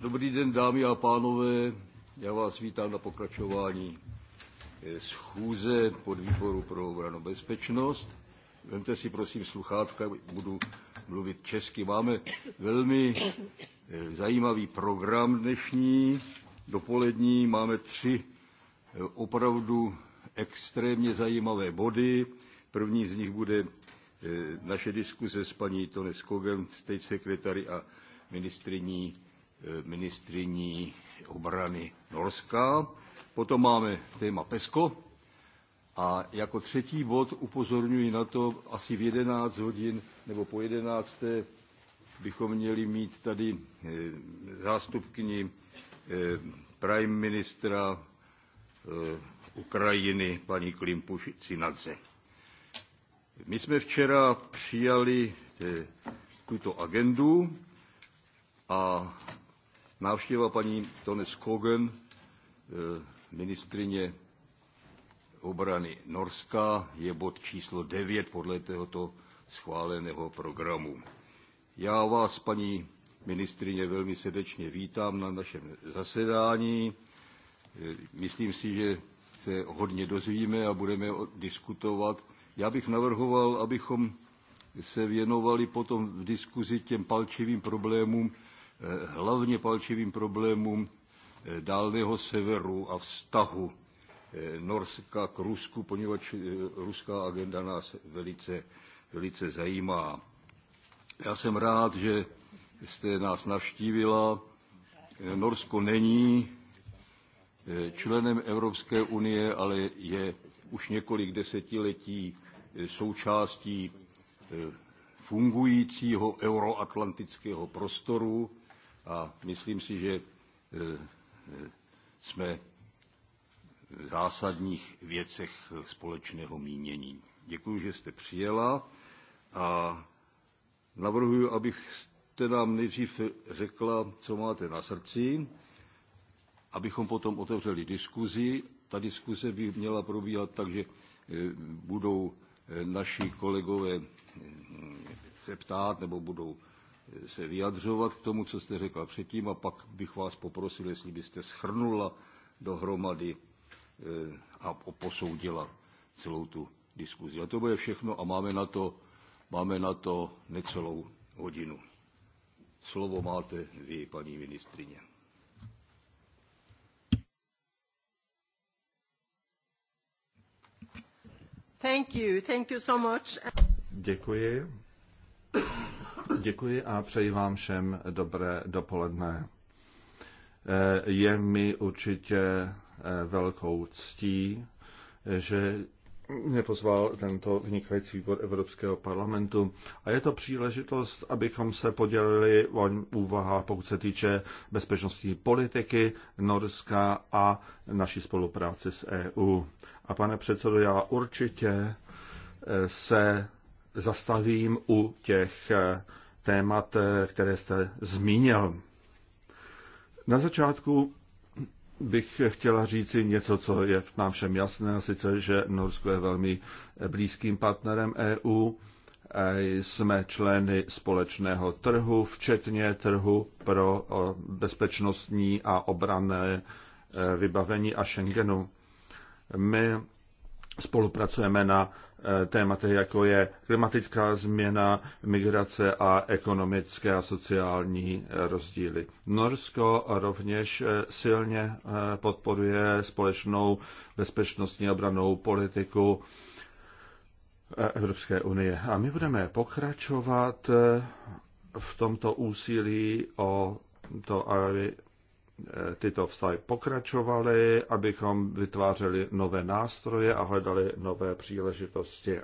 Dobrý den, dámy a pánové. Já vás vítám na pokračování eh, schůze pod výboru pro obranu bezpečnost. Vemte si prosím sluchátka, budu mluvit česky. Máme velmi eh, zajímavý program dnešní, dopolední. Máme tři eh, opravdu extrémně zajímavé body. První z nich bude naše diskuze s paní Tone Skogem, state secretary a ministriní ministriní obrany Norska. Potom máme téma PESCO. A jako třetí bod upozorňuji na to, asi v 11 hodin nebo po 11. bychom měli mít tady eh, zástupkyni eh, prime ministra eh, Ukrajiny, paní Klimpuš-Cinadze. My jsme včera přijali tuto agendu a Návštěva paní Tones Kogen, eh, ministrině obrany Norska, je bod číslo 9 podle tohoto schváleného programu. Já vás, paní ministrině, velmi srdečně vítám na našem zasedání. Eh, myslím si, že se hodně dozvíme a budeme diskutovat. Já bych navrhoval, abychom se věnovali potom v diskuzi těm palčivým problémům, Eh, hlavně palčivým problémům eh, dálného severu a vztahu eh, Norska k Rusku, poněvadž ruská agenda nás velice, velice zajímá. Já jsem rád, že jste nás navštívila. Norsko není členem Evropské unie, ale je už několik desetiletí součástí fungujícího euroatlantického prostoru a myslím si, že e, e, jsme v zásadních věcech společného mínění. Děkuji, že jste přijela a navrhuji, abyste nám nejdřív řekla, co máte na srdci, abychom potom otevřeli diskuzi. Ta diskuze by měla probíhat tak, že e, budou naši kolegové se ptát nebo budou se vyjadřovat k tomu, co jste řekla předtím, a pak bych vás poprosil, jestli byste schrnula dohromady e, a posoudila celou tu diskuzi. A to bude všechno a máme na to, máme na to necelou hodinu. Slovo máte vy, paní ministrině. Thank you. Thank you so much. Děkuji. Děkuji a přeji vám všem dobré dopoledne. Eh, je mi určitě eh, velkou ctí, eh, že mě pozval tento vynikající výbor Evropského parlamentu. A je to příležitost, abychom se podělili o úvaha, pokud se týče bezpečnostní politiky Norska a naší spolupráci s EU. A pane předsedo, já určitě se zastavím u těch eh, témat, eh, které jste zmínil. Na začátku bych chtěla říci něco, co je nám všem jasné, a sice, že Norsko je velmi eh, blízkým partnerem EU. Jsme členy společného trhu, včetně trhu pro bezpečnostní a obrané vybavení a Schengenu. My spolupracujeme na Eh, tématech, jako je klimatická změna, migrace a ekonomické a sociální eh, rozdíly. Norsko rovněž eh, silně podporuje společnou bezpečnostní obranou politiku Evropské unie. A my budeme pokračovat v tomto úsilí o to, aby Eh, tyto vztahy pokračovaly, abychom vytvářeli nové nástroje a hledali nové příležitosti.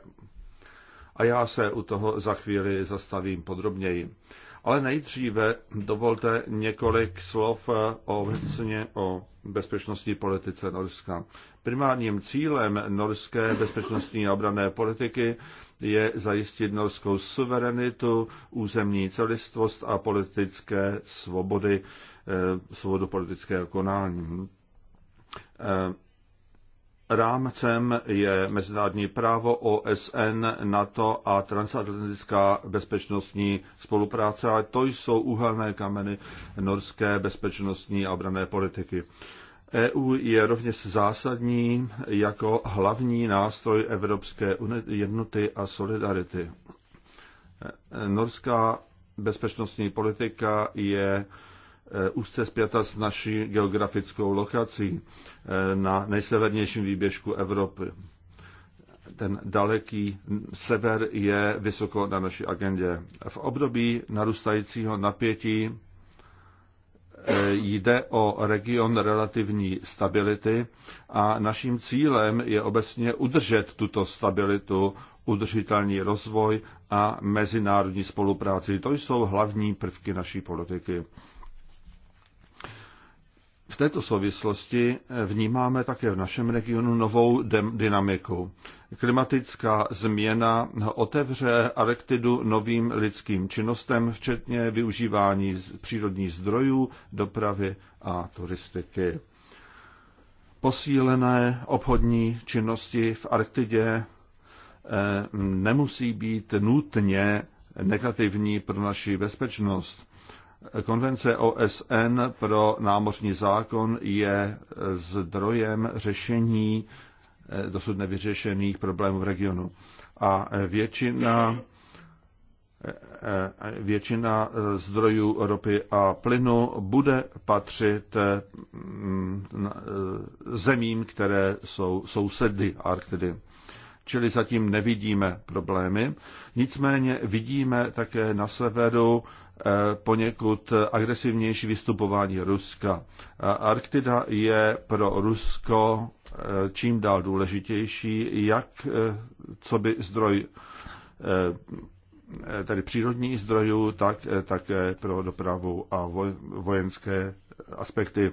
A já se u toho za chvíli zastavím podrobněji. Ale nejdříve dovolte několik slov eh, obecně o bezpečnostní politice Norska. Primárním cílem norské bezpečnostní a obrané politiky je zajistit norskou suverenitu, územní celistvost a politické svobody, eh, svobodu politického konání. Eh, Rámcem je mezinárodní právo OSN, NATO a transatlantická bezpečnostní spolupráce a to jsou úhelné kameny norské bezpečnostní a obrané politiky. EU je rovněž zásadní jako hlavní nástroj evropské jednoty a solidarity. E, norská bezpečnostní politika je Eh, úzce zpěta s naší geografickou lokací eh, na nejsevernějším výběžku Evropy. Ten daleký sever je vysoko na naší agendě. V období narůstajícího napětí eh, jde o region relativní stability a naším cílem je obecně udržet tuto stabilitu, udržitelný rozvoj a mezinárodní spolupráci. To jsou hlavní prvky naší politiky. V této souvislosti eh, vnímáme také v našem regionu novou dynamiku. Klimatická změna otevře Arktidu novým lidským činnostem, včetně využívání přírodních zdrojů, dopravy a turistiky. Posílené obchodní činnosti v Arktidě eh, nemusí být nutně negativní pro naši bezpečnost Konvence OSN pro námořní zákon je zdrojem řešení eh, dosud nevyřešených problémů v regionu. A eh, většina, eh, většina zdrojů ropy a plynu bude patřit zemím, které jsou sousedy Arktidy. Čili zatím nevidíme problémy. Nicméně vidíme také na severu Eh, poněkud agresivnější vystupování Ruska. Arktida je pro Rusko eh, čím dál důležitější, jak eh, co by zdroj tedy přírodní zdrojů, tak také pro dopravu a vojenské aspekty.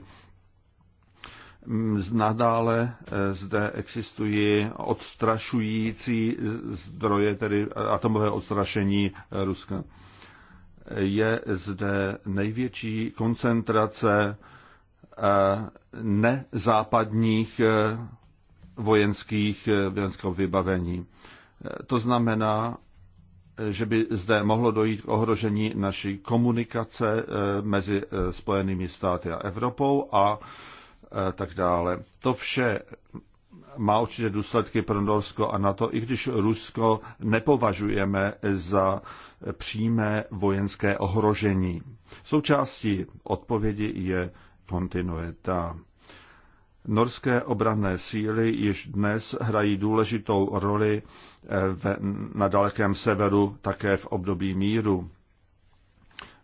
Mm, nadále zde existují odstrašující zdroje, tedy atomové odstrašení Ruska je zde největší koncentrace eh, nezápadních eh, vojenských, eh, vojenského vybavení. To znamená, že by zde mohlo dojít k ohrožení naší komunikace mezi Spojenými státy a Evropou a tak dále. To vše má určitě důsledky pro Norsko a na to, i když Rusko nepovažujeme za přímé vojenské ohrožení. Součástí odpovědi je kontinuita. Norské obranné síly již dnes hrají důležitou roli eh, v, na dalekém severu také v období míru.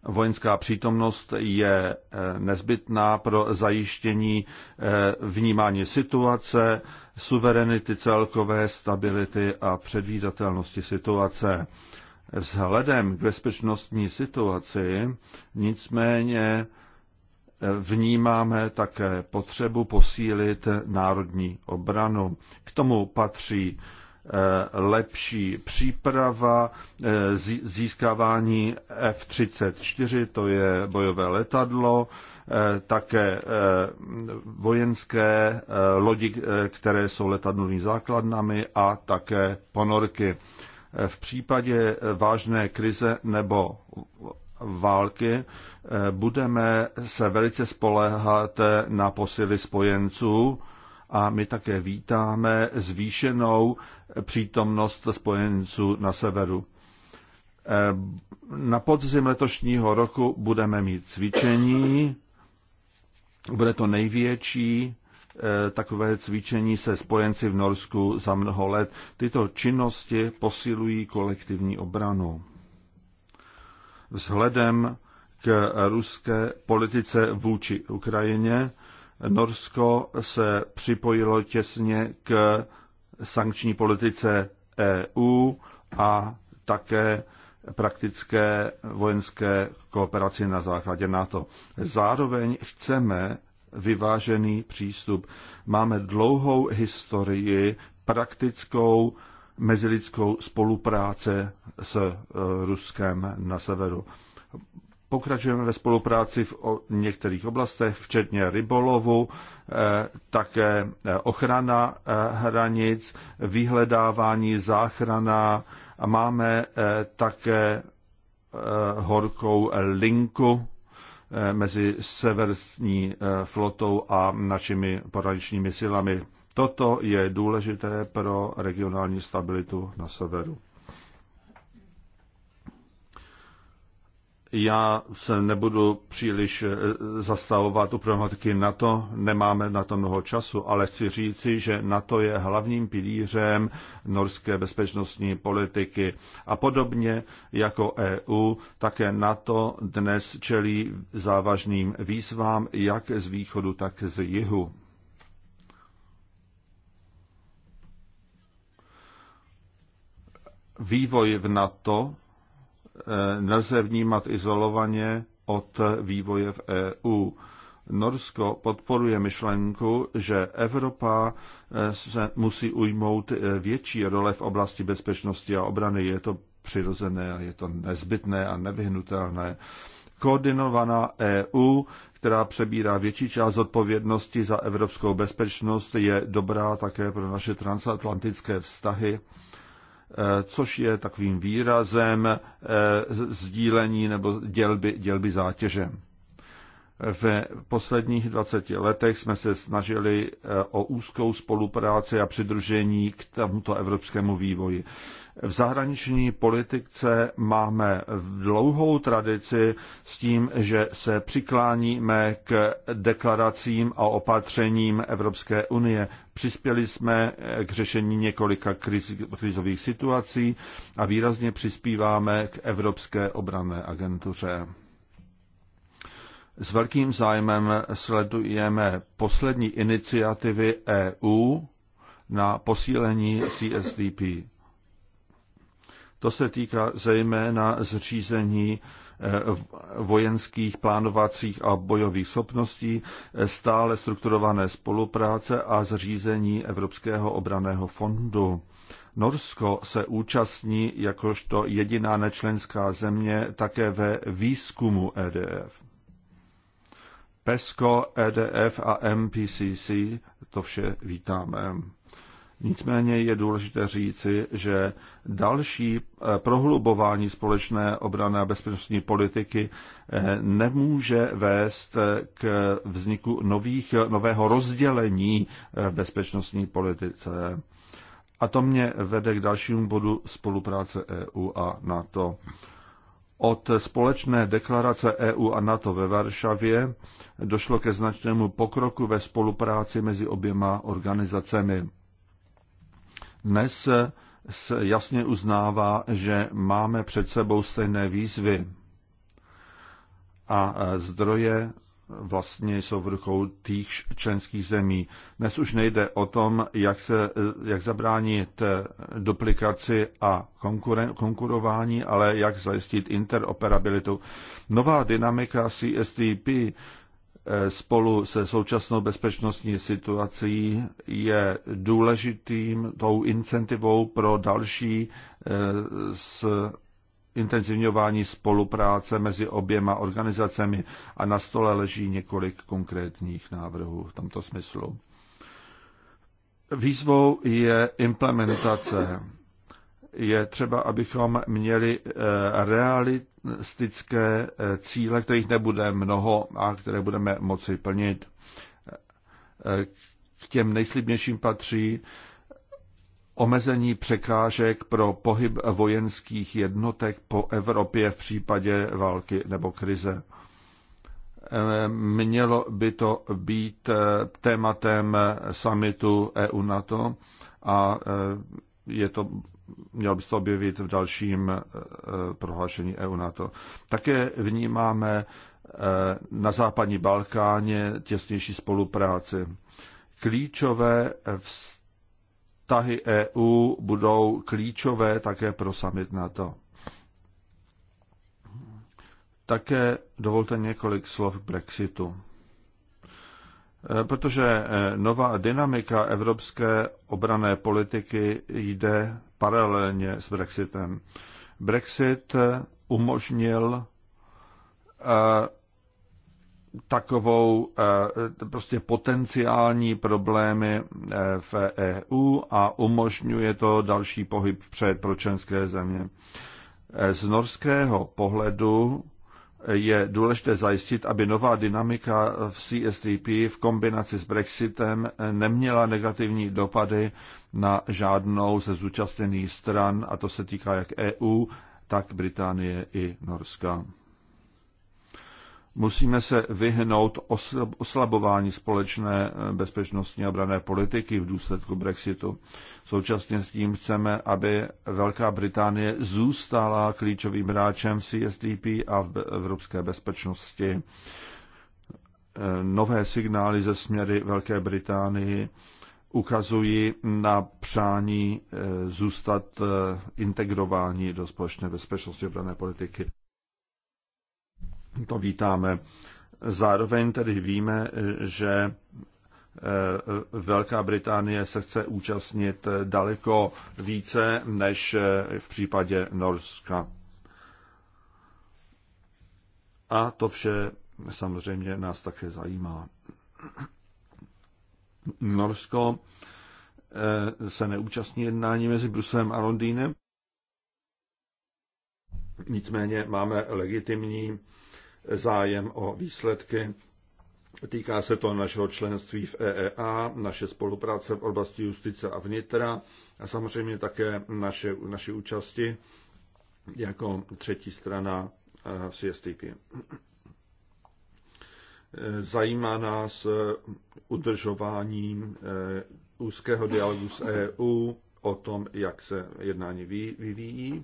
Vojenská přítomnost je eh, nezbytná pro zajištění eh, vnímání situace, suverenity celkové stability a předvídatelnosti situace. Vzhledem k bezpečnostní situaci nicméně eh, vnímáme také potřebu posílit národní obranu. K tomu patří eh, lepší příprava, eh, získávání F-34, to je bojové letadlo, Eh, také eh, vojenské eh, lodi, které jsou letadlovými základnami a také ponorky. V případě vážné krize nebo války budeme se velice spoléhat na posily spojenců a my také vítáme zvýšenou přítomnost spojenců na severu. Na podzim letošního roku budeme mít cvičení bude to největší eh, takové cvičení se spojenci v Norsku za mnoho let. Tyto činnosti posilují kolektivní obranu. Vzhledem k ruské politice vůči Ukrajině, Norsko se připojilo těsně k sankční politice EU a také praktické vojenské kooperaci na základě NATO. Zároveň chceme vyvážený přístup. Máme dlouhou historii praktickou mezilidskou spolupráce s eh, Ruskem na severu. Pokračujeme ve spolupráci v některých oblastech, včetně rybolovu, eh, také eh, ochrana hranic, vyhledávání, záchrana a máme také Eh, horkou linku eh, mezi severní eh, flotou a našimi poradničními silami. Toto je důležité pro regionální stabilitu na severu. já se nebudu příliš eh, zastavovat u problematiky NATO, nemáme na to mnoho času, ale chci říci, že NATO je hlavním pilířem norské bezpečnostní politiky. A podobně jako EU, také NATO dnes čelí závažným výzvám jak z východu, tak z jihu. Vývoj v NATO Eh, nelze vnímat izolovaně od vývoje v EU. Norsko podporuje myšlenku, že Evropa eh, se musí ujmout eh, větší role v oblasti bezpečnosti a obrany. Je to přirozené a je to nezbytné a nevyhnutelné. Koordinovaná EU, která přebírá větší část odpovědnosti za evropskou bezpečnost, je dobrá také pro naše transatlantické vztahy Eh, což je takovým výrazem eh, sdílení nebo dělby, dělby zátěže. V posledních 20 letech jsme se snažili eh, o úzkou spolupráci a přidružení k tomuto evropskému vývoji. V zahraniční politice máme dlouhou tradici s tím, že se přikláníme k deklaracím a opatřením Evropské unie. Přispěli jsme eh, k řešení několika kriz, krizových situací a výrazně přispíváme k Evropské obranné agentuře. S velkým zájmem sledujeme poslední iniciativy EU na posílení CSDP. To se týká zejména zřízení eh, vojenských plánovacích a bojových schopností, eh, stále strukturované spolupráce a zřízení Evropského obraného fondu. Norsko se účastní jakožto jediná nečlenská země také ve výzkumu EDF. PESCO, EDF a MPCC, to vše vítáme. Nicméně je důležité říci, že další eh, prohlubování společné obrané a bezpečnostní politiky eh, nemůže vést eh, k vzniku nových, nového rozdělení v bezpečnostní politice. A to mě vede k dalšímu bodu spolupráce EU a NATO. Od společné deklarace EU a NATO ve Varšavě došlo ke značnému pokroku ve spolupráci mezi oběma organizacemi. Dnes se jasně uznává, že máme před sebou stejné výzvy a zdroje vlastně jsou v rukou týchž členských zemí. Dnes už nejde o tom, jak, se, jak zabránit duplikaci a konkuren, konkurování, ale jak zajistit interoperabilitu. Nová dynamika CSTP spolu se současnou bezpečnostní situací je důležitým tou incentivou pro další eh, s intenzivňování spolupráce mezi oběma organizacemi a na stole leží několik konkrétních návrhů v tomto smyslu. Výzvou je implementace. Je třeba, abychom měli eh, realit, realistické eh, cíle, kterých nebude mnoho a které budeme moci plnit. Eh, k těm nejslibnějším patří omezení překážek pro pohyb vojenských jednotek po Evropě v případě války nebo krize. Eh, mělo by to být tématem samitu EU-NATO a je to Měl by se to objevit v dalším eh, prohlášení EU NATO. Také vnímáme eh, na západní Balkáně těsnější spolupráci. Klíčové vztahy EU budou klíčové také pro summit NATO. Také dovolte několik slov k Brexitu. Eh, protože nová dynamika evropské obrané politiky jde paralelně s Brexitem. Brexit umožnil eh, takovou eh, prostě potenciální problémy eh, v EU a umožňuje to další pohyb vpřed pro členské země. Z norského pohledu je důležité zajistit, aby nová dynamika v CSTP v kombinaci s Brexitem neměla negativní dopady na žádnou ze zúčastněných stran, a to se týká jak EU, tak Británie i Norska. Musíme se vyhnout oslabování společné eh, bezpečnostní a obrané politiky v důsledku Brexitu. Současně s tím chceme, aby Velká Británie zůstala klíčovým hráčem CSTP a v evropské bezpečnosti. Eh, nové signály ze směry Velké Británii ukazují na přání eh, zůstat integrování do společné bezpečnosti obrané politiky to vítáme. Zároveň tedy víme, že e, Velká Británie se chce účastnit daleko více než e, v případě Norska. A to vše samozřejmě nás také zajímá. Norsko e, se neúčastní jednání mezi Bruselem a Londýnem. Nicméně máme legitimní zájem o výsledky. Týká se to našeho členství v EEA, naše spolupráce v oblasti justice a vnitra a samozřejmě také naše, naše účasti jako třetí strana eh, v CSTP. Eh, zajímá nás eh, udržování úzkého dialogu s EU o tom, jak se jednání vyvíjí.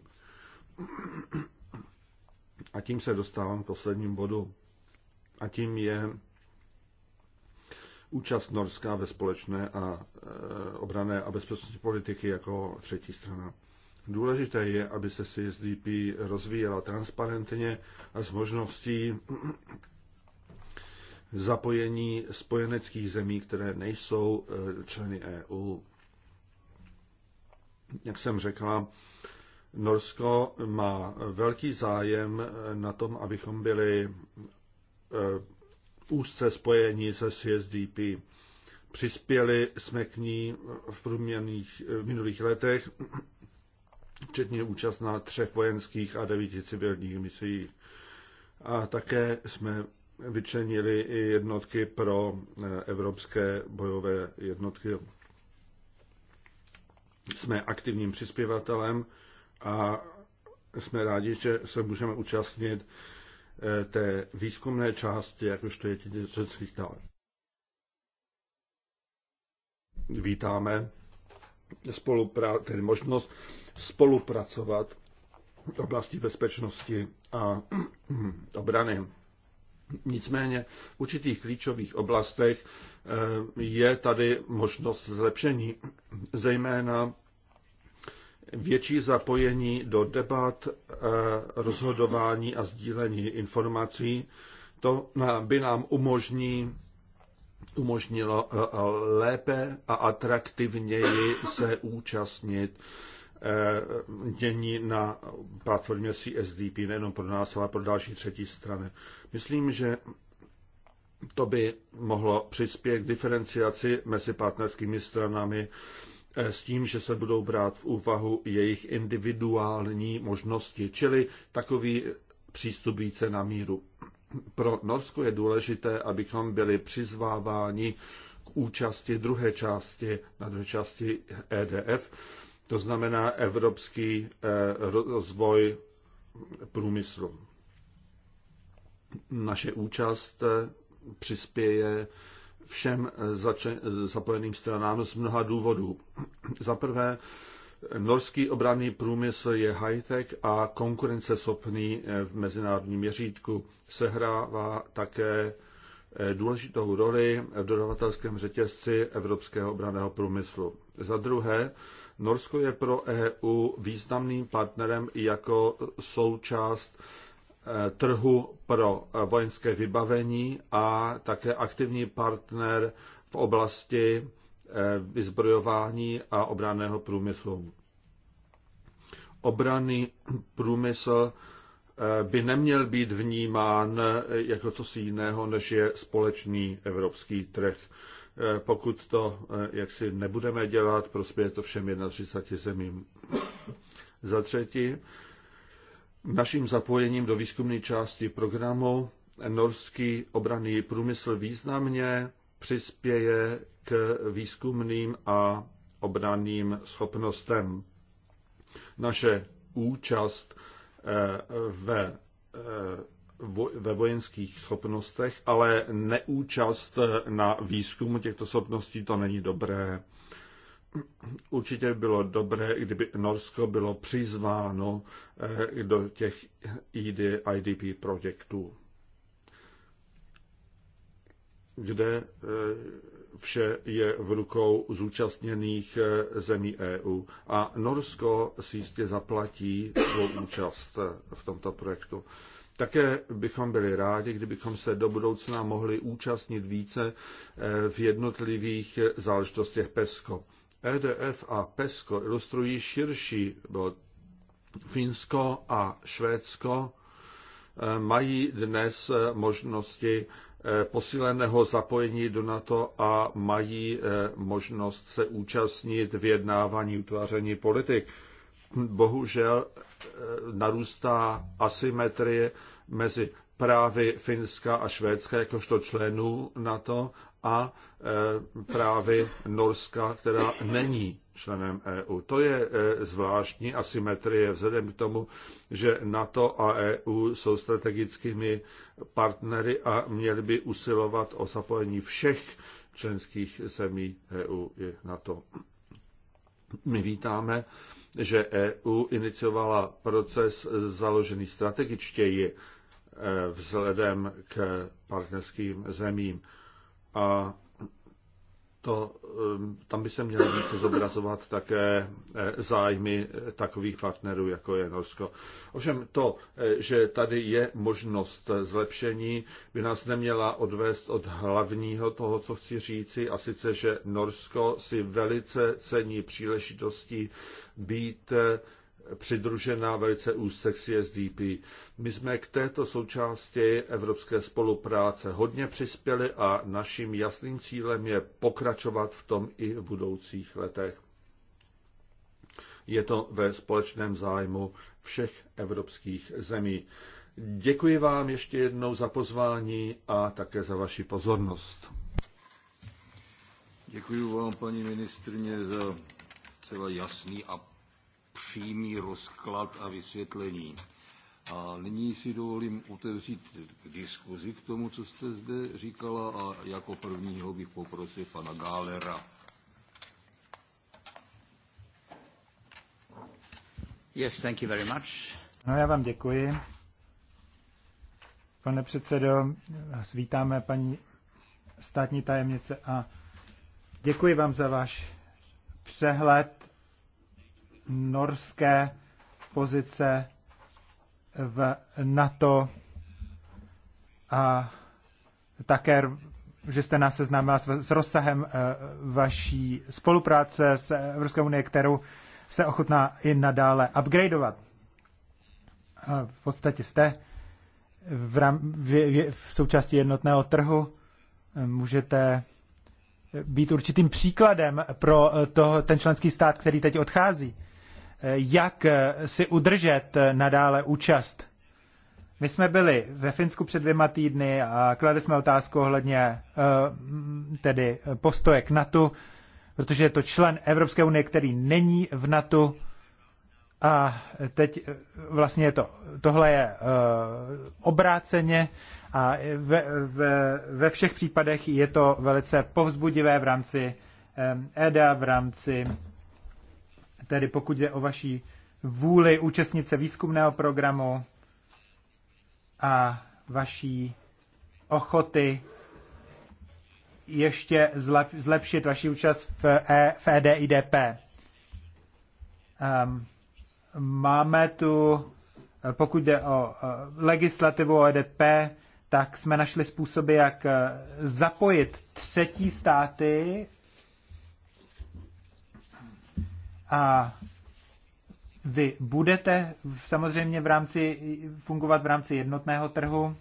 A tím se dostávám k posledním bodu. A tím je účast Norska ve společné a e, obrané a bezpečnostní politiky jako třetí strana. Důležité je, aby se CSDP rozvíjela transparentně a s možností zapojení spojeneckých zemí, které nejsou e, členy EU. Jak jsem řekla, Norsko má velký zájem na tom, abychom byli eh, úzce spojení se CSDP. Přispěli jsme k ní v průměrných eh, v minulých letech, včetně účast na třech vojenských a devíti civilních misích. A také jsme vyčlenili i jednotky pro eh, evropské bojové jednotky. Jsme aktivním přispěvatelem a jsme rádi, že se můžeme účastnit eh, té výzkumné části, to je dětských dále. Vítáme spolupra- tedy možnost spolupracovat v oblasti bezpečnosti a obrany. Nicméně v určitých klíčových oblastech eh, je tady možnost zlepšení, zejména větší zapojení do debat, eh, rozhodování a sdílení informací. To by nám umožní, umožnilo eh, lépe a atraktivněji se účastnit eh, dění na platformě CSDP, nejenom pro nás, ale pro další třetí strany. Myslím, že to by mohlo přispět k diferenciaci mezi partnerskými stranami Eh, s tím, že se budou brát v úvahu jejich individuální možnosti, čili takový přístup více na míru. Pro Norsko je důležité, abychom byli přizváváni k účasti druhé části, na druhé části EDF, to znamená Evropský eh, rozvoj průmyslu. Naše účast eh, přispěje všem eh, eh, zapojeným stranám z mnoha důvodů. Za prvé, norský obranný průmysl je high-tech a konkurenceschopný eh, v mezinárodním měřítku. Sehrává také důležitou roli v dodavatelském řetězci evropského obraného průmyslu. Za druhé, Norsko je pro EU významným partnerem jako součást trhu pro eh, vojenské vybavení a také aktivní partner v oblasti eh, vyzbrojování a obranného průmyslu. Obranný průmysl eh, by neměl být vnímán jako co si jiného, než je společný evropský trh. Pokud to jaksi nebudeme dělat, prospěje to všem 31 zemím. Za třetí, Naším zapojením do výzkumné části programu norský obranný průmysl významně přispěje k výzkumným a obranným schopnostem. Naše účast eh, ve, eh, ve vojenských schopnostech, ale neúčast na výzkumu těchto schopností, to není dobré určitě by bylo dobré, kdyby Norsko bylo přizváno eh, do těch ID, IDP projektů, kde eh, vše je v rukou zúčastněných eh, zemí EU. A Norsko si jistě zaplatí svou účast v tomto projektu. Také bychom byli rádi, kdybychom se do budoucna mohli účastnit více v jednotlivých záležitostech PESCO. EDF a PESCO ilustrují širší, bo Finsko a Švédsko e, mají dnes e, možnosti e, posíleného zapojení do NATO a mají možnost se účastnit jednávání utváření politik. Bohužel narůstá asymetrie mezi právy Finska a Švédska jakožto členů NATO a e, právě Norska, která není členem EU. To je e, zvláštní asymetrie vzhledem k tomu, že NATO a EU jsou strategickými partnery a měli by usilovat o zapojení všech členských zemí EU i NATO. My vítáme, že EU iniciovala proces založený strategičtěji e, vzhledem k partnerským zemím. A to, tam by se měly více zobrazovat také e, zájmy e, takových partnerů, jako je Norsko. Ovšem to, e, že tady je možnost zlepšení, by nás neměla odvést od hlavního toho, co chci říci, a sice, že Norsko si velice cení příležitosti být přidružená velice úzce k CSDP. My jsme k této součásti evropské spolupráce hodně přispěli a naším jasným cílem je pokračovat v tom i v budoucích letech. Je to ve společném zájmu všech evropských zemí. Děkuji vám ještě jednou za pozvání a také za vaši pozornost. Děkuji vám, paní ministrně, za celá jasný a přímý rozklad a vysvětlení. A nyní si dovolím otevřít diskuzi k tomu, co jste zde říkala a jako prvního bych poprosil pana Gálera. Yes, thank you very much. No, já vám děkuji. Pane předsedo, vítáme paní státní tajemnice a děkuji vám za váš přehled norské pozice v NATO a také, že jste nás seznámila s, s rozsahem eh, vaší spolupráce s Evropskou unii, kterou jste ochotná i nadále upgradeovat. A v podstatě jste v, ram, v, v, v součásti jednotného trhu, můžete být určitým příkladem pro eh, to, ten členský stát, který teď odchází jak eh, si udržet eh, nadále účast. My jsme byli ve Finsku před dvěma týdny a kladli jsme otázku ohledně eh, tedy postoje k NATO, protože je to člen Evropské unie, který není v NATO. A teď vlastně to, tohle je obráceně a ve, ve, ve všech případech je to velice povzbudivé v rámci EDA, v rámci tedy pokud jde o vaší vůli účastnit se výzkumného programu a vaší ochoty ještě zlepšit vaši účast v, e, v EDIDP. Um, ehm, máme tu, pokud jde o e, legislativu o EDP, tak jsme našli způsoby, jak e, zapojit třetí státy a vy budete samozřejmě v rámci, fungovat v rámci jednotného trhu.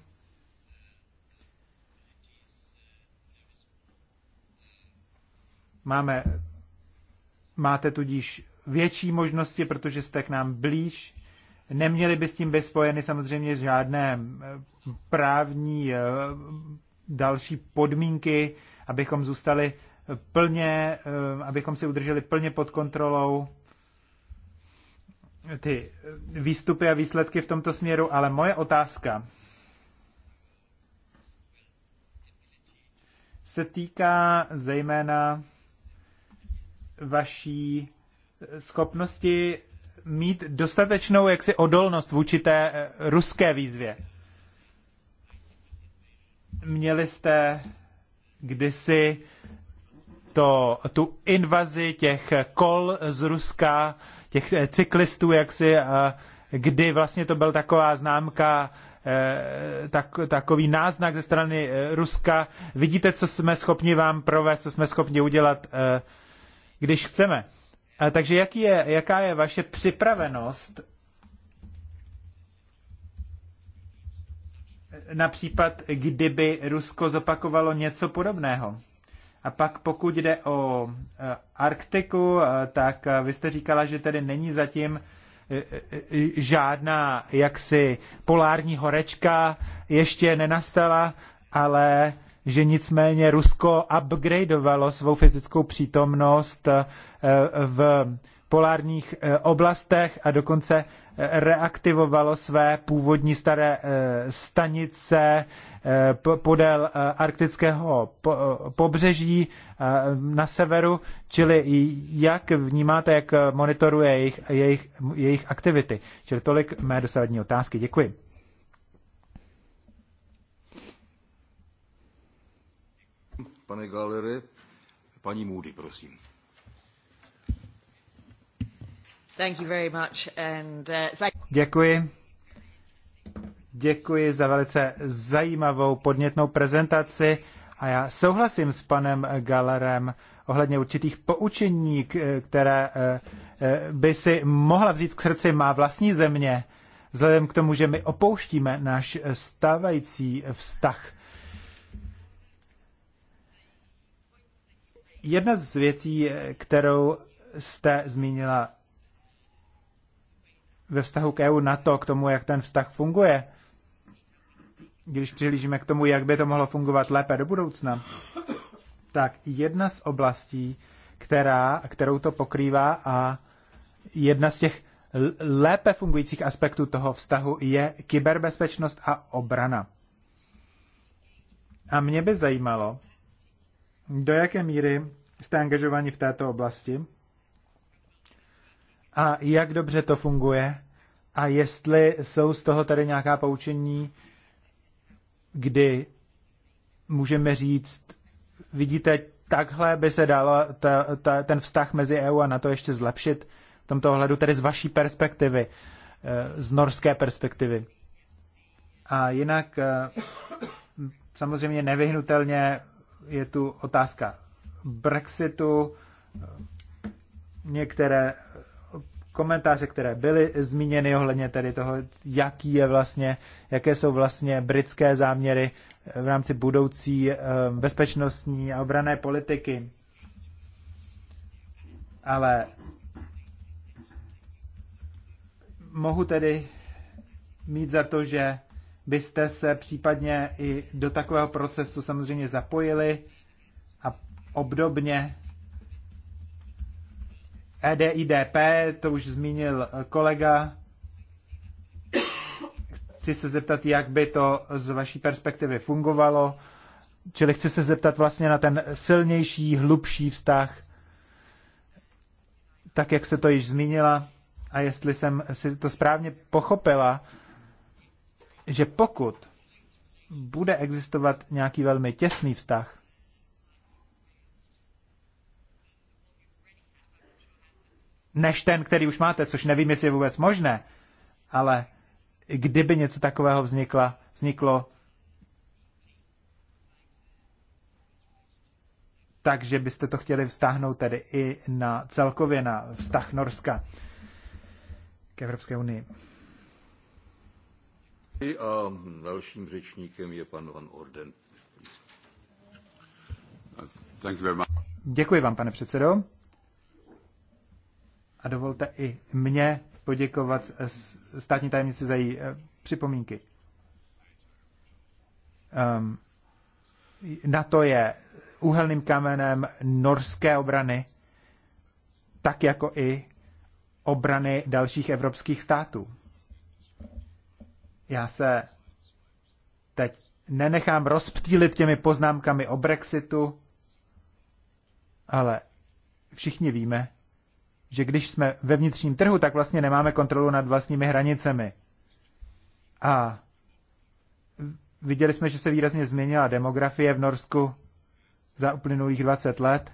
Máme, máte tudíž větší možnosti, protože jste k nám blíž. Neměli by s tím být spojeny samozřejmě žádné eh, právní eh, další podmínky, abychom zůstali plně, eh, abychom si udrželi plně pod kontrolou ty výstupy a výsledky v tomto směru, ale moje otázka se týká zejména vaší schopnosti mít dostatečnou jaksi odolnost vůči určité eh, ruské výzvě. Měli jste kdysi to, tu invazi těch kol z Ruska, těch eh, cyklistů jaksi, si, eh, kdy vlastně to byl taková známka, eh, tak, takový náznak ze strany Ruska. Vidíte, co jsme schopni vám provést, co jsme schopni udělat, když chceme. Takže jaký je, jaká je vaše připravenost na případ, kdyby Rusko zopakovalo něco podobného? A pak pokud jde o e, Arktiku, e, tak e, vy jste říkala, že tedy není zatím žádná jaksi polární horečka, ještě nenastala, ale že nicméně Rusko upgradeovalo svou fyzickou přítomnost v polárních eh, oblastech a dokonce eh, reaktivovalo své původní staré eh, stanice podél arktického pobřeží na severu, čili jak vnímáte, jak monitoruje jejich, jejich, jejich aktivity. Čili tolik mé dosavadní otázky. Děkuji. Pane Galery, paní Můdy, prosím. Uh, Děkuji. Děkuji za velice zajímavou podnětnou prezentaci a já souhlasím s panem Galerem ohledně určitých poučení, které eh, eh, by si mohla vzít k srdci má vlastní země, vzhledem k tomu, že my opouštíme náš stávající vztah. Jedna z věcí, eh, kterou jste zmínila ve vztahu k EU na to, k tomu, jak ten vztah funguje, když přihlížíme k tomu, jak by to mohlo fungovat lépe do budoucna, tak jedna z oblastí, která, kterou to pokrývá a jedna z těch lépe fungujících aspektů toho vztahu je kyberbezpečnost a obrana. A mě by zajímalo, do jaké míry jste angažovaní v této oblasti a jak dobře to funguje a jestli jsou z toho tady nějaká poučení, kdy můžeme říct, vidíte, takhle by se dalo ta, ta, ten vztah mezi EU a NATO ještě zlepšit v tomto ohledu, tedy z vaší perspektivy, eh, z norské perspektivy. A jinak eh, samozřejmě nevyhnutelně je tu otázka Brexitu. Některé komentáře, které byly zmíněny ohledně tedy toho, jaký je vlastně, jaké jsou vlastně britské záměry eh, v rámci budoucí eh, bezpečnostní a obrané politiky. Ale mohu tedy mít za to, že byste se případně i do takového procesu samozřejmě zapojili a obdobně EDIDP, to už zmínil kolega. Chci se zeptat, jak by to z vaší perspektivy fungovalo. Čili chci se zeptat vlastně na ten silnější, hlubší vztah, tak jak se to již zmínila. A jestli jsem si to správně pochopila, že pokud bude existovat nějaký velmi těsný vztah, než ten, který už máte, což nevím, jestli je vůbec možné, ale kdyby něco takového vznikla, vzniklo, takže byste to chtěli vztáhnout tedy i na celkově na vztah Norska k Evropské unii. A dalším řečníkem je pan Van Orden. Děkuji vám, pane předsedo. A dovolte i mně poděkovat státní tajemnici za její eh, připomínky. Um, na to je úhelným kamenem norské obrany, tak jako i obrany dalších evropských států. Já se teď nenechám rozptýlit těmi poznámkami o Brexitu, ale všichni víme, že když jsme ve vnitřním trhu, tak vlastně nemáme kontrolu nad vlastními hranicemi. A viděli jsme, že se výrazně změnila demografie v Norsku za uplynulých 20 let.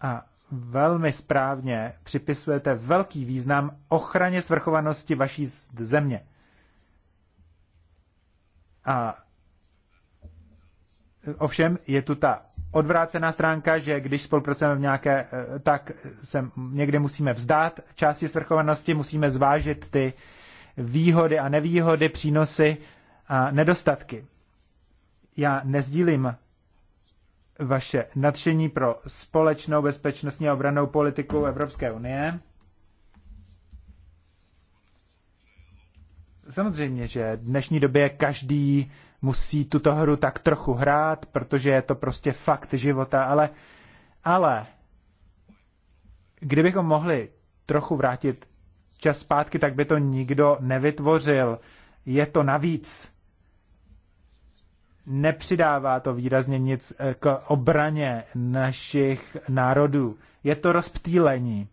A velmi správně připisujete velký význam ochraně svrchovanosti vaší země. A ovšem je tu ta odvrácená stránka, že když spolupracujeme v nějaké, eh, tak se někde musíme vzdát části svrchovanosti, musíme zvážit ty výhody a nevýhody, přínosy a nedostatky. Já nezdílím vaše nadšení pro společnou bezpečnostní a obranou politiku Evropské unie. Samozřejmě, že v dnešní době každý musí tuto hru tak trochu hrát, protože je to prostě fakt života, ale, ale kdybychom mohli trochu vrátit čas zpátky, tak by to nikdo nevytvořil. Je to navíc. Nepřidává to výrazně nic eh, k obraně našich národů. Je to rozptýlení.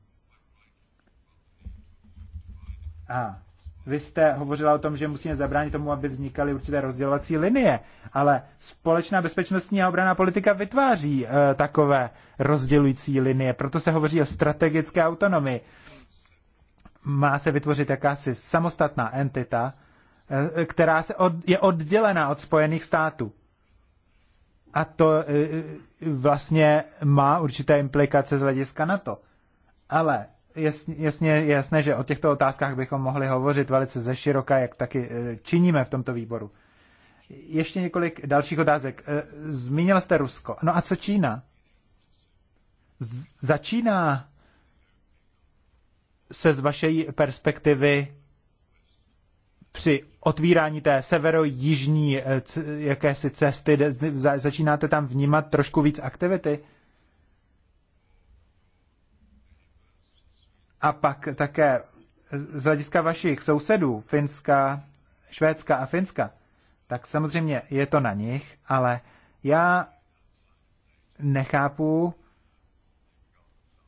A vy jste hovořila o tom, že musíme zabránit tomu, aby vznikaly určité rozdělovací linie, ale společná bezpečnostní a obraná politika vytváří e, takové rozdělující linie, proto se hovoří o strategické autonomii. Má se vytvořit jakási samostatná entita, e, která se od, je oddělená od Spojených států. A to e, vlastně má určité implikace z hlediska NATO. Ale jasně, jasně, jasné, že o těchto otázkách bychom mohli hovořit velice ze široka, jak taky eh, činíme v tomto výboru. Ještě několik dalších otázek. Eh, zmínil jste Rusko. No a co Čína? Z- začíná se z vaší perspektivy při otvírání té severo-jižní eh, jakési cesty, začínáte tam vnímat trošku víc aktivity? A pak také z hlediska vašich sousedů, Finska, Švédska a Finska, tak samozřejmě je to na nich, ale já nechápu,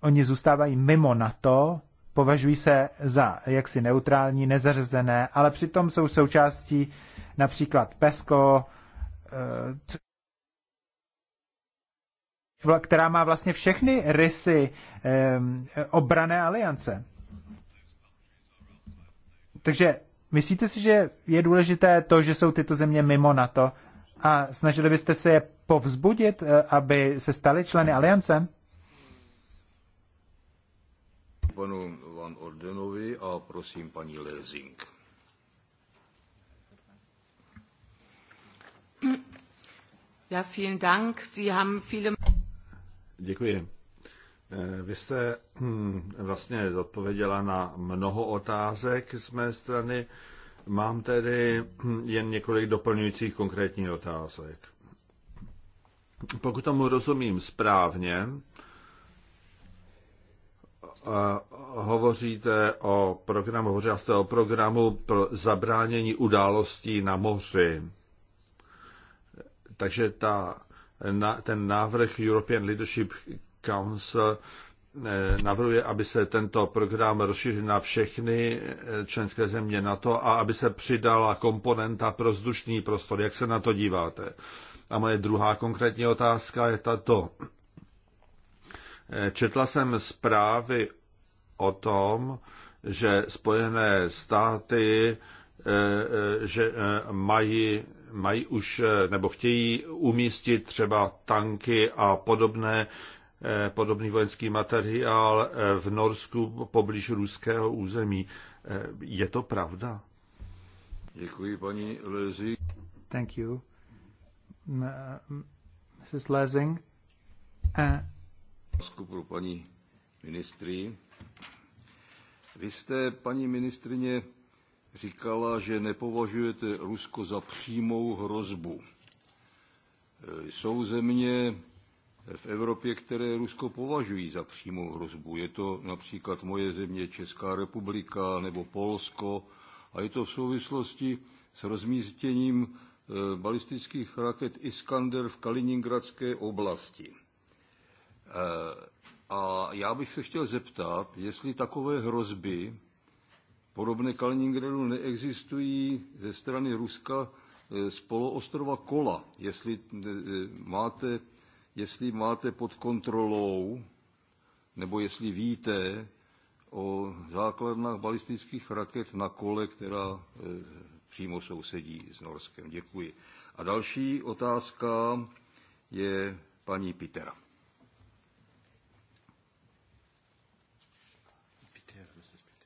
oni zůstávají mimo NATO, považují se za jaksi neutrální, nezařazené, ale přitom jsou součástí například PESCO, eh, která má vlastně všechny rysy obrané aliance. Takže myslíte si, že je důležité to, že jsou tyto země mimo NATO a snažili byste se je povzbudit, eh, aby se staly členy aliance? Panu Van Ordenovi a prosím paní Lezing. Ja, vielen Dank. Sie haben viele... Děkuji. Eh, vy jste hm, vlastně odpověděla na mnoho otázek z mé strany. Mám tedy hm, jen několik doplňujících konkrétních otázek. Pokud tomu rozumím správně, eh, hovoříte o programu, hovořila jste o programu pro zabránění událostí na moři. Takže ta na ten návrh European Leadership Council eh, navrhuje, aby se tento program rozšířil na všechny eh, členské země NATO a aby se přidala komponenta pro vzdušný prostor. Jak se na to díváte? A moje druhá konkrétní otázka je tato. Eh, četla jsem zprávy o tom, že Spojené státy že mají mají už eh, nebo chtějí umístit třeba tanky a podobné, eh, podobný vojenský materiál eh, v Norsku poblíž ruského území. Je to pravda? Děkuji, paní Lezi. Thank you. Mrs. Lezing. Uh. Pro paní ministry. Vy jste, paní ministrině, říkala, že nepovažujete Rusko za přímou hrozbu. E, jsou země v Evropě, které Rusko považují za přímou hrozbu. Je to například moje země Česká republika nebo Polsko a je to v souvislosti s rozmístěním e, balistických raket Iskander v Kaliningradské oblasti. E, a já bych se chtěl zeptat, jestli takové hrozby Podobné Kaliningradu neexistují ze strany Ruska z eh, poloostrova Kola. Jestli eh, eh, máte, jestli máte pod kontrolou, nebo jestli víte o základnách balistických raket na kole, která přímo sousedí s Norskem. Děkuji. A další otázka je paní Pitera.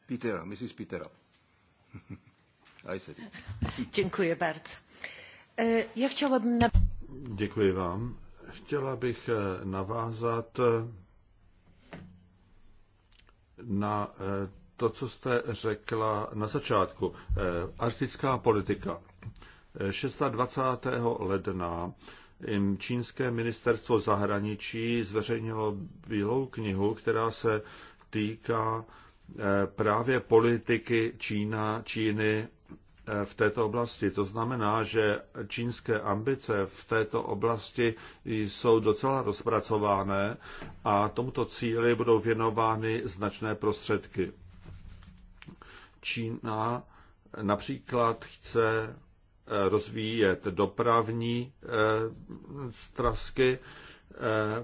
Petera, Mrs. Petera. I said Dziękuję bardzo. E, ja chciałabym... Na... Děkuji vám. Chtěla bych e, navázat e, na to, co jste řekla na začátku. Arktická politika. 26. ledna čínské ministerstvo zahraničí zveřejnilo bílou knihu, která se týká Eh, právě politiky Čína, Číny eh, v této oblasti. To znamená, že čínské ambice v této oblasti jsou docela rozpracované a tomuto cíli budou věnovány značné prostředky. Čína například chce eh, rozvíjet dopravní strasky,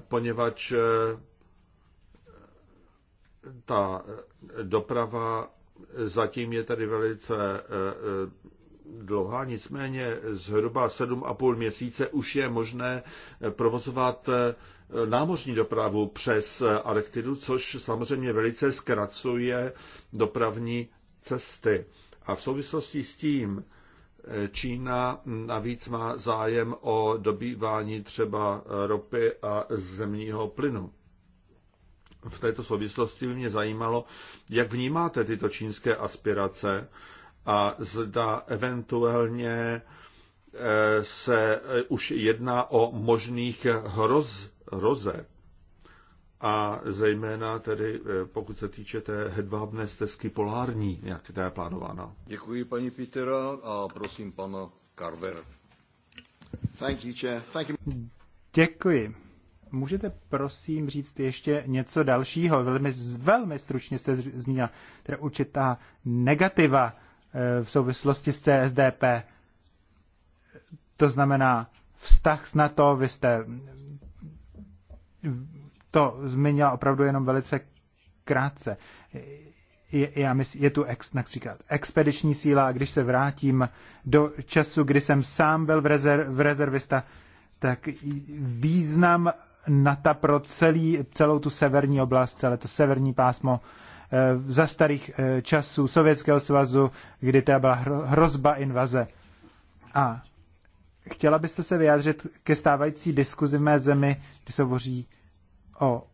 poněvadž ta eh, doprava zatím je tady velice eh, eh, dlouhá, nicméně zhruba 7,5 měsíce už je možné provozovat námořní dopravu přes Arktidu, což samozřejmě velice zkracuje dopravní cesty. A v souvislosti s tím Čína navíc má zájem o dobývání třeba ropy a zemního plynu v této souvislosti by mě zajímalo, jak vnímáte tyto čínské aspirace a zda eventuálně eh, se eh, už jedná o možných hroz, hroze. A zejména tedy, eh, pokud se týče té hedvábné stezky polární, jak to je plánováno. Děkuji paní Pítera, a prosím pana Carver. Thank you, chair. Thank you. Děkuji. Můžete prosím říct ještě něco dalšího? Velmi, velmi stručně jste zmínila teda určitá negativa eh, v souvislosti s CSDP. To znamená vztah s NATO, vy jste to zmínila opravdu jenom velice krátce. Je, já myslím, je tu ex, například expediční síla a když se vrátím do času, kdy jsem sám byl v, rezerv, v rezervista, tak význam NATO pro celý, celou tu severní oblast, celé to severní pásmo eh, za starých eh, časů Sovětského svazu, kdy to byla hrozba invaze. A chtěla byste se vyjádřit ke stávající diskuzi v mé zemi, kdy se hovoří o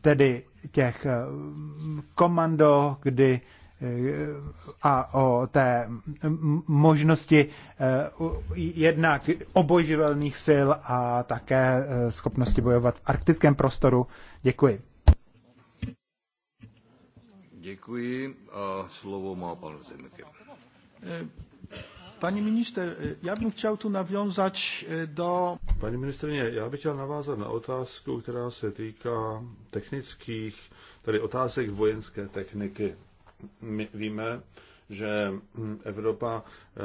tedy těch eh, komando, kdy a o té možnosti eh, jednak obojživelných sil a také eh, schopnosti bojovat v arktickém prostoru. Děkuji. Děkuji a slovo má pan Zemke. Eh, Pani minister, já bych chtěl tu navázat do... Paní ministrně, já bych chtěl navázat na otázku, která se týká technických, tedy otázek vojenské techniky my víme, že hm, Evropa eh,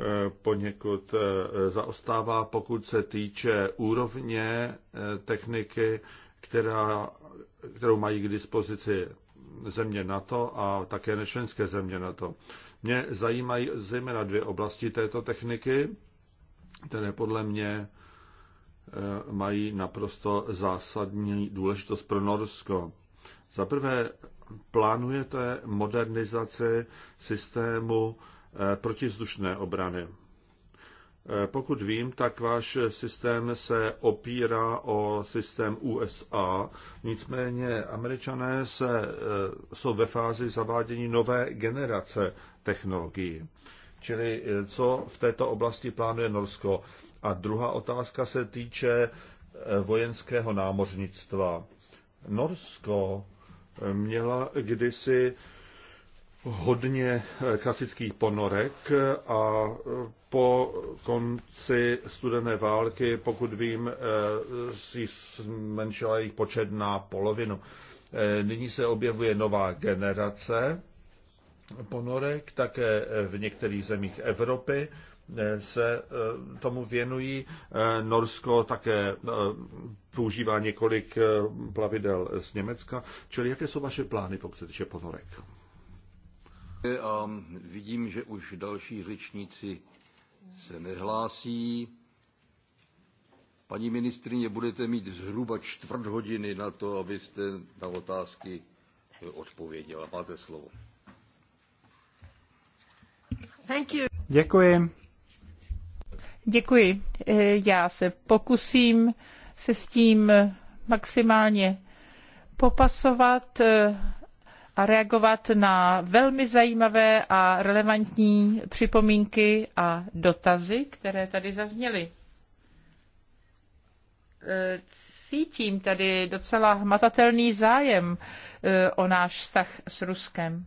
eh, poněkud eh, zaostává, pokud se týče úrovně techniky, která, kterou mají k dispozici země NATO a také nečlenské země NATO. Mě zajímají zejména dvě oblasti této techniky, které podle mě mají naprosto zásadní důležitost pro Norsko. Za prvé plánujete modernizaci systému eh, protizdušné obrany. Eh, pokud vím, tak váš systém se opírá o systém USA, nicméně američané se, eh, jsou ve fázi zavádění nové generace technologií. Čili co v této oblasti plánuje Norsko? A druhá otázka se týče vojenského námořnictva. Norsko měla kdysi hodně eh, klasických ponorek a eh, po konci studené války, pokud vím, eh, si zmenšila jejich počet na polovinu. Nyní se objevuje nová generace ponorek, také v některých zemích Evropy Eh, se eh, tomu věnují. Eh, Norsko také používá několik plavidel z Německa. Čili jaké jsou vaše plány, pokud se týče ponorek? A vidím, že už další řečníci se nehlásí. Paní ministrině, budete mít zhruba čtvrt hodiny na to, abyste na otázky odpověděla. Máte slovo. Thank you. Děkuji. Děkuji. E, já se pokusím se s tím maximálně popasovat e, a reagovat na velmi zajímavé a relevantní připomínky a dotazy, které tady zazněly. E, cítím tady docela hmatatelný zájem o náš vztah s Ruskem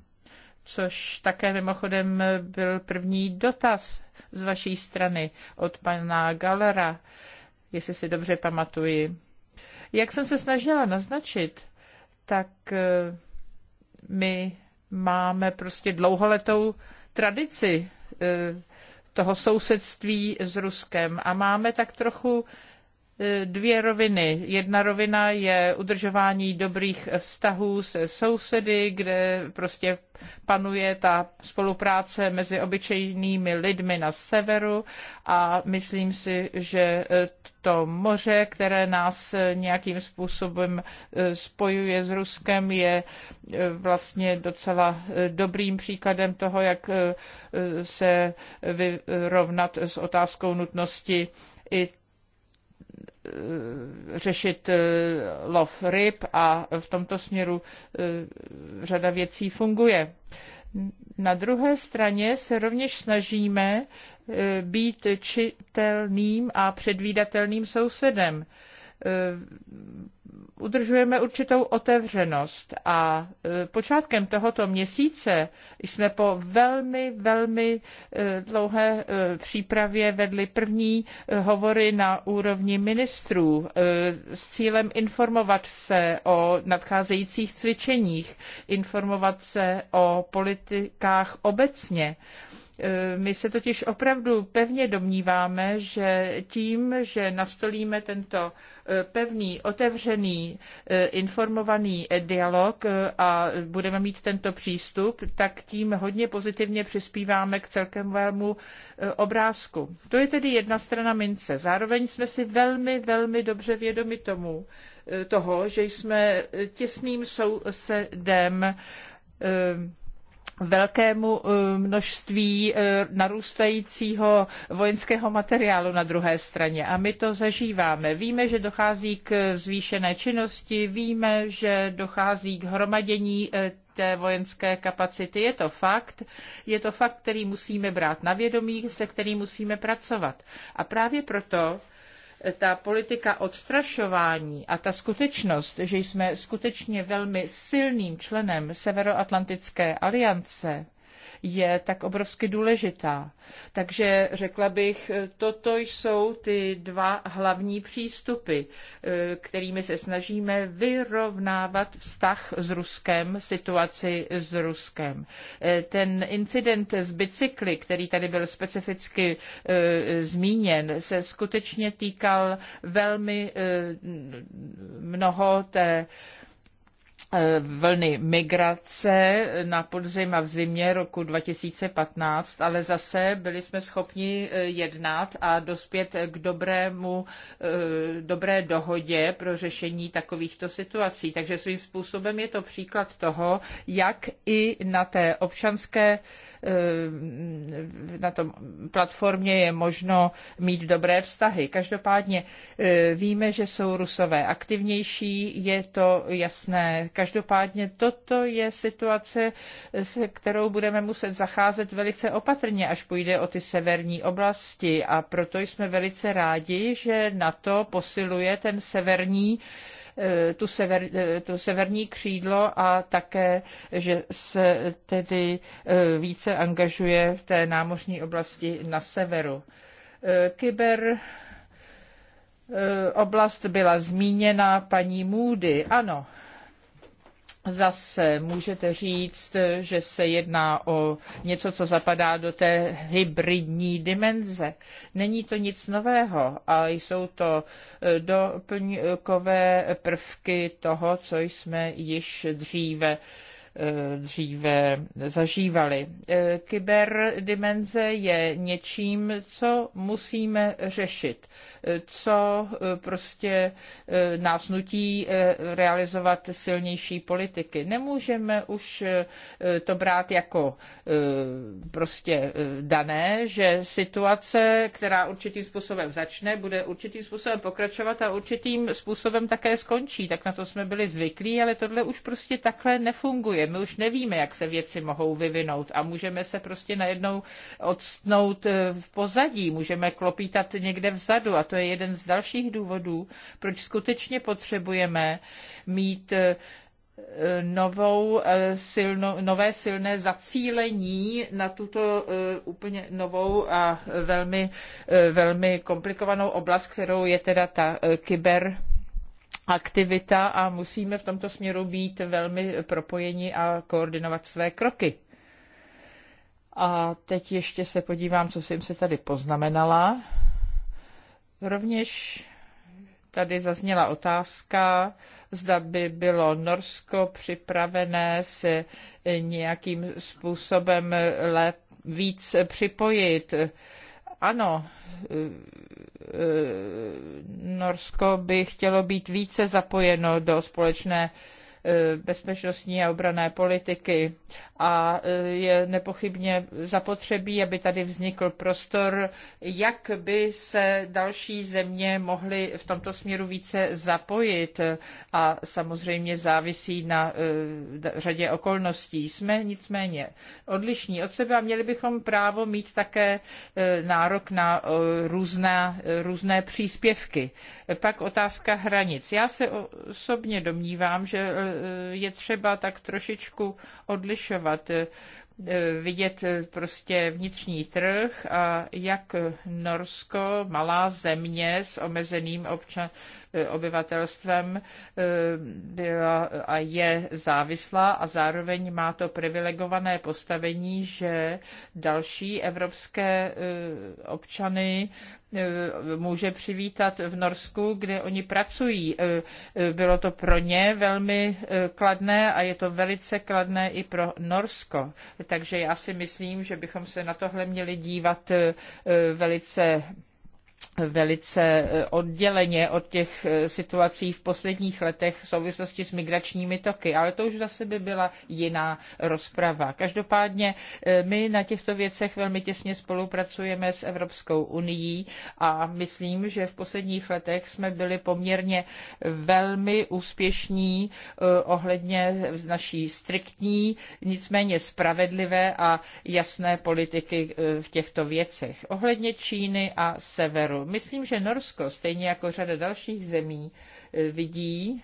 což také mimochodem byl první dotaz z vaší strany od pana Galera, jestli si dobře pamatuji. Jak jsem se snažila naznačit, tak eh, my máme prostě dlouholetou tradici eh, toho sousedství s Ruskem a máme tak trochu Eh, dvě roviny. Jedna rovina je udržování dobrých vztahů se sousedy, kde prostě panuje ta spolupráce mezi obyčejnými lidmi na severu a myslím si, že eh, to moře, které nás eh, nějakým způsobem spojuje s Ruskem, je vlastně docela dobrým příkladem toho, jak se vyrovnat s otázkou nutnosti i Eh, řešit eh, lov ryb a v tomto směru eh, řada věcí funguje. Na druhé straně se rovněž snažíme být čitelným a předvídatelným sousedem udržujeme určitou otevřenost a e, počátkem tohoto měsíce jsme po velmi, velmi e, dlouhé e, přípravě vedli první hovory na úrovni ministrů s cílem informovat se o nadcházejících cvičeních, informovat se o politikách obecně. E, my se totiž opravdu pevně domníváme, že tím, že nastolíme tento e, pevný, otevřený, e, informovaný dialog a budeme mít tento přístup, tak tím hodně pozitivně přispíváme k celkovému obrázku. To je tedy jedna strana mince. Zároveň jsme si velmi, velmi dobře vědomi tomu, toho, že jsme těsným sousedem velkému eh, množství eh, narůstajícího vojenského materiálu na druhé straně. A my to zažíváme. Víme, že dochází k zvýšené činnosti, víme, že dochází k hromadění eh, té vojenské kapacity. Je to fakt, je to fakt, který musíme brát na vědomí, se kterým musíme pracovat. A právě proto ta politika odstrašování a ta skutečnost, že jsme skutečně velmi silným členem Severoatlantické aliance, je tak obrovsky důležitá. Takže řekla bych, toto jsou ty dva hlavní přístupy, eh, kterými se snažíme vyrovnávat vztah s Ruskem, situaci s Ruskem. Eh, ten incident z bicykly, který tady byl specificky eh, zmíněn, se skutečně týkal velmi mnoho té Eh, vlny migrace na podzim a v zimě roku 2015, ale zase byli jsme schopni eh, jednat a dospět k dobrému, eh, dobré dohodě pro řešení takovýchto situací. Takže svým způsobem je to příklad toho, jak i na té občanské Eh, na tom platformě je možno mít dobré vztahy. Každopádně eh, víme, že jsou rusové aktivnější, je to jasné. Každopádně toto je situace, se kterou budeme muset zacházet velice opatrně, až půjde o ty severní oblasti a proto jsme velice rádi, že na to posiluje ten severní Eh, tu, sever, eh, tu severní křídlo a také, že se tedy eh, více angažuje v té námořní oblasti na severu. Kyber oblast byla zmíněna paní Můdy, Ano, Zase můžete říct, že se jedná o něco, co zapadá do té hybridní dimenze. Není to nic nového a jsou to e, doplňkové prvky toho, co jsme již dříve e, dříve zažívali. E, kyberdimenze je něčím, co musíme řešit co e, prostě e, nás nutí e, realizovat silnější politiky. Nemůžeme už to brát jako prostě dané, že situace, která určitým způsobem začne, bude určitým způsobem pokračovat a určitým způsobem také skončí. Tak na to jsme byli zvyklí, ale tohle už prostě takhle nefunguje. My už nevíme, jak se věci mohou vyvinout a můžeme se prostě najednou odstnout v pozadí, můžeme klopítat někde vzadu a to to je jeden z dalších důvodů, proč skutečně potřebujeme mít eh, novou, eh, silno, nové silné zacílení na tuto eh, úplně novou a velmi, velmi komplikovanou oblast, kterou je teda ta kyber aktivita a musíme v tomto směru být velmi propojeni a koordinovat své kroky. A teď ještě se podívám, co jsem se tady poznamenala. Rovněž tady zazněla otázka, zda by bylo Norsko připravené se nějakým způsobem lép, víc připojit. Ano, eh, eh, Norsko by chtělo být více zapojeno do společné Eh, bezpečnostní a obrané politiky. A eh, je nepochybně zapotřebí, aby tady vznikl prostor, jak by se další země mohly v tomto směru více zapojit a samozřejmě závisí na eh, řadě okolností. Jsme nicméně odlišní od sebe a měli bychom právo mít také nárok na různá, různé příspěvky. Pak otázka hranic. Já se osobně domnívám, že Eh, je třeba tak trošičku odlišovat eh, vidět eh, prostě vnitřní trh a jak Norsko, malá země s omezeným občan, obyvatelstvem, byla a je závislá a zároveň má to privilegované postavení, že další evropské občany Eh, může přivítat v Norsku, kde oni pracují. Eh, eh, bylo to pro ně velmi kladné a je to velice kladné i pro Norsko. Takže já si myslím, že bychom se na tohle měli dívat velice velice eh, odděleně od těch eh, situací v posledních letech v souvislosti s migračními toky, ale to už zase by byla jiná rozprava. Každopádně eh, my na těchto věcech velmi těsně spolupracujeme s Evropskou unii a myslím, že v posledních letech jsme byli poměrně velmi úspěšní ohledně naší striktní, nicméně spravedlivé a jasné politiky v těchto věcech. Ohledně Číny a severu sektoru. Myslím, že Norsko, stejně jako řada dalších zemí, e, vidí,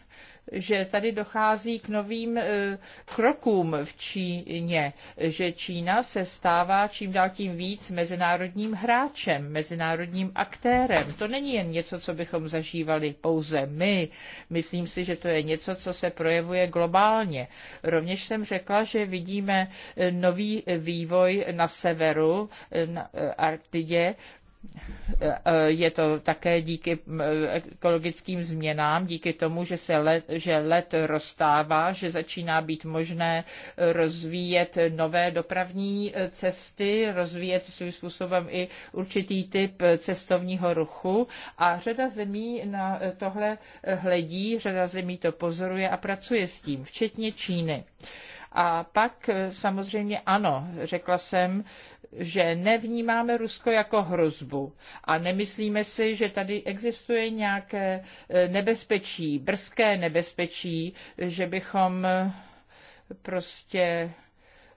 že tady dochází k novým e, krokům v Číně, že Čína se stává čím dál tím víc mezinárodním hráčem, mezinárodním aktérem. To není jen něco, co bychom zažívali pouze my. Myslím si, že to je něco, co se projevuje globálně. Rovněž jsem řekla, že vidíme e, nový vývoj na severu, na Arktidě, Eh, je to také díky mm, ekologickým změnám, díky tomu, že se let, že let roztává, že začíná být možné rozvíjet nové dopravní eh, cesty, rozvíjet svým způsobem i určitý typ eh, cestovního ruchu a řada zemí na tohle hledí, řada zemí to pozoruje a pracuje s tím, včetně Číny. A pak samozřejmě ano, řekla jsem, že nevnímáme Rusko jako hrozbu a nemyslíme si, že tady existuje nějaké eh, nebezpečí, brzké nebezpečí, že bychom eh, prostě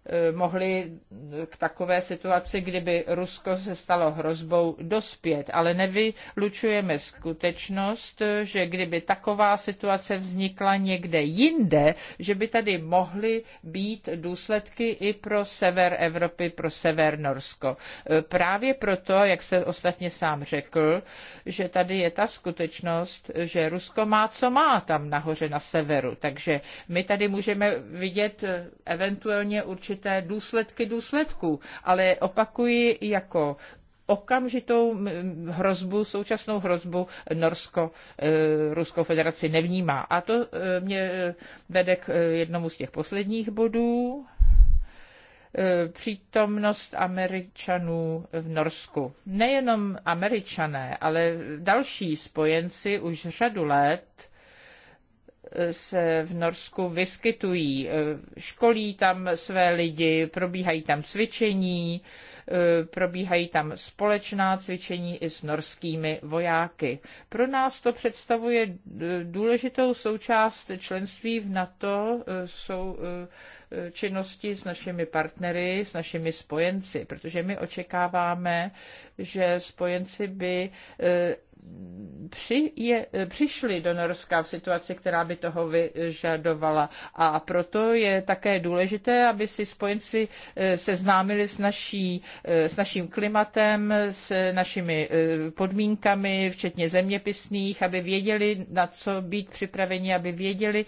Eh, mohli k takové situaci, kdyby Rusko se stalo hrozbou, dospět. Ale nevylučujeme skutečnost, že kdyby taková situace vznikla někde jinde, že by tady mohly být důsledky i pro sever Evropy, pro sever Norsko. Eh, právě proto, jak jste ostatně sám řekl, že tady je ta skutečnost, že Rusko má co má tam nahoře na severu. Takže my tady můžeme vidět eh, eventuálně určitě určité důsledky důsledků, ale opakuji jako okamžitou hrozbu, současnou hrozbu Norsko e, Ruskou federaci nevnímá. A to e, mě vede k e, jednomu z těch posledních bodů přítomnost Američanů v Norsku. Nejenom Američané, ale další spojenci už řadu let se v Norsku vyskytují. Školí tam své lidi, probíhají tam cvičení, probíhají tam společná cvičení i s norskými vojáky. Pro nás to představuje důležitou součást členství v NATO, jsou eh, činnosti s našimi partnery, s našimi spojenci, protože my očekáváme, že spojenci by eh, při, je, přišli do Norska v situaci, která by toho vyžadovala. A proto je také důležité, aby si spojenci eh, seznámili s, naší, eh, s naším klimatem, s našimi eh, podmínkami, včetně zeměpisných, aby věděli, na co být připraveni, aby věděli,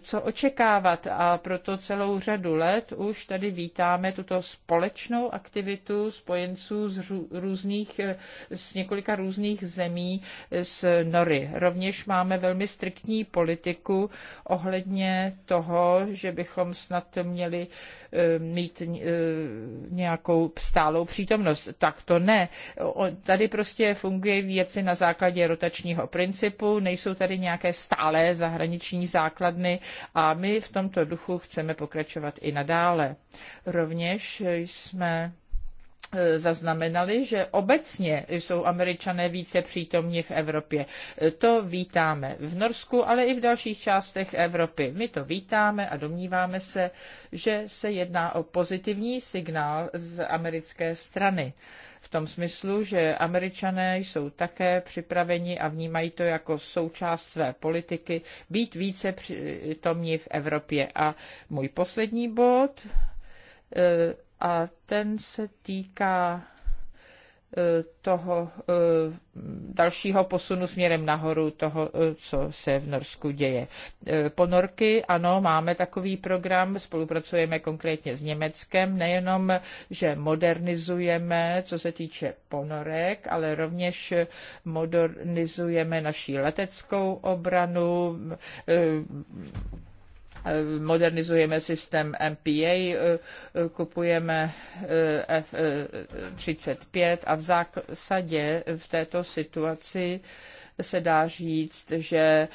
co očekávat. A proto celou řadu let už tady vítáme tuto společnou aktivitu spojenců z různých, z několika různých zemí, zemí s Nory. Rovněž máme velmi striktní politiku ohledně toho, že bychom snad měli eh, mít eh, nějakou stálou přítomnost. Tak to ne. Tady prostě funguje věci na základě rotačního principu, nejsou tady nějaké stálé zahraniční základny a my v tomto duchu chceme pokračovat i nadále. Rovněž jsme Eh, zaznamenali, že obecně jsou američané více přítomní v Evropě. Eh, to vítáme v Norsku, ale i v dalších částech Evropy. My to vítáme a domníváme se, že se jedná o pozitivní signál z americké strany v tom smyslu, že američané jsou také připraveni a vnímají to jako součást své politiky být více přítomní v Evropě. A můj poslední bod, eh, a ten se týká e, toho e, dalšího posunu směrem nahoru, toho, e, co se v Norsku děje. Ponorky, ano, máme takový program, spolupracujeme konkrétně s Německem, nejenom, že modernizujeme, co se týče ponorek, ale rovněž modernizujeme naší leteckou obranu, Eh, modernizujeme systém MPA, eh, eh, kupujeme F-35 a v zásadě v této situaci se dá říct, že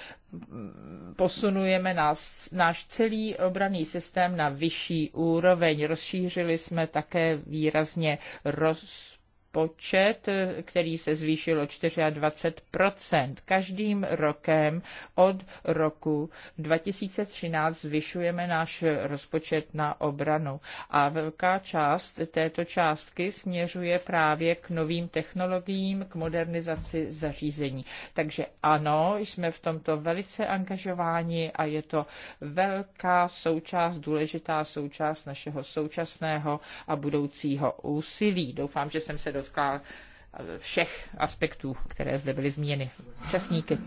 posunujeme nás, náš celý obraný systém na vyšší úroveň. Rozšířili jsme také výrazně roz počet, eh, který se zvýšilo 24 Každým rokem od roku 2013 zvyšujeme náš rozpočet na obranu a velká část této částky směřuje právě k novým technologiím, k modernizaci zařízení. Takže ano, jsme v tomto velice angažováni a je to velká součást, důležitá součást našeho současného a budoucího úsilí. Doufám, že jsem se do dotká eh, všech aspektů, které zde byly zmíněny. Časníky.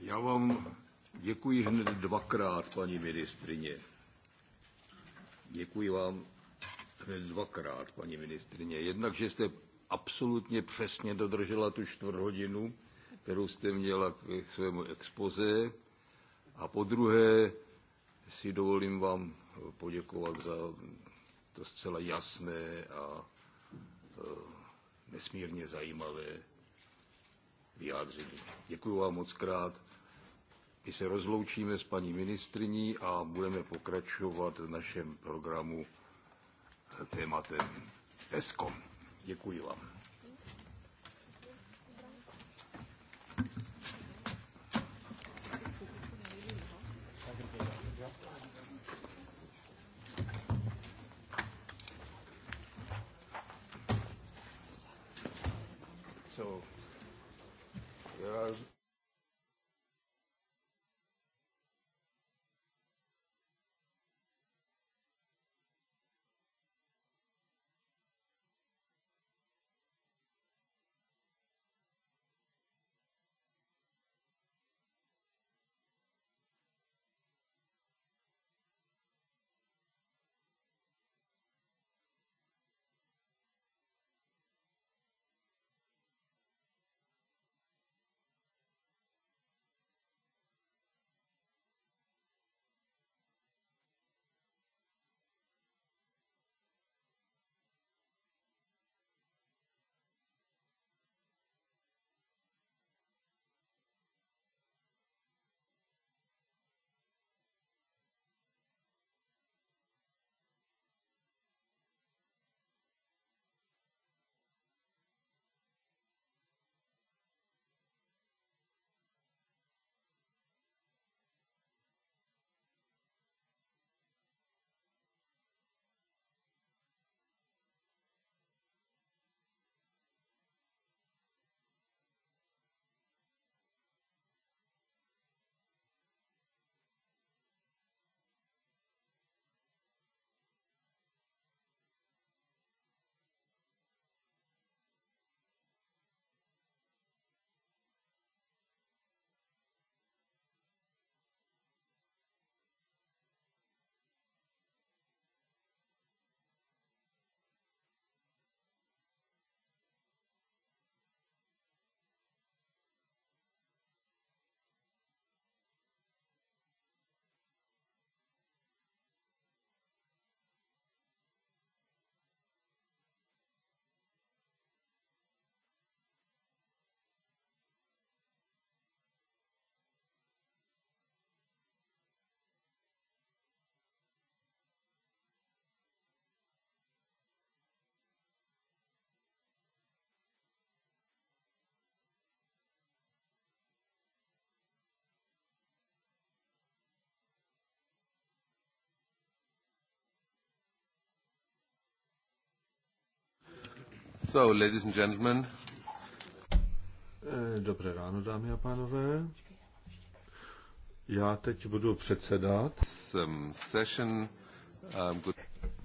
Já vám děkuji hned dvakrát, paní ministrině. Děkuji vám hned dvakrát, paní ministrině. Jednak, že jste absolutně přesně dodržela tu čtvrt hodinu, kterou jste měla k svému expoze. A po druhé si dovolím vám poděkovat za to zcela jasné a Eh, nesmírně zajímavé vyjádření. Děkuji vám moc krát. My se rozloučíme s paní ministriní a budeme pokračovat v našem programu eh, tématem ESCOM. Děkuji vám. So, ladies and gentlemen. Eh, dobré ráno, dámy a pánové. Já teď budu předsedat. Session, um,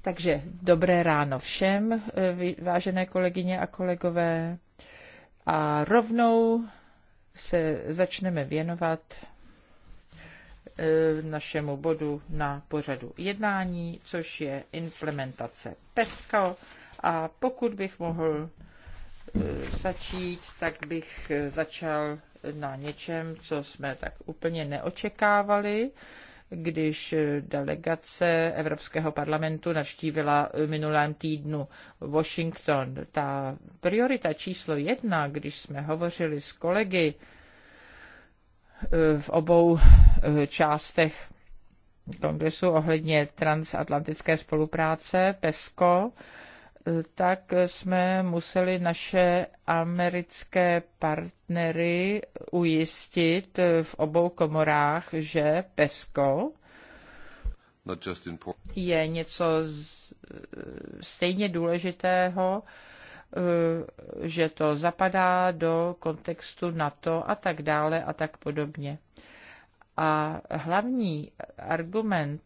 Takže dobré ráno všem, eh, vážené kolegyně a kolegové. A rovnou se začneme věnovat eh, našemu bodu na pořadu jednání, což je implementace PESCO a pokud bych mohl eh, začít, tak bych eh, začal na něčem, co jsme tak úplně neočekávali, když eh, delegace Evropského parlamentu navštívila minulém týdnu Washington. Ta priorita číslo jedna, když jsme hovořili s kolegy v obou částech kongresu ohledně transatlantické spolupráce PESCO, tak jsme museli naše americké partnery ujistit v obou komorách, že PESCO je něco stejně důležitého, eh, že to zapadá do kontextu NATO a tak dále a tak podobně. A hlavní argument,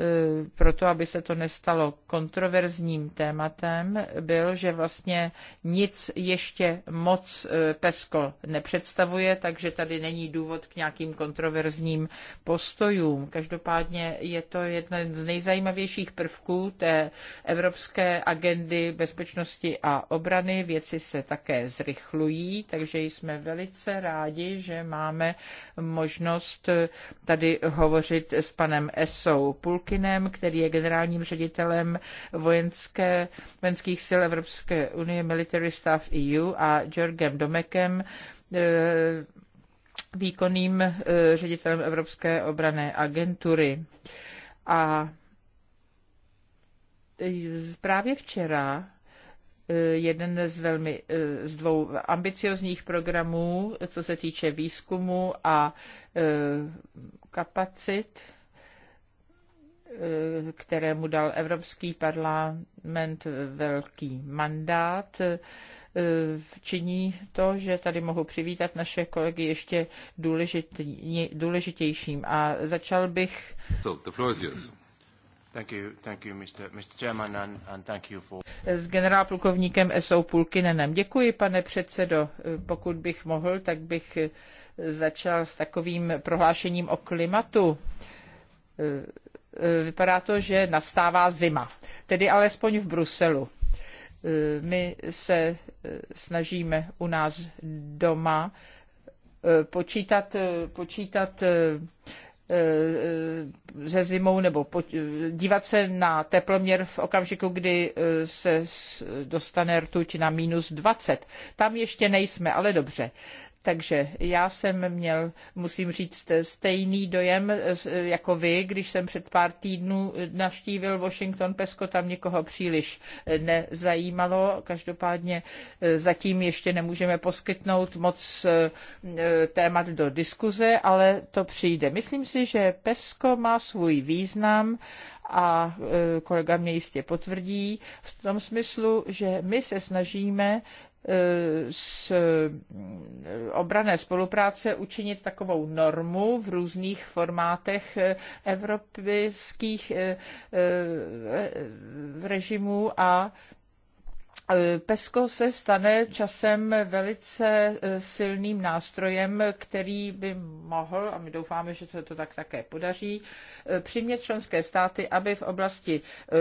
Eh, proto aby se to nestalo kontroverzním tématem, byl, že vlastně nic ještě moc eh, PESCO nepředstavuje, takže tady není důvod k nějakým kontroverzním postojům. Každopádně je to jeden z nejzajímavějších prvků té evropské agendy bezpečnosti a obrany. Věci se také zrychlují, takže jsme velice rádi, že máme možnost eh, tady hovořit s panem Esou Pulkem, Malkinem, který je generálním ředitelem vojenské, vojenských sil Evropské unie Military Staff EU a Jorgem Domekem, eh, výkonným eh, ředitelem Evropské obrané agentury. A právě včera eh, jeden z velmi z dvou ambiciozních programů, co se týče výzkumu a kapacit kterému dal Evropský parlament velký mandát, eh, činí to, že tady mohu přivítat naše kolegy ještě důležitý, důležitějším. A začal bych... So, Thank you, S generálplukovníkem S.O. Pulkinenem. Děkuji, pane předsedo. Pokud bych mohl, tak bych začal s takovým prohlášením o klimatu Eh, vypadá to, že nastává zima, tedy alespoň v Bruselu. Eh, my se eh, snažíme u nás doma počítat, počítat se zimou nebo dívat se na teploměr v okamžiku, kdy se dostane rtuť na minus 20. Tam ještě nejsme, ale dobře. Takže já jsem měl, musím říct, stejný dojem jako vy, když jsem před pár týdnů navštívil Washington. Pesko tam nikoho příliš nezajímalo. Každopádně e, zatím ještě nemůžeme poskytnout moc e, témat do diskuze, ale to přijde. Myslím si, že Pesko má svůj význam a e, kolega mě jistě potvrdí v tom smyslu, že my se snažíme E, z e, obrané spolupráce učinit takovou normu v různých formátech e, evropských režimů a PESCO se stane časem velice e, silným nástrojem, který by mohl, a my doufáme, že se to tak také podaří, e, přimět členské státy, aby v oblasti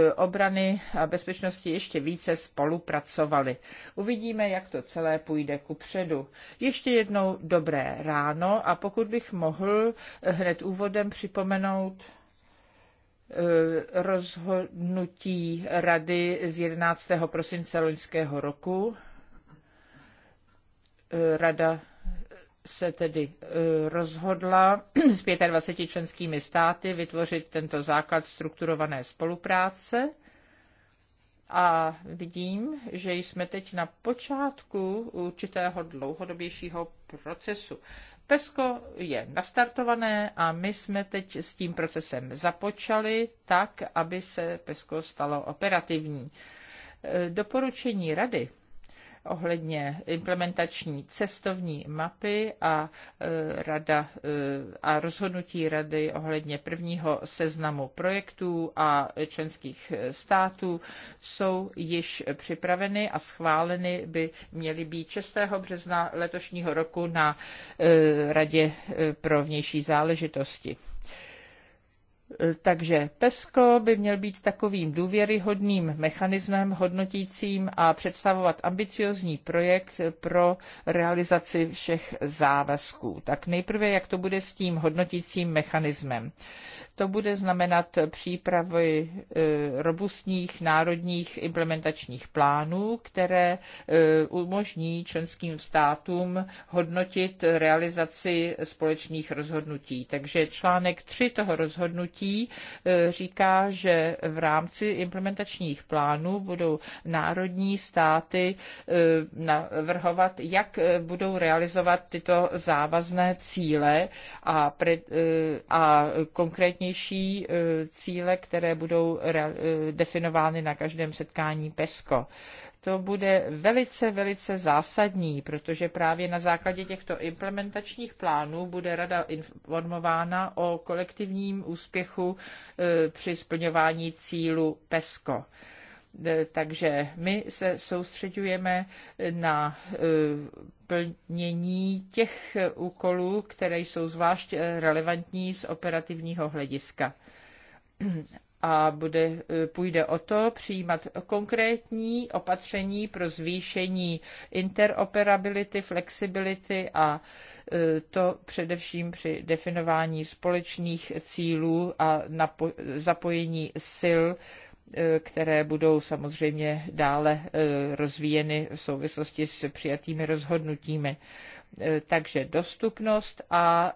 e, obrany a bezpečnosti ještě více spolupracovali. Uvidíme, jak to celé půjde ku předu. Ještě jednou dobré ráno a pokud bych mohl hned úvodem připomenout Eh, rozhodnutí rady z 11. prosince loňského roku. Eh, rada se tedy eh, rozhodla s 25 členskými státy vytvořit tento základ strukturované spolupráce. A vidím, že jsme teď na počátku určitého dlouhodobějšího procesu. PESCO je nastartované a my jsme teď s tím procesem započali tak, aby se PESCO stalo operativní. E, doporučení rady ohledně implementační cestovní mapy a, e, rada, e, a rozhodnutí rady ohledně prvního seznamu projektů a členských e, států jsou již připraveny a schváleny by měly být 6. března letošního roku na Radě pro vnější záležitosti. Takže PESCO by měl být takovým důvěryhodným mechanismem hodnotícím a představovat ambiciozní projekt pro realizaci všech závazků. Tak nejprve, jak to bude s tím hodnotícím mechanismem. To bude znamenat přípravy e, robustních národních implementačních plánů, které e, umožní členským státům hodnotit realizaci společných rozhodnutí. Takže článek 3 toho rozhodnutí e, říká, že v rámci implementačních plánů budou národní státy navrhovat, jak budou realizovat tyto závazné cíle a, pre, a konkrétně nejrůznější eh, cíle, které budou eh, definovány na každém setkání PESCO. To bude velice, velice zásadní, protože právě na základě těchto implementačních plánů bude Rada informována o kolektivním úspěchu eh, při splňování cílu PESCO. E, takže my se soustředujeme na e, plnění těch úkolů, které jsou zvlášť relevantní z operativního hlediska. A bude, e, půjde o to přijímat konkrétní opatření pro zvýšení interoperability, flexibility a to především při definování společných cílů a zapojení sil E, které budou samozřejmě dále e, rozvíjeny v souvislosti s přijatými rozhodnutími. E, takže dostupnost a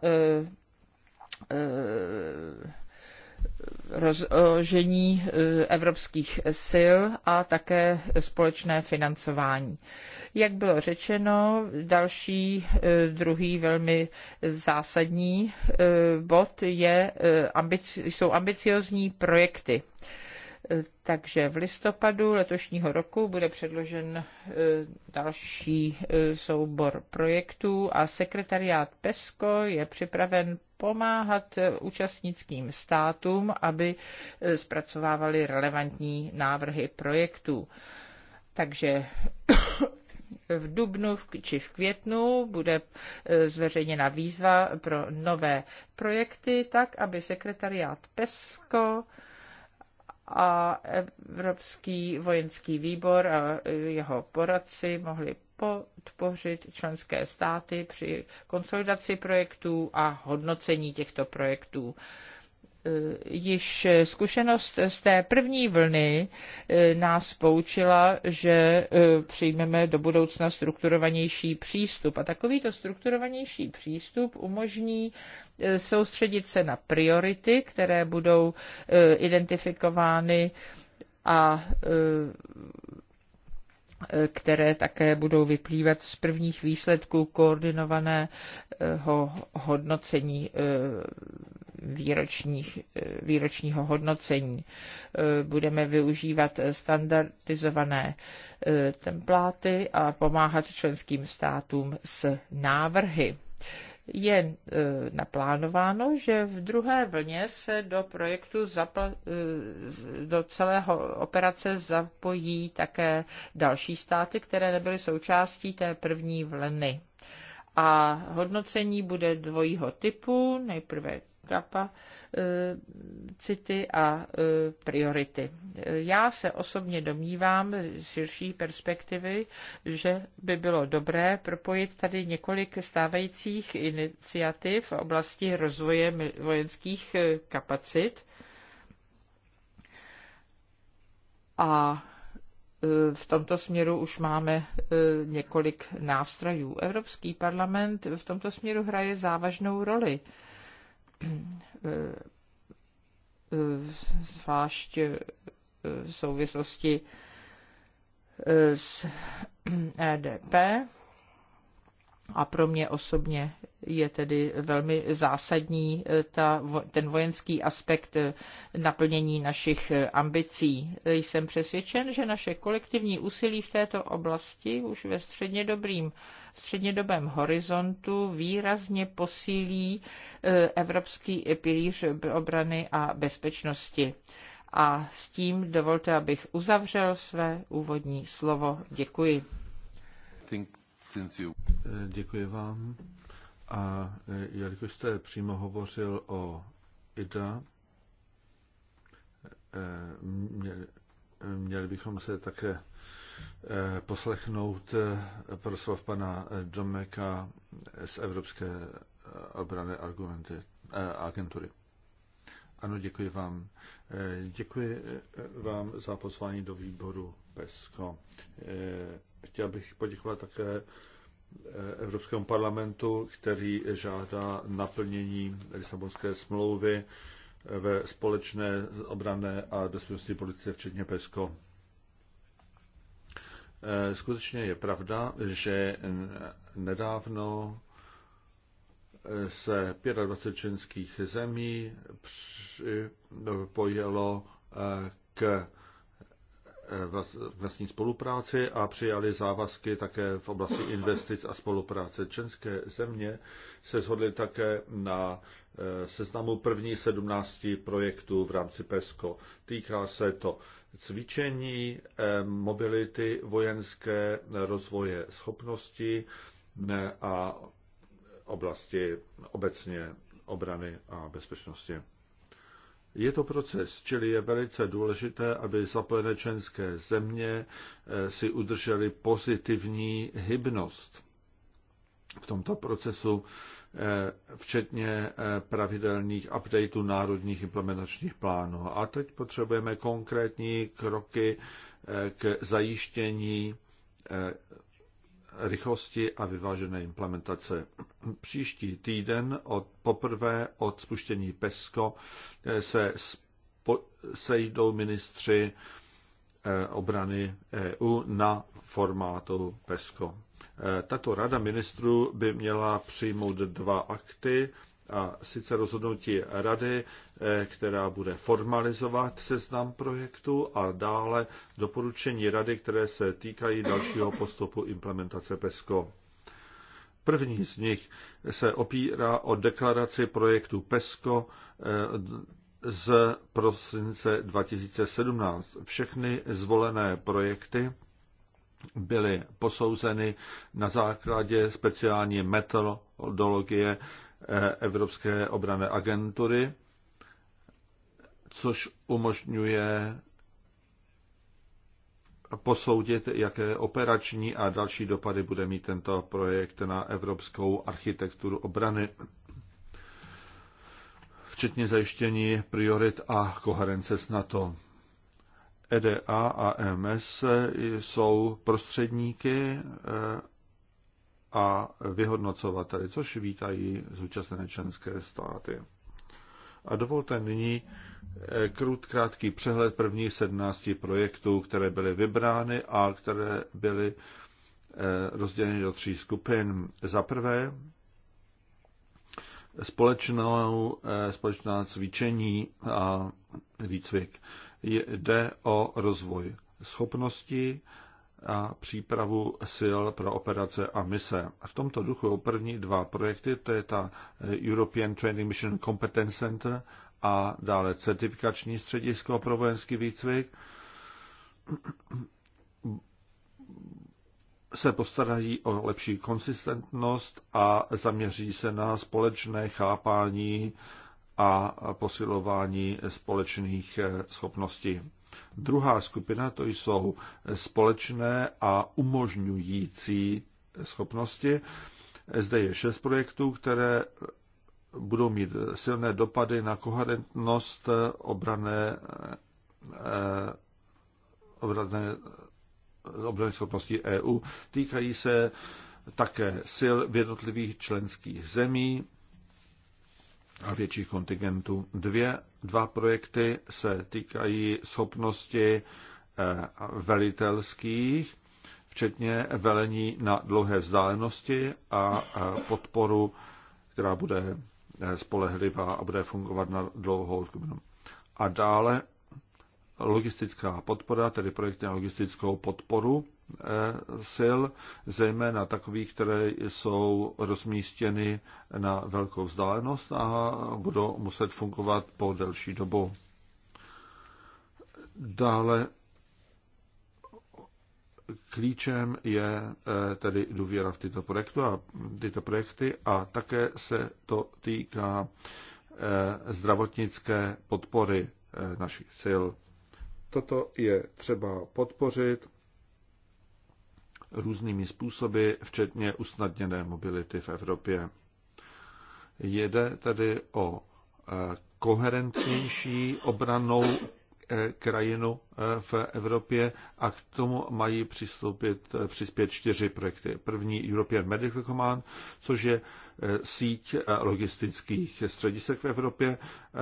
rozložení evropských sil a také společné financování. Jak bylo řečeno, další druhý velmi zásadní bod je, jsou ambiciozní projekty. Eh, takže v listopadu letošního roku bude předložen eh, další eh, soubor projektů a sekretariát PESCO je připraven pomáhat účastnickým státům, aby zpracovávali relevantní návrhy projektů. Takže v dubnu či v květnu bude zveřejněna výzva pro nové projekty, tak aby sekretariát PESCO a Evropský vojenský výbor a jeho poradci mohli podpořit členské státy při konsolidaci projektů a hodnocení těchto projektů. Eh, již zkušenost z té první vlny eh, nás poučila, že eh, přijmeme do budoucna strukturovanější přístup. A takovýto strukturovanější přístup umožní soustředit se na priority, které budou identifikovány a které také budou vyplývat z prvních výsledků koordinované hodnocení eh, výročních, eh, výročního hodnocení. Eh, budeme využívat standardizované templáty a pomáhat členským státům s návrhy je naplánováno, že v druhé vlně se do projektu zapl- do celého operace zapojí také další státy, které nebyly součástí té první vlny a hodnocení bude dvojího typu, nejprve kapacity e, a e, priority. Já se osobně domnívám z širší perspektivy, že by bylo dobré propojit tady několik stávajících iniciativ v oblasti rozvoje vojenských e, kapacit a Eh, v tomto směru už máme eh, několik nástrojů. Evropský parlament v tomto směru hraje závažnou roli. Eh, zvlášť v souvislosti s EDP a pro mě osobně je tedy velmi zásadní eh, ta, ten vojenský aspekt eh, naplnění našich eh, ambicí. Jsem přesvědčen, že naše kolektivní úsilí v této oblasti už ve středně dobrým střednědobém horizontu výrazně posílí evropský pilíř obrany a bezpečnosti. A s tím dovolte, abych uzavřel své úvodní slovo. Děkuji. Think, Děkuji vám. A eh, jelikož jste přímo hovořil o IDA, eh, měli bychom se také eh, poslechnout proslov pana Domeka z Evropské obrany argumenty, agentury. Ano, děkuji vám. Děkuji vám za pozvání do výboru PESCO. Chtěl bych poděkovat také Evropskému parlamentu, který žádá naplnění Lisabonské smlouvy ve společné obrané a bezpečnostní politice, včetně PESCO. Eh, skutečně je pravda, že nedávno eh, se 25 členských zemí připojilo no, eh, k vlastní spolupráci a přijali závazky také v oblasti investic a spolupráce. Čenské země se shodly také na eh, seznamu první 17 projektů v rámci PESCO. Týká se to cvičení, eh, mobility, vojenské rozvoje schopnosti eh, a oblasti obecně obrany a bezpečnosti. Je to proces, čili je velice důležité, aby zapojené členské země eh, si udržely pozitivní hybnost v tomto procesu, eh, včetně eh, pravidelných updateů národních implementačních plánů. A teď potřebujeme konkrétní kroky k zajištění rychlosti a vyvážené implementace. Příští týden od, poprvé od spuštění PESCO eh, se spo, sejdou ministři eh, obrany EU na formátu PESCO. Eh, tato rada ministrů by měla přijmout dva akty, a sice rozhodnutí rady, eh, která bude formalizovat seznam projektu a dále doporučení rady, které se týkají dalšího postupu implementace PESCO. První z nich se opírá o deklaraci projektu PESCO eh, z prosince 2017. Všechny zvolené projekty byly posouzeny na základě speciální metodologie Evropské obrané agentury, což umožňuje posoudit, jaké operační a další dopady bude mít tento projekt na evropskou architekturu obrany, včetně zajištění priorit a koherence s NATO. EDA a EMS jsou prostředníky eh, a tady, což vítají zúčastněné členské státy. A dovolte nyní eh, krut, krátký přehled prvních 17 projektů, které byly vybrány a které byly eh, rozděleny do tří skupin. Za prvé společnou, eh, společná cvičení a výcvik. Jde o rozvoj schopnosti a přípravu sil pro operace a mise. A v tomto duchu první dva projekty, to je ta eh, European Training Mission Competence Center a dále certifikační středisko pro vojenský výcvik, se postarají o lepší konsistentnost a zaměří se na společné chápání a posilování společných eh, schopností. Druhá skupina to jsou společné a umožňující schopnosti. Zde je šest projektů, které budou mít silné dopady na koherentnost obrané, eh, obrané, obrané schopnosti EU. Týkají se také sil v jednotlivých členských zemí, a větších kontingentů. Dvě, dva projekty se týkají schopnosti eh, velitelských, včetně velení na dlouhé vzdálenosti a eh, podporu, která bude eh, spolehlivá a bude fungovat na dlouhou skupinu. A dále logistická podpora, tedy projekty na logistickou podporu Eh, sil, zejména takových, které jsou rozmístěny na velkou vzdálenost a budou muset fungovat po delší dobu. Dále klíčem je eh, tedy důvěra v tyto projekty a, tyto projekty a také se to týká eh, zdravotnické podpory našich sil. Toto je třeba podpořit různými způsoby, včetně usnadněné mobility v Evropě. Jede tedy o e, koherentnější obranou e, krajinu e, v Evropě a k tomu mají přistoupit, přispět čtyři projekty. První European Medical Command, což je síť logistických středisek v Evropě,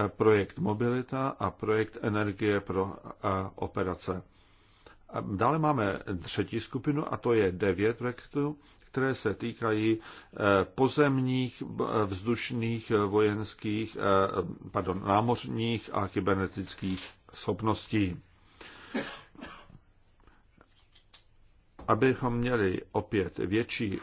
projekt Mobilita a projekt Energie pro operace. Dále máme třetí skupinu a to je devět projektů, které se týkají eh, pozemních, eh, vzdušných, eh, vojenských, pardon, námořních a kybernetických schopností. Abychom měli opět větší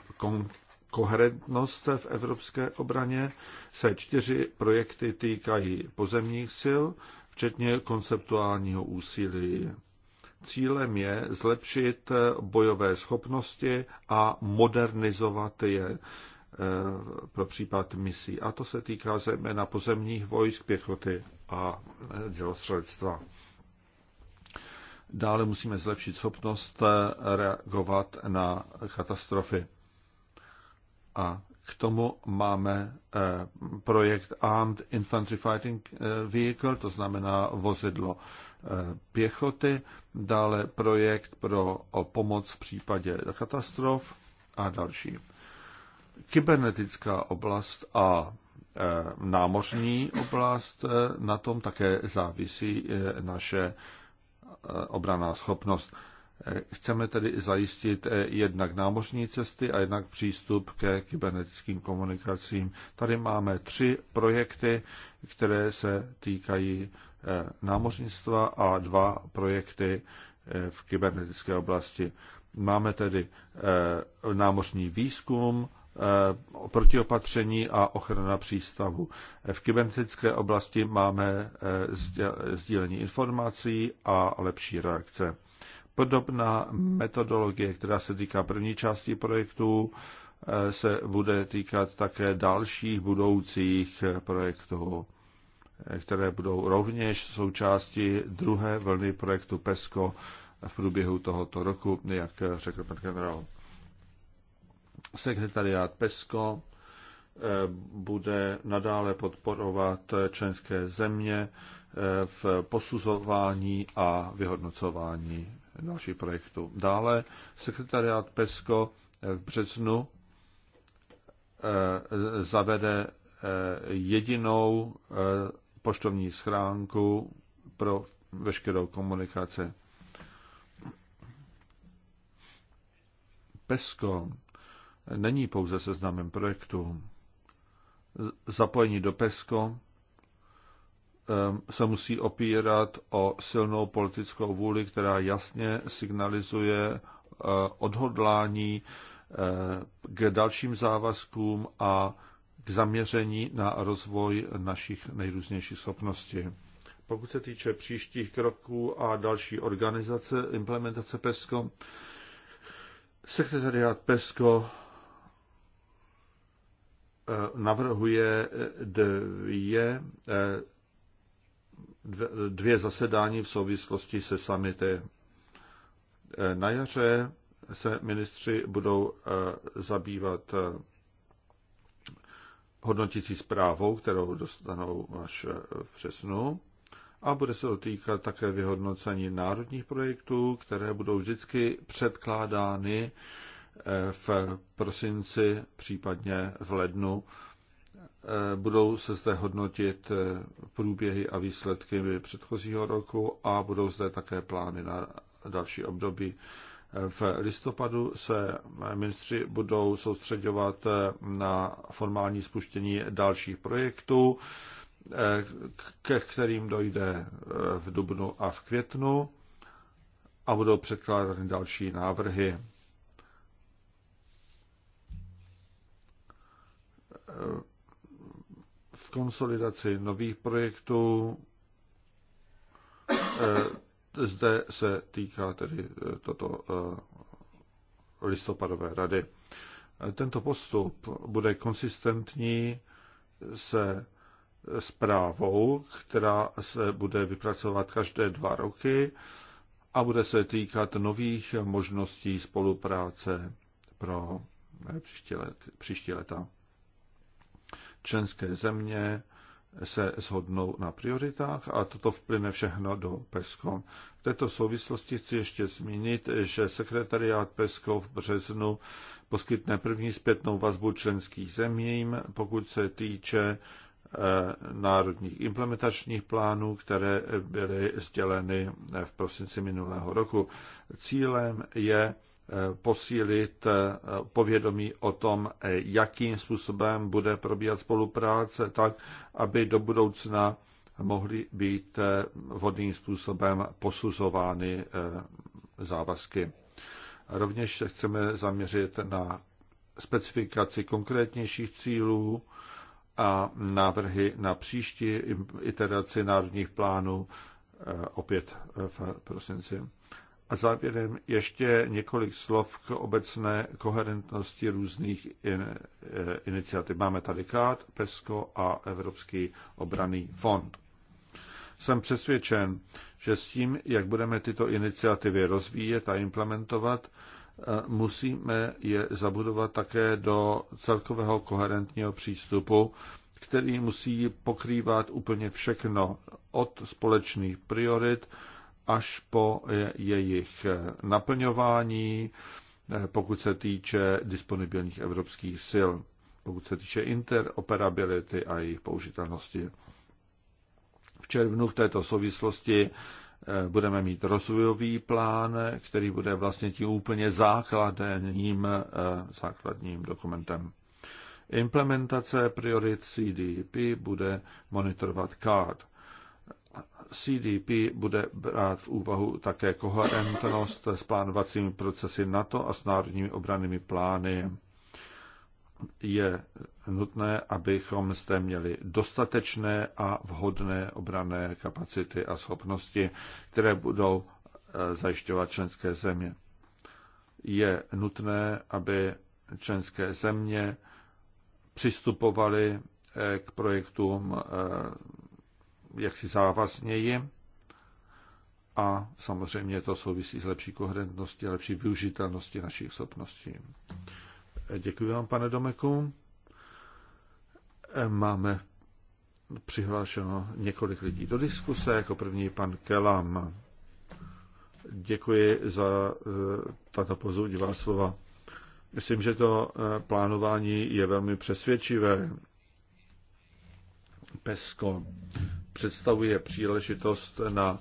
koherentnost v evropské obraně, se čtyři projekty týkají pozemních sil, včetně konceptuálního úsilí. Cílem je zlepšit bojové schopnosti a modernizovat je eh, pro případ misí. A to se týká zejména pozemních vojsk, pěchoty a eh, dělostřelectva. Dále musíme zlepšit schopnost eh, reagovat na katastrofy. A k tomu máme projekt Armed Infantry Fighting Vehicle, to znamená vozidlo pěchoty, dále projekt pro pomoc v případě katastrof a další. Kybernetická oblast a e, námořní oblast, e, na tom také závisí e, naše obraná schopnost. Chceme tedy zajistit jednak námořní cesty a jednak přístup ke kybernetickým komunikacím. Tady máme tři projekty, které se týkají eh, námořnictva a dva projekty eh, v kybernetické oblasti. Máme tedy eh, námořní výzkum, protiopatření a ochrana přístavu. V kybernetické oblasti máme sdílení informací a lepší reakce. Podobná metodologie, která se týká první části projektu, se bude týkat také dalších budoucích projektů, které budou rovněž součástí druhé vlny projektu PESCO v průběhu tohoto roku, jak řekl pan generál. Sekretariát PESCO eh, bude nadále podporovat členské země eh, v posuzování a vyhodnocování dalších projektů. Dále sekretariát PESCO v březnu Eh, zavede eh, jedinou eh, poštovní schránku pro veškerou komunikaci. PESCO není pouze seznamem projektů. Zapojení do PESCO se musí opírat o silnou politickou vůli, která jasně signalizuje odhodlání Eh, k dalším závazkům a k zaměření na rozvoj našich nejrůznějších schopností. Pokud se týče příštích kroků a další organizace implementace PESCO, sekretariat PESCO eh, navrhuje eh, dvě, dvě zasedání v souvislosti se samity. Na jaře se ministři budou eh, zabývat eh, hodnotící zprávou, kterou dostanou až eh, v přesnu. A bude se dotýkat také vyhodnocení národních projektů, které budou vždycky předkládány v prosinci, případně v lednu. Budou se zde hodnotit průběhy a výsledky předchozího roku a budou zde také plány na další období. V listopadu se ministři budou soustředovat na formální spuštění dalších projektů, ke kterým dojde v dubnu a v květnu a budou předkládány další návrhy. V konsolidaci nových projektů zde se týká tedy e, toto e, listopadové rady. E, tento postup bude konsistentní se zprávou, která se bude vypracovat každé dva roky a bude se týkat nových možností spolupráce pro příští, let, příští leta. Členské země se shodnou na prioritách a toto vplyne všechno do PESCO. V této souvislosti chci ještě zmínit, že sekretariát PESCO v březnu poskytne první zpětnou vazbu členských zemím, pokud se týče eh, národních implementačních plánů, které byly sděleny v prosinci minulého roku. Cílem je posílit eh, povědomí o tom, eh, jakým způsobem bude probíhat spolupráce, tak aby do budoucna mohly být eh, vhodným způsobem posuzovány závazky. Rovněž se chceme zaměřit na specifikaci konkrétnějších cílů a návrhy na příští iteraci národních plánů opět v prosinci. A závěrem ještě několik slov k obecné koherentnosti různých in, eh, iniciativ. Máme tady KAT, PESCO a Evropský obraný fond. Jsem přesvědčen, že s tím, jak budeme tyto iniciativy rozvíjet a implementovat, eh, musíme je zabudovat také do celkového koherentního přístupu, který musí pokrývat úplně všechno od společných priorit, až po jejich eh, naplňování, eh, pokud se týče disponibilních evropských sil, pokud se týče interoperability a jejich použitelnosti. V červnu v této souvislosti eh, budeme mít rozvojový plán, který bude vlastně tím úplně základním, základním dokumentem. Implementace priorit CDP bude monitorovat CARD. CDP bude brát v úvahu také koherentnost s plánovacími procesy NATO a s národními obranými plány. Je nutné, abychom zde měli dostatečné a vhodné obrané kapacity a schopnosti, které budou e, zajišťovat členské země. Je nutné, aby členské země přistupovaly e, k projektům e, jak jaksi závazněji a samozřejmě to souvisí s lepší koherentností a lepší využitelností našich schopností. Děkuji vám, pane Domeku. Máme přihlášeno několik lidí do diskuse, jako první pan Kelam. Děkuji za eh, tato pozudivá slova. Myslím, že to eh, plánování je velmi přesvědčivé. Pesko představuje příležitost na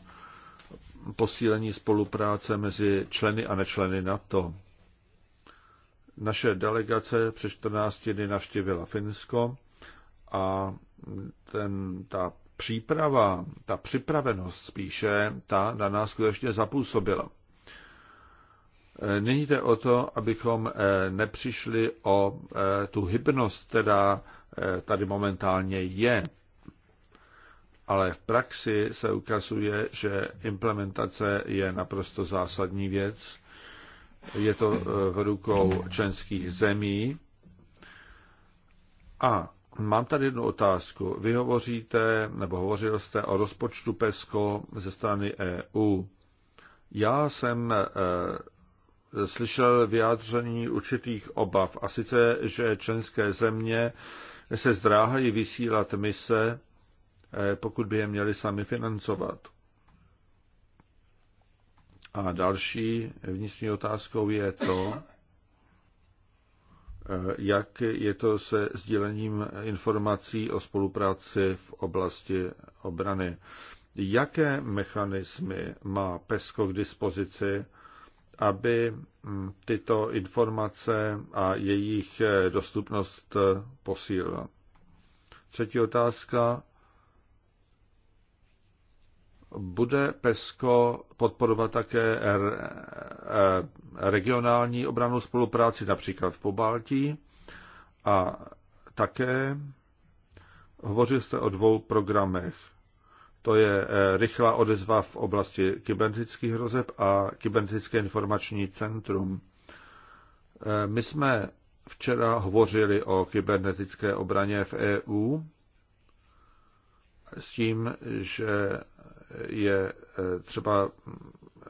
posílení spolupráce mezi členy a nečleny NATO. Naše delegace před 14 dny navštívila Finsko a ten, ta příprava, ta připravenost spíše, ta na nás skutečně zapůsobila. Není to o to, abychom eh, nepřišli o eh, tu hybnost, která eh, tady momentálně je ale v praxi se ukazuje, že implementace je naprosto zásadní věc. Je to e, v rukou členských zemí. A mám tady jednu otázku. Vy hovoříte, nebo hovořil jste o rozpočtu PESCO ze strany EU. Já jsem e, slyšel vyjádření určitých obav, a sice, že členské země se zdráhají vysílat mise, Eh, pokud by je měli sami financovat. A další vnitřní otázkou je to, eh, jak je to se sdílením informací o spolupráci v oblasti obrany. Jaké mechanismy má PESCO k dispozici, aby hm, tyto informace a jejich eh, dostupnost posílila? Třetí otázka bude PESCO podporovat také e, regionální obranu spolupráci, například v Pobaltí. A také hovořil jste o dvou programech. To je e, rychlá odezva v oblasti kybernetických hrozeb a kybernetické informační centrum. E, my jsme včera hovořili o kybernetické obraně v EU s tím, že je eh, třeba eh,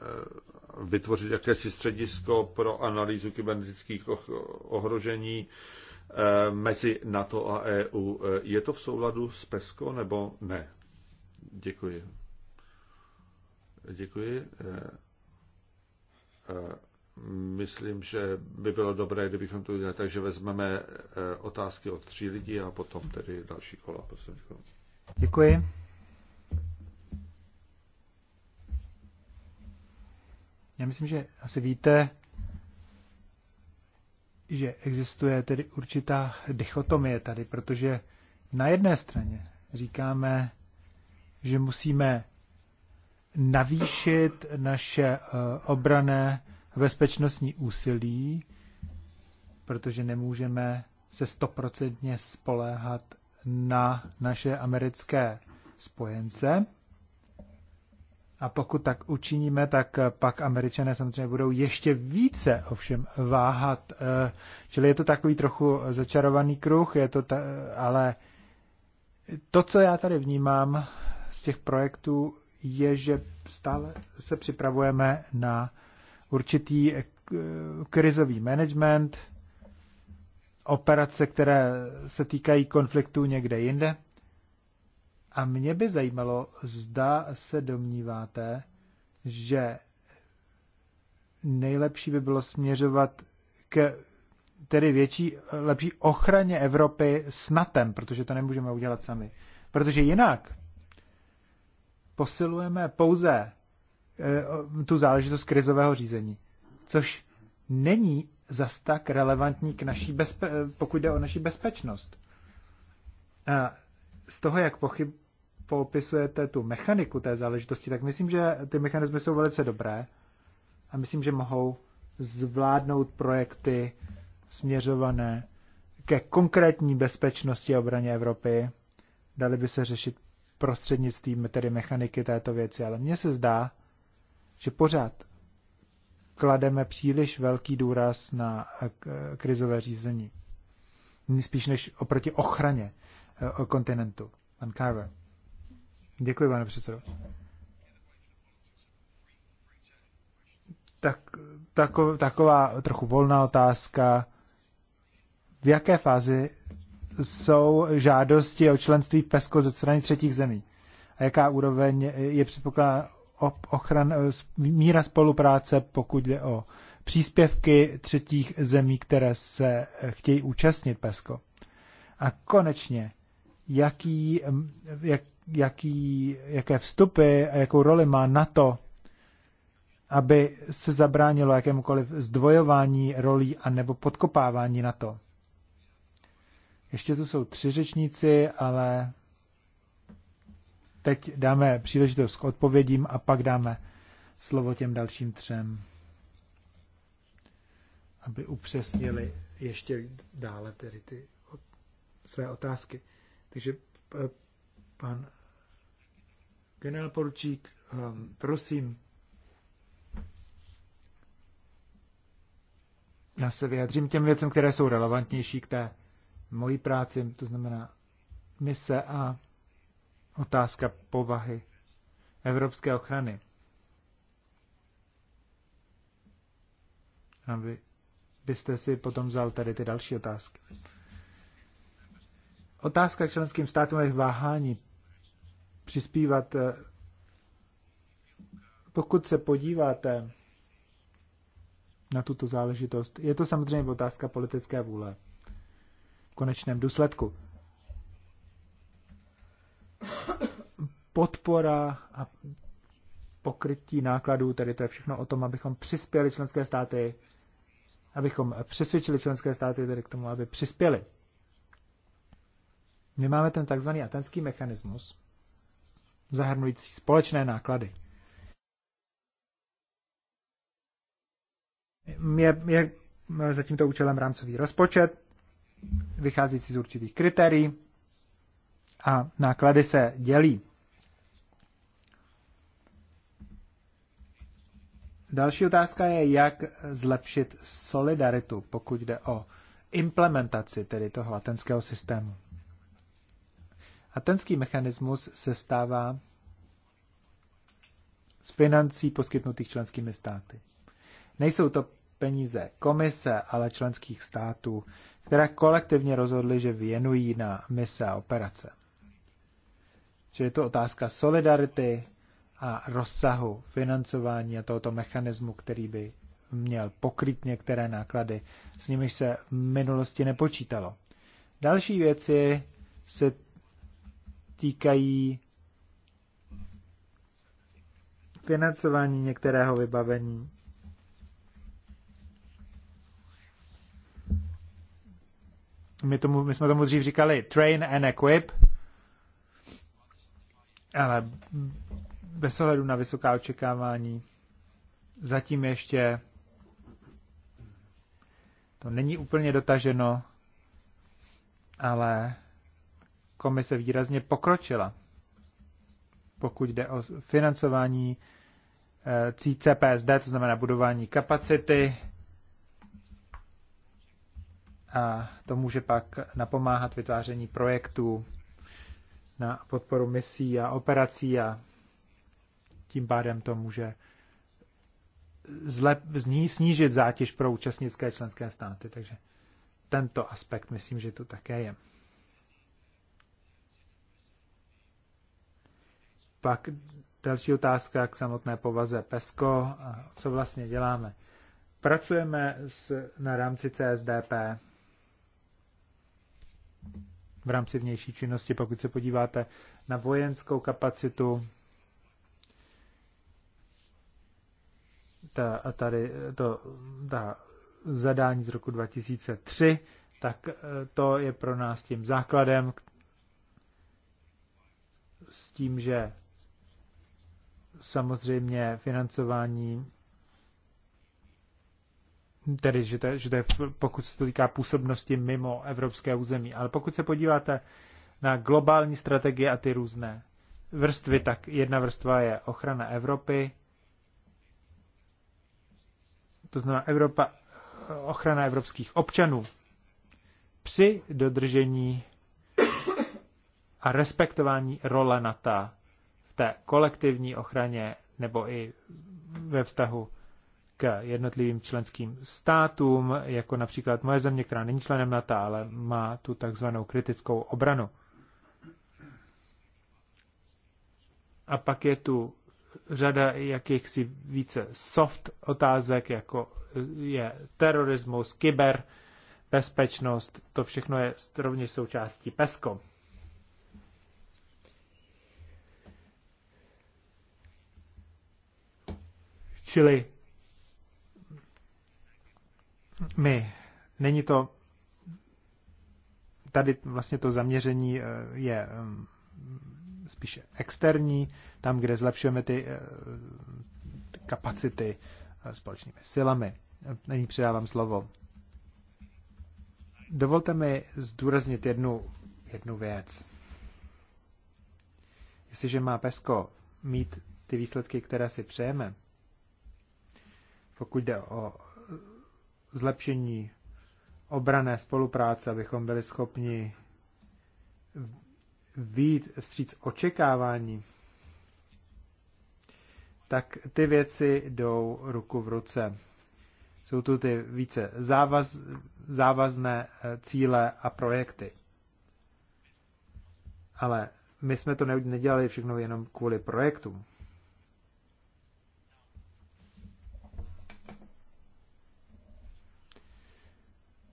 vytvořit jakési středisko pro analýzu kybernetických ohrožení eh, mezi NATO a EU. Je to v souladu s PESCO nebo ne? Děkuji. Děkuji. Myslím, že by bylo dobré, kdybychom to udělali, takže vezmeme otázky od tří lidí a potom tedy další kola. Prosím. Děkuji. Já myslím, že asi víte, že existuje tedy určitá dichotomie tady, protože na jedné straně říkáme, že musíme navýšit naše eh, obrané bezpečnostní úsilí, protože nemůžeme se stoprocentně spoléhat na naše americké spojence. A pokud tak učiníme, tak eh, pak američané samozřejmě budou ještě více ovšem váhat. Eh, čili je to takový trochu začarovaný kruh, je to ta, ale to, co já tady vnímám z těch projektů, je, že stále se připravujeme na určitý eh, krizový management, operace, které se týkají konfliktů někde jinde. A mě by zajímalo, zda se domníváte, že nejlepší by bylo směřovat k tedy větší, lepší ochraně Evropy s NATem, protože to nemůžeme udělat sami. Protože jinak posilujeme pouze eh, tu záležitost krizového řízení, což není zas tak relevantní k naší bezpe- pokud jde o naši bezpečnost. A z toho, jak pochyb- popisujete tu mechaniku té záležitosti, tak myslím, že ty mechanismy jsou velice dobré a myslím, že mohou zvládnout projekty směřované ke konkrétní bezpečnosti a obraně Evropy. Dali by se řešit prostřednictvím tedy mechaniky této věci, ale mně se zdá, že pořád klademe příliš velký důraz na eh, eh, krizové řízení. Spíš než oproti ochraně eh, kontinentu. Pan Carver. Děkuji, pane předsedo. Tak, tako, taková trochu volná otázka. V jaké fázi jsou žádosti o členství v PESCO ze strany třetích zemí? A jaká úroveň je předpokládá ochran, míra spolupráce, pokud jde o příspěvky třetích zemí, které se chtějí účastnit PESCO? A konečně, jaký, jak, jaký, jaké vstupy a jakou roli má NATO, aby se zabránilo jakémukoliv zdvojování rolí a nebo podkopávání NATO. Ještě tu jsou tři řečníci, ale teď dáme příležitost k odpovědím a pak dáme slovo těm dalším třem, aby upřesnili ještě dále tedy ty své otázky. Takže pan Generál poručík, ehm, prosím. Já se vyjadřím těm věcem, které jsou relevantnější k té mojí práci, to znamená mise a otázka povahy evropské ochrany. A vy byste si potom vzal tady ty další otázky. Otázka k členským státům je váhání přispívat. Eh, pokud se podíváte na tuto záležitost, je to samozřejmě otázka politické vůle v konečném důsledku. Podpora a pokrytí nákladů, tedy to je všechno o tom, abychom přispěli členské státy, abychom přesvědčili členské státy tedy k tomu, aby přispěli. My máme ten takzvaný atenský mechanismus, zahrnující společné náklady. Je, je za tímto účelem rámcový rozpočet, vycházející z určitých kritérií a náklady se dělí. Další otázka je, jak zlepšit solidaritu, pokud jde o implementaci tedy toho latenského systému tenský mechanismus se stává z financí poskytnutých členskými státy. Nejsou to peníze komise, ale členských států, které kolektivně rozhodly, že věnují na mise a operace. Čili je to otázka solidarity a rozsahu financování a tohoto mechanismu, který by měl pokryt některé náklady, s nimiž se v minulosti nepočítalo. Další věci se týkají financování některého vybavení. My, tomu, my jsme tomu dřív říkali train and equip, ale bez ohledu na vysoká očekávání zatím ještě to není úplně dotaženo, ale komise výrazně pokročila, pokud jde o financování eh, CPSD, to znamená budování kapacity, a to může pak napomáhat vytváření projektů na podporu misí a operací a tím pádem to může zlep, zní, snížit zátěž pro účastnické členské státy. Takže tento aspekt myslím, že tu také je. Pak další otázka k samotné povaze PESCO a co vlastně děláme. Pracujeme s, na rámci CSDP v rámci vnější činnosti, pokud se podíváte na vojenskou kapacitu, ta, a tady to ta zadání z roku 2003, tak e, to je pro nás tím základem s tím, že samozřejmě financování, tedy že to, že to je, pokud se to týká působnosti mimo evropské území, ale pokud se podíváte na globální strategie a ty různé vrstvy, tak jedna vrstva je ochrana Evropy, to znamená Evropa, ochrana evropských občanů při dodržení a respektování role NATO té kolektivní ochraně nebo i ve vztahu k jednotlivým členským státům, jako například moje země, která není členem NATO, ale má tu takzvanou kritickou obranu. A pak je tu řada jakýchsi více soft otázek, jako je terorismus, kyber, bezpečnost, to všechno je rovněž součástí PESCO. Čili my, není to, tady vlastně to zaměření eh, je mm, spíše externí, tam, kde zlepšujeme ty eh, kapacity eh, společnými silami. není předávám slovo. Dovolte mi zdůraznit jednu, jednu věc. Jestliže má Pesko mít ty výsledky, které si přejeme, pokud jde o eh, zlepšení obrané spolupráce, abychom byli schopni výjít vstříc očekávání, tak ty věci jdou ruku v ruce. Jsou tu ty více závaz, závazné eh, cíle a projekty. Ale my jsme to nedělali všechno jenom kvůli projektům.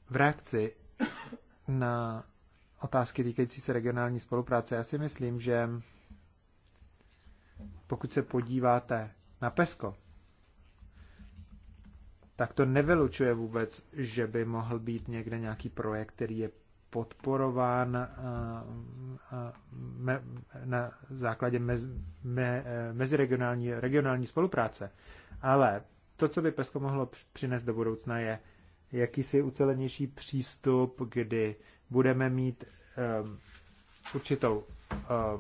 V reakci na otázky týkající se regionální spolupráce, já si myslím, že pokud se podíváte na PESCO, tak to nevylučuje vůbec, že by mohl být někde nějaký projekt, který je podporován eh, eh, na základě mez, me, eh, meziregionální regionální spolupráce. Ale to, co by PESCO mohlo přinést do budoucna, je jakýsi ucelenější přístup, kdy budeme mít um, určitou um,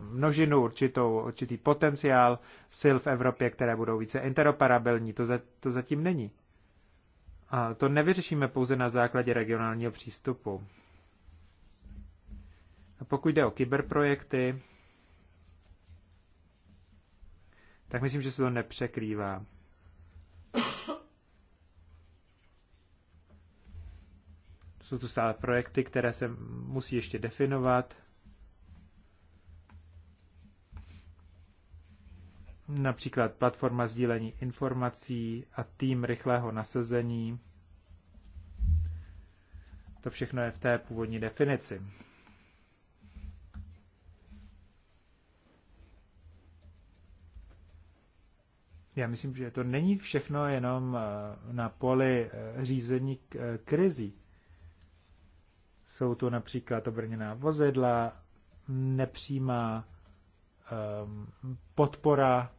množinu, určitou, určitý potenciál sil v Evropě, které budou více interoperabilní. To, za, to zatím není. A to nevyřešíme pouze na základě regionálního přístupu. A pokud jde o kyberprojekty, tak myslím, že se to nepřekrývá. Jsou tu stále projekty, které se musí ještě definovat. Například platforma sdílení informací a tým rychlého nasazení. To všechno je v té původní definici. Já myslím, že to není všechno jenom eh, na poli eh, řízení eh, krizí. Jsou tu například obrněná vozidla, nepřímá um, podpora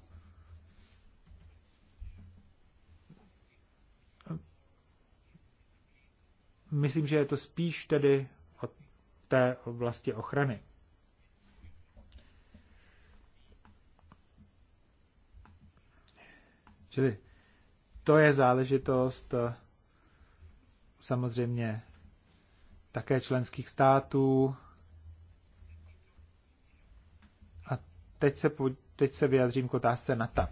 myslím, že je to spíš tedy od té oblasti ochrany. Čili to je záležitost eh, samozřejmě také členských států. A teď se, teď se vyjadřím k otázce NATO.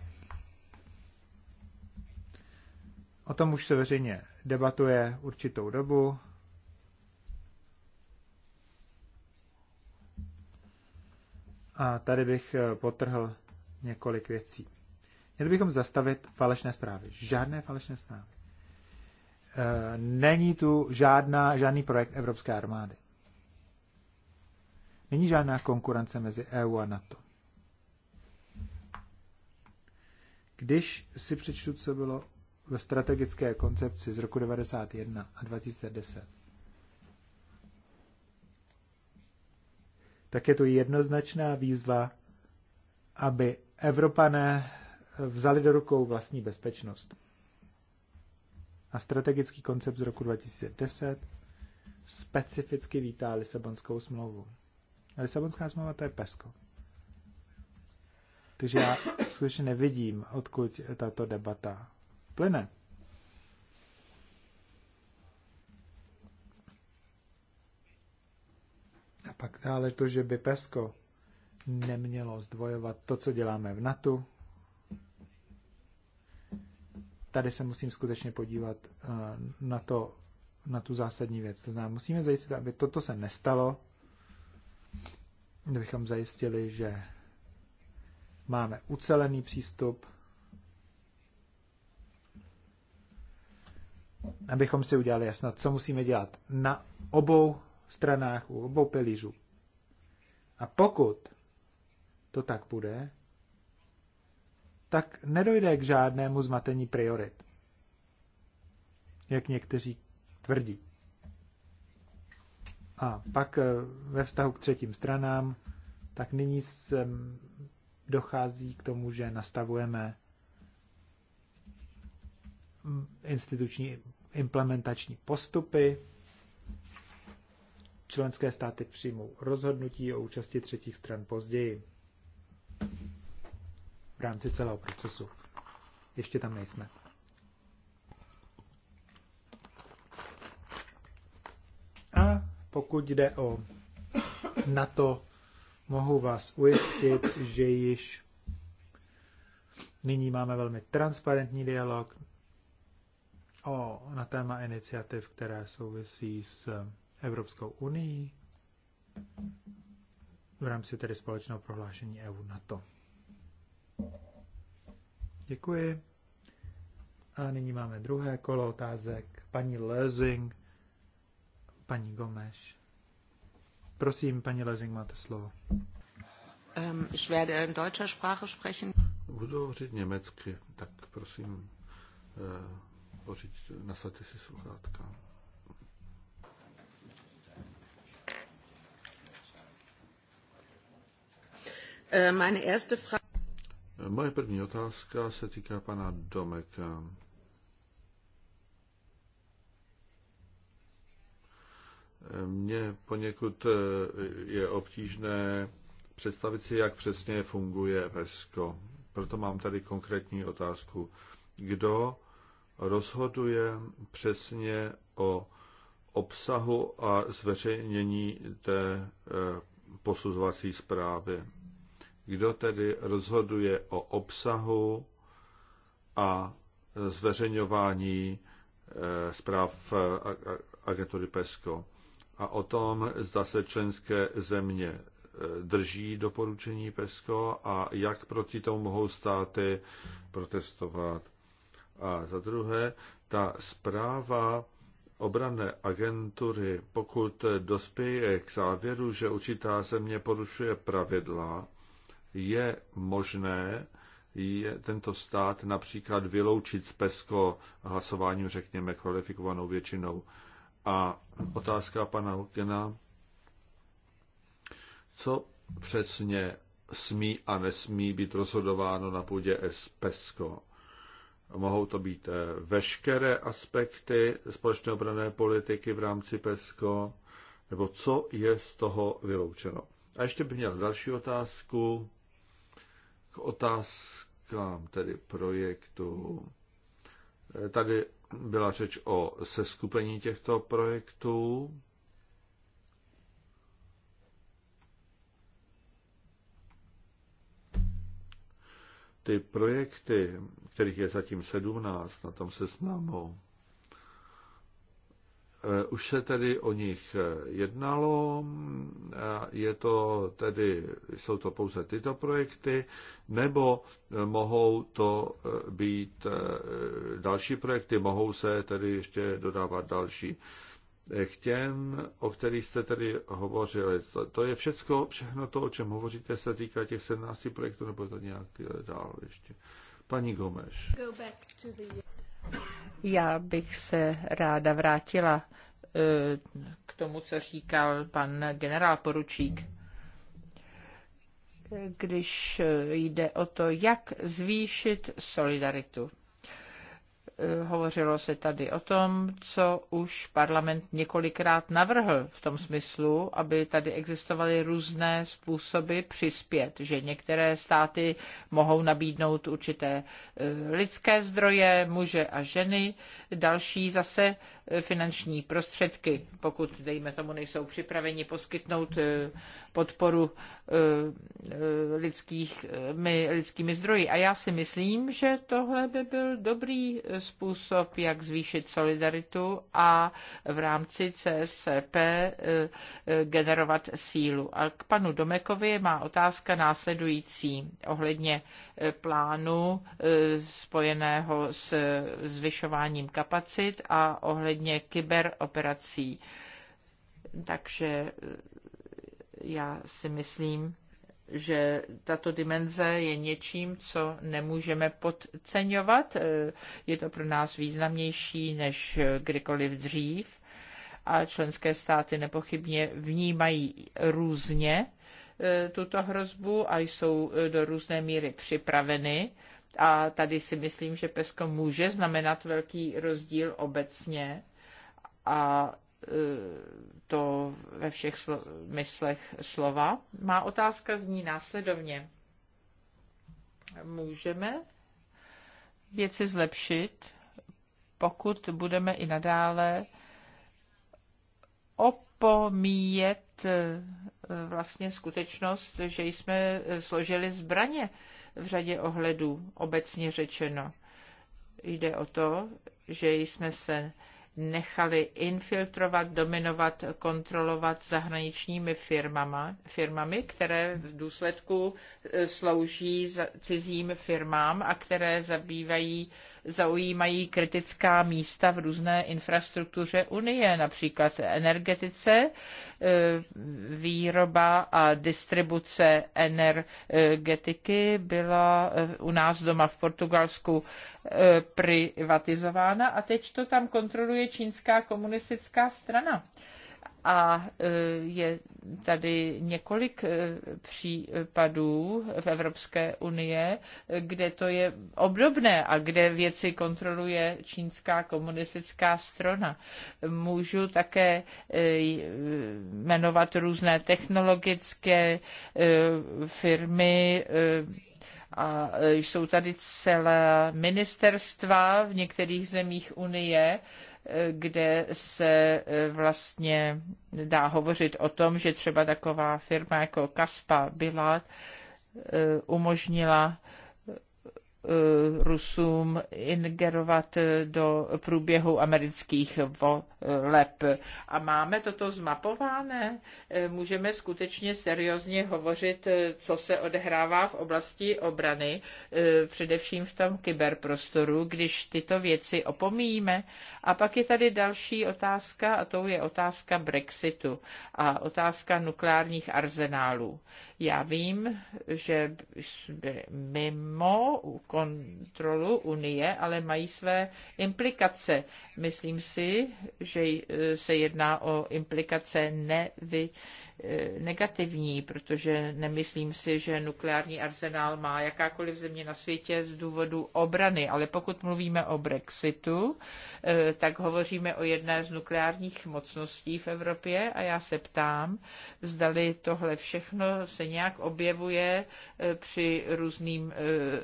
O tom už se veřejně debatuje určitou dobu. A tady bych eh, potrhl několik věcí. Měli bychom zastavit falešné zprávy. Žádné falešné zprávy. Eh, není tu žádná, žádný projekt Evropské armády. Není žádná konkurence mezi EU a NATO. Když si přečtu, co bylo ve strategické koncepci z roku 1991 a 2010, tak je to jednoznačná výzva, aby Evropané vzali do rukou vlastní bezpečnost a strategický koncept z roku 2010 specificky vítá Lisabonskou smlouvu. A Lisabonská smlouva to je PESCO. Takže já skutečně nevidím, odkud tato debata plyne. A pak dále to, že by PESCO nemělo zdvojovat to, co děláme v NATO, tady se musím skutečně podívat eh, na, to, na tu zásadní věc. To znamená, musíme zajistit, aby toto se nestalo, abychom zajistili, že máme ucelený přístup, abychom si udělali jasno, co musíme dělat na obou stranách, u obou pilířů. A pokud to tak bude, tak nedojde k žádnému zmatení priorit, jak někteří tvrdí. A pak eh, ve vztahu k třetím stranám, tak nyní se dochází k tomu, že nastavujeme mm, instituční implementační postupy. Členské státy přijmou rozhodnutí o účasti třetích stran později rámci celého procesu. Ještě tam nejsme. A pokud jde o NATO, mohu vás ujistit, že již nyní máme velmi transparentní dialog o, na téma iniciativ, které souvisí s Evropskou unii v rámci tedy společného prohlášení EU na to. Děkuji. A nyní máme druhé kolo otázek. Paní Lezing, paní Gomeš. Prosím, paní Lezing, máte slovo. Um, ich werde in deutscher Sprache sprechen. Budu hovořit německy, tak prosím, uh, eh, hořit, nasadte si sluchátka. Äh, meine erste Frage. Moje první otázka se týká pana Domeka. Mně poněkud eh, je obtížné představit si, jak přesně funguje VESCO. Proto mám tady konkrétní otázku. Kdo rozhoduje přesně o obsahu a zveřejnění té eh, posuzovací zprávy? kdo tedy rozhoduje o obsahu a zveřejňování eh, zpráv eh, agentury PESCO a o tom, zda se členské země eh, drží doporučení PESCO a jak proti tomu mohou státy protestovat. A za druhé, ta zpráva obranné agentury, pokud dospěje k závěru, že určitá země porušuje pravidla, je možné je tento stát například vyloučit z PESCO hlasováním, řekněme, kvalifikovanou většinou. A otázka pana Hukena, co přesně smí a nesmí být rozhodováno na půdě PESCO? Mohou to být eh, veškeré aspekty společné obrané politiky v rámci PESCO, nebo co je z toho vyloučeno? A ještě bych měl další otázku k otázkám tedy projektu. Tady byla řeč o seskupení těchto projektů. Ty projekty, kterých je zatím 17 na tom seznamu, Eh, už se tedy o nich eh, jednalo, je to tedy, jsou to pouze tyto projekty, nebo eh, mohou to být další projekty, mohou se tedy ještě dodávat další. K těm, o kterých jste tedy hovořili, to, to je všecko, všechno to, o čem hovoříte, se týká těch 17 projektů, nebo to nějak dál ještě. Paní Gomeš. Go back to the... Já bych se ráda vrátila eh, k tomu, co říkal pan generál poručík když eh, jde o to, jak zvýšit solidaritu. Eh, hovořilo se tady o tom, co už parlament několikrát navrhl v tom smyslu, aby tady existovaly různé způsoby přispět, že některé státy mohou nabídnout určité eh, lidské zdroje, muže a ženy, další zase eh, finanční prostředky, pokud, dejme tomu, nejsou připraveni poskytnout podporu eh, eh, lidských, eh, my, lidskými zdroji. A já si myslím, že tohle by byl dobrý způsob, jak zvýšit solidaritu a v rámci CSCP generovat sílu. A k panu Domekovi má otázka následující ohledně plánu spojeného s zvyšováním kapacit a ohledně kyberoperací. Takže já si myslím, že tato dimenze je něčím, co nemůžeme podceňovat. Eh, je to pro nás významnější než kdykoliv dřív a členské státy nepochybně vnímají různě eh, tuto hrozbu a jsou eh, do různé míry připraveny. A tady si myslím, že PESCO může znamenat velký rozdíl obecně a to ve všech slo- myslech slova. Má otázka zní následovně. Můžeme věci zlepšit, pokud budeme i nadále opomíjet eh, vlastně skutečnost, že jsme složili zbraně v řadě ohledů, obecně řečeno. Jde o to, že jsme se nechali infiltrovat, dominovat, kontrolovat zahraničními firmama, firmami, které v důsledku e, slouží cizím firmám a které zabývají zaujímají kritická místa v různé infrastruktuře Unie, například energetice, e, výroba a distribuce energetiky byla e, u nás doma v Portugalsku e, privatizována a teď to tam kontroluje čínská komunistická strana a e, je tady několik e, případů v Evropské unie, kde to je obdobné a kde věci kontroluje čínská komunistická strana. Můžu také e, jmenovat různé technologické firmy, a jsou tady celé ministerstva v některých zemích Unie, kde se e, vlastně dá hovořit o tom, že třeba taková firma jako Kaspa byla e, umožnila Eh, Rusům ingerovat eh, do průběhu amerických voleb. A máme toto zmapované? Eh, můžeme skutečně seriózně hovořit, co se odehrává v oblasti obrany, především v tom kyberprostoru, když tyto věci opomíjíme. A pak je tady další otázka, a to je otázka Brexitu a otázka nukleárních arzenálů. Já vím, že mimo kontrolu Unie, ale mají své implikace. Myslím si, že eh, se jedná o implikace nevy Eh, negativní, protože nemyslím si, že nukleární arzenál má jakákoliv země na světě z důvodu obrany. Ale pokud mluvíme o Brexitu, eh, tak hovoříme o jedné z nukleárních mocností v Evropě a já se ptám, zdali tohle všechno se nějak objevuje eh, při různým,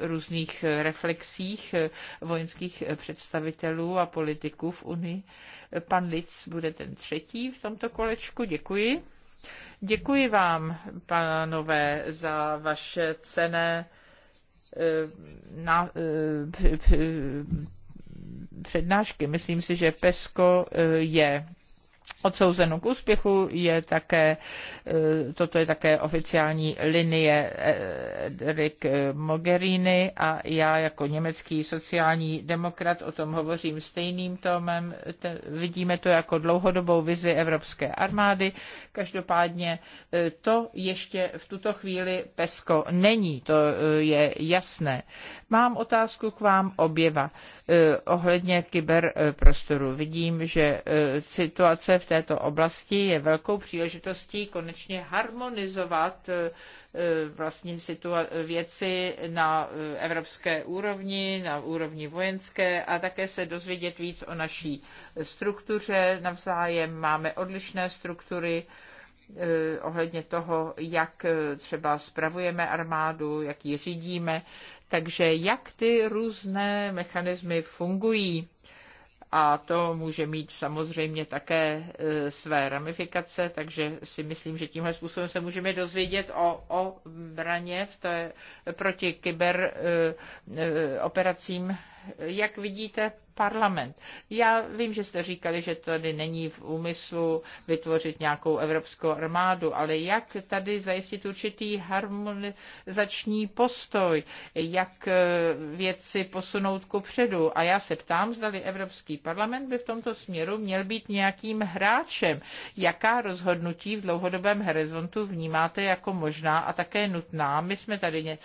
různých reflexích vojenských představitelů a politiků v Unii. Pan Lic bude ten třetí v tomto kolečku. Děkuji. Děkuji vám, pánové, za vaše cené eh, na, eh, přednášky. Myslím si, že PESCO eh, je odsouzeno k úspěchu. Je také, eh, toto je také oficiální linie eh, Rick Mogherini a já jako německý sociální demokrat o tom hovořím stejným tomem Vidíme to jako dlouhodobou vizi Evropské armády. Každopádně eh, to ještě v tuto chvíli PESCO není, to je jasné. Mám otázku k vám oběva ohledně kyberprostoru. Vidím, že situace v této oblasti je velkou příležitostí konečně harmonizovat eh, eh, vlastně situa- věci na eh, evropské úrovni, na úrovni vojenské a také se dozvědět víc o naší struktuře. Navzájem máme odlišné struktury ohledně toho, jak třeba spravujeme armádu, jak ji řídíme. Takže jak ty různé mechanismy fungují a to může mít samozřejmě také e, své ramifikace, takže si myslím, že tímhle způsobem se můžeme dozvědět o obraně v té, proti kyber e, e, operacím. Jak vidíte, parlament. Já vím, že jste říkali, že tady není v úmyslu vytvořit nějakou evropskou armádu, ale jak tady zajistit určitý harmonizační postoj, jak eh, věci posunout ku předu. A já se ptám, zdali Evropský parlament by v tomto směru měl být nějakým hráčem. Jaká rozhodnutí v dlouhodobém horizontu vnímáte jako možná a také nutná? My jsme tady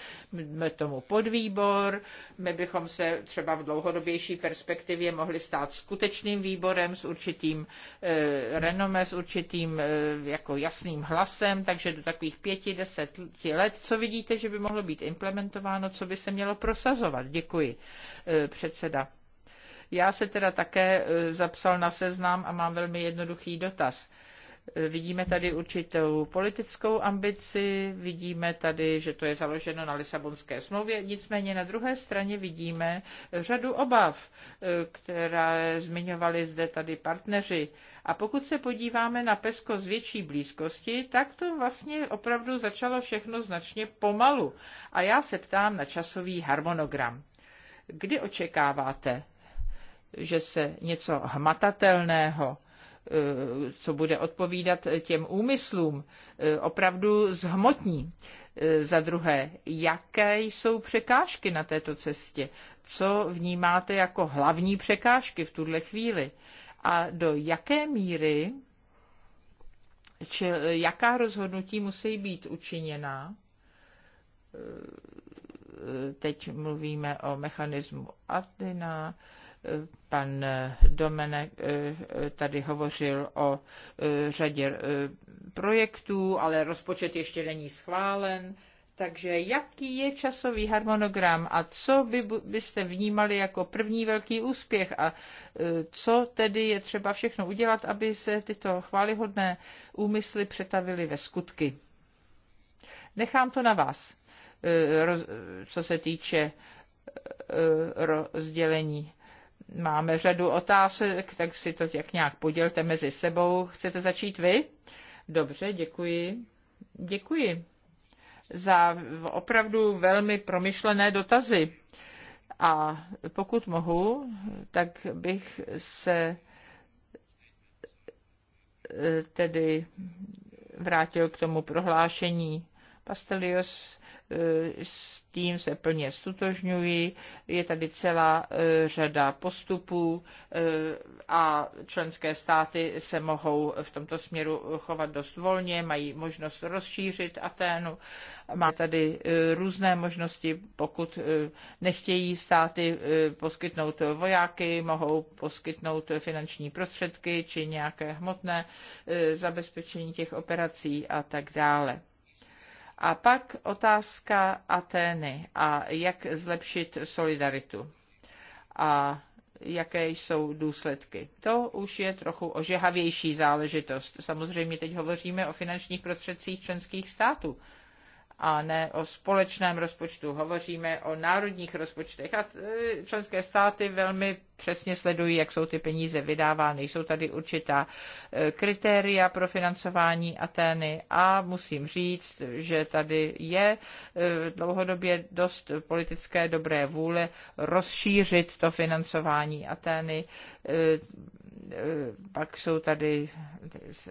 tomu podvýbor, my bychom se třeba v dlouhodobější perspektivě perspektivě mohli stát skutečným výborem s určitým e, eh, renome, s určitým e, jako jasným hlasem, takže do takových pěti, deseti let, co vidíte, že by mohlo být implementováno, co by se mělo prosazovat. Děkuji, e, předseda. Já se teda také zapsal na seznam a mám velmi jednoduchý dotaz. Vidíme tady určitou politickou ambici, vidíme tady, že to je založeno na Lisabonské smlouvě, nicméně na druhé straně vidíme řadu obav, které zmiňovali zde tady partneři. A pokud se podíváme na PESCO z větší blízkosti, tak to vlastně opravdu začalo všechno značně pomalu. A já se ptám na časový harmonogram. Kdy očekáváte, že se něco hmatatelného Eh, co bude odpovídat těm úmyslům, eh, opravdu zhmotní. Eh, za druhé, jaké jsou překážky na této cestě? Co vnímáte jako hlavní překážky v tuhle chvíli? A do jaké míry, či jaká rozhodnutí musí být učiněna? Teď mluvíme o mechanismu Atina, Pan Domenek eh, tady hovořil o eh, řadě eh, projektů, ale rozpočet ještě není schválen. Takže jaký je časový harmonogram a co by, byste vnímali jako první velký úspěch a co tedy je třeba všechno udělat, aby se tyto chválihodné úmysly přetavily ve skutky? Nechám to na vás, co se týče rozdělení Máme řadu otázek, tak si to jak nějak podělte mezi sebou. Chcete začít vy? Dobře, děkuji. Děkuji za opravdu velmi promyšlené dotazy. A pokud mohu, tak bych se eh, tedy vrátil k tomu prohlášení Pastelios Eh, s tím se plně stotožňuji. Je tady celá eh, řada postupů eh, a členské státy se mohou v tomto směru chovat dost volně, mají možnost rozšířit Aténu. Má tady různé možnosti, pokud nechtějí státy poskytnout vojáky, mohou poskytnout finanční prostředky či nějaké hmotné zabezpečení těch operací a tak dále. A pak otázka Atény a jak zlepšit solidaritu a jaké jsou důsledky. To už je trochu ožehavější záležitost. Samozřejmě teď hovoříme o finančních prostředcích členských států a ne o společném rozpočtu. Hovoříme o národních rozpočtech a e, členské státy velmi přesně sledují, jak jsou ty peníze vydávány. Jsou tady určitá e, kritéria pro financování Atény a musím říct, že tady je e, dlouhodobě dost politické dobré vůle rozšířit to financování Atény Eh, pak jsou tady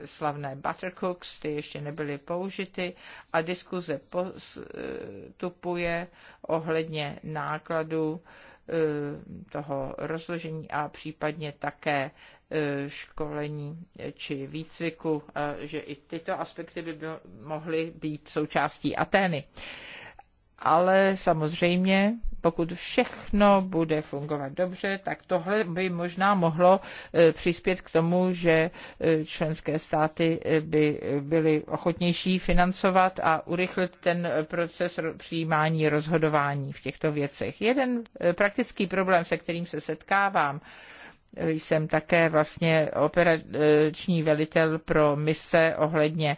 slavné buttercooks, ty ještě nebyly použity a diskuze postupuje ohledně nákladu eh, toho rozložení a případně také eh, školení či výcviku, že i tyto aspekty by mohly být součástí Atény ale samozřejmě pokud všechno bude fungovat dobře, tak tohle by možná mohlo e, přispět k tomu, že e, členské státy e, by byly ochotnější financovat a urychlit ten proces přijímání rozhodování v těchto věcech. Jeden praktický problém, se kterým se setkávám, jsem také vlastně operační velitel pro mise ohledně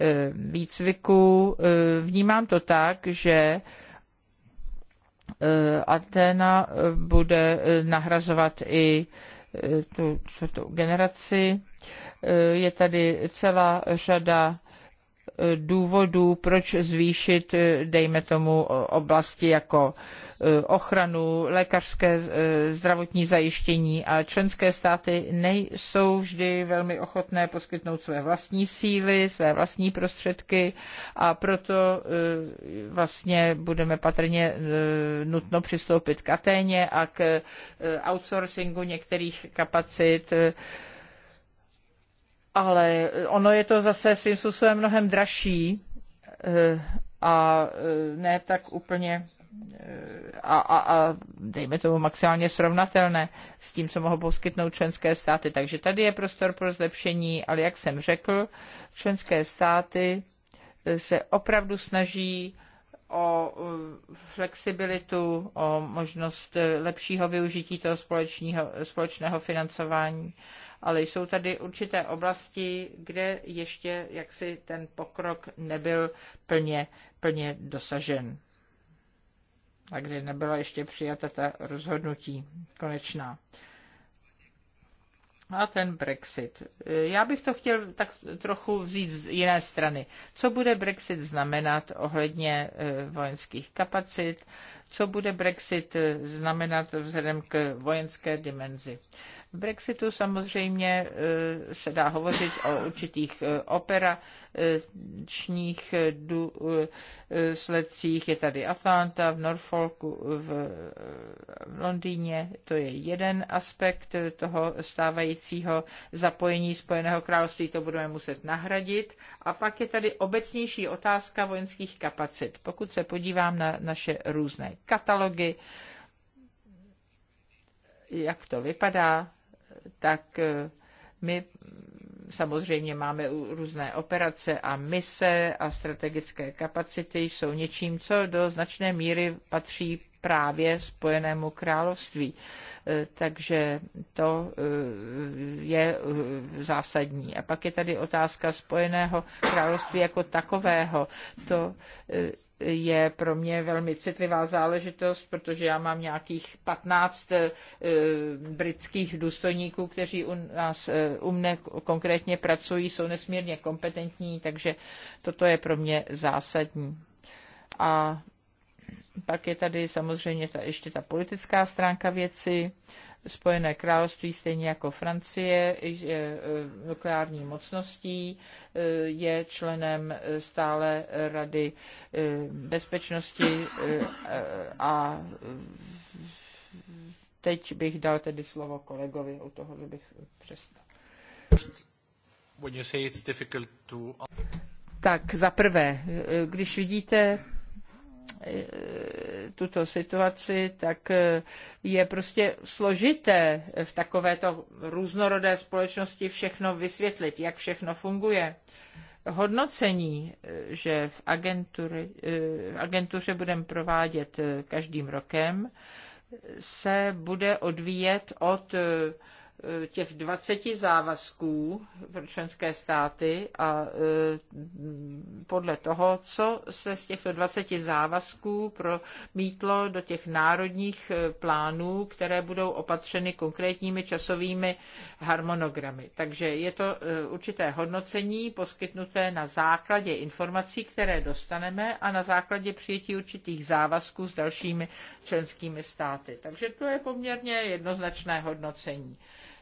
Eh, výcviku. Eh, vnímám to tak, že eh, Atena bude nahrazovat i tu čtvrtou generaci. Je tady celá řada důvodů, proč zvýšit, dejme tomu, oblasti jako e, ochranu, lékařské e, zdravotní zajištění a členské státy nejsou vždy velmi ochotné poskytnout své vlastní síly, své vlastní prostředky a proto e, vlastně budeme patrně nutno přistoupit k Aténě a k outsourcingu některých kapacit ale eh, ono je to zase svým způsobem mnohem dražší eh, a eh, ne tak úplně a, a, a dejme tomu maximálně srovnatelné s tím, co mohou poskytnout členské státy. Takže tady je prostor pro zlepšení, ale jak jsem řekl, členské státy se opravdu snaží o flexibilitu, o možnost lepšího využití toho společného financování ale jsou tady určité oblasti, kde ještě jaksi ten pokrok nebyl plně, plně dosažen a kde nebyla ještě přijata ta rozhodnutí konečná. A ten Brexit. Já bych to chtěl tak trochu vzít z jiné strany. Co bude Brexit znamenat ohledně eh, vojenských kapacit? Co bude Brexit eh, znamenat vzhledem k vojenské dimenzi? V Brexitu samozřejmě eh, se dá hovořit o určitých eh, operačních eh, důsledcích. Je tady Atlanta v Norfolku v Londýně. To je jeden aspekt toho stávajícího zapojení Spojeného království. To budeme muset nahradit. A pak je tady obecnější otázka vojenských kapacit. Pokud se podívám na naše různé katalogy, jak to vypadá, tak eh, my samozřejmě máme různé operace a mise a strategické kapacity jsou něčím, co do značné míry patří právě Spojenému království. Eh, takže to eh, je zásadní. A pak je tady otázka Spojeného království jako takového. To je pro mě velmi citlivá záležitost, protože já mám nějakých 15 eh, britských důstojníků, kteří u nás eh, u mne konkrétně pracují, jsou nesmírně kompetentní, takže toto je pro mě zásadní. A pak je tady samozřejmě ta, ještě ta politická stránka věci. Uh, Spojené království, stejně jako Francie, je e, nukleární mocností, e, je členem e, stále Rady bezpečnosti a teď bych dal tedy slovo kolegovi, u toho bych přestal. To... Tak za prvé, když vidíte Eh, tuto situaci, tak eh, je prostě složité v takovéto různorodé společnosti všechno vysvětlit, jak všechno funguje. Hodnocení, eh, že v, agentury, v agentuře budeme provádět každým rokem, se bude odvíjet od Eh, těch 20 závazků pro členské státy a eh, podle toho, co se z těchto 20 závazků promítlo do těch národních eh, plánů, které budou opatřeny konkrétními časovými harmonogramy. Takže je to určité hodnocení poskytnuté na základě informací, které dostaneme a na základě přijetí určitých závazků s dalšími členskými státy. Takže to je poměrně jednoznačné hodnocení.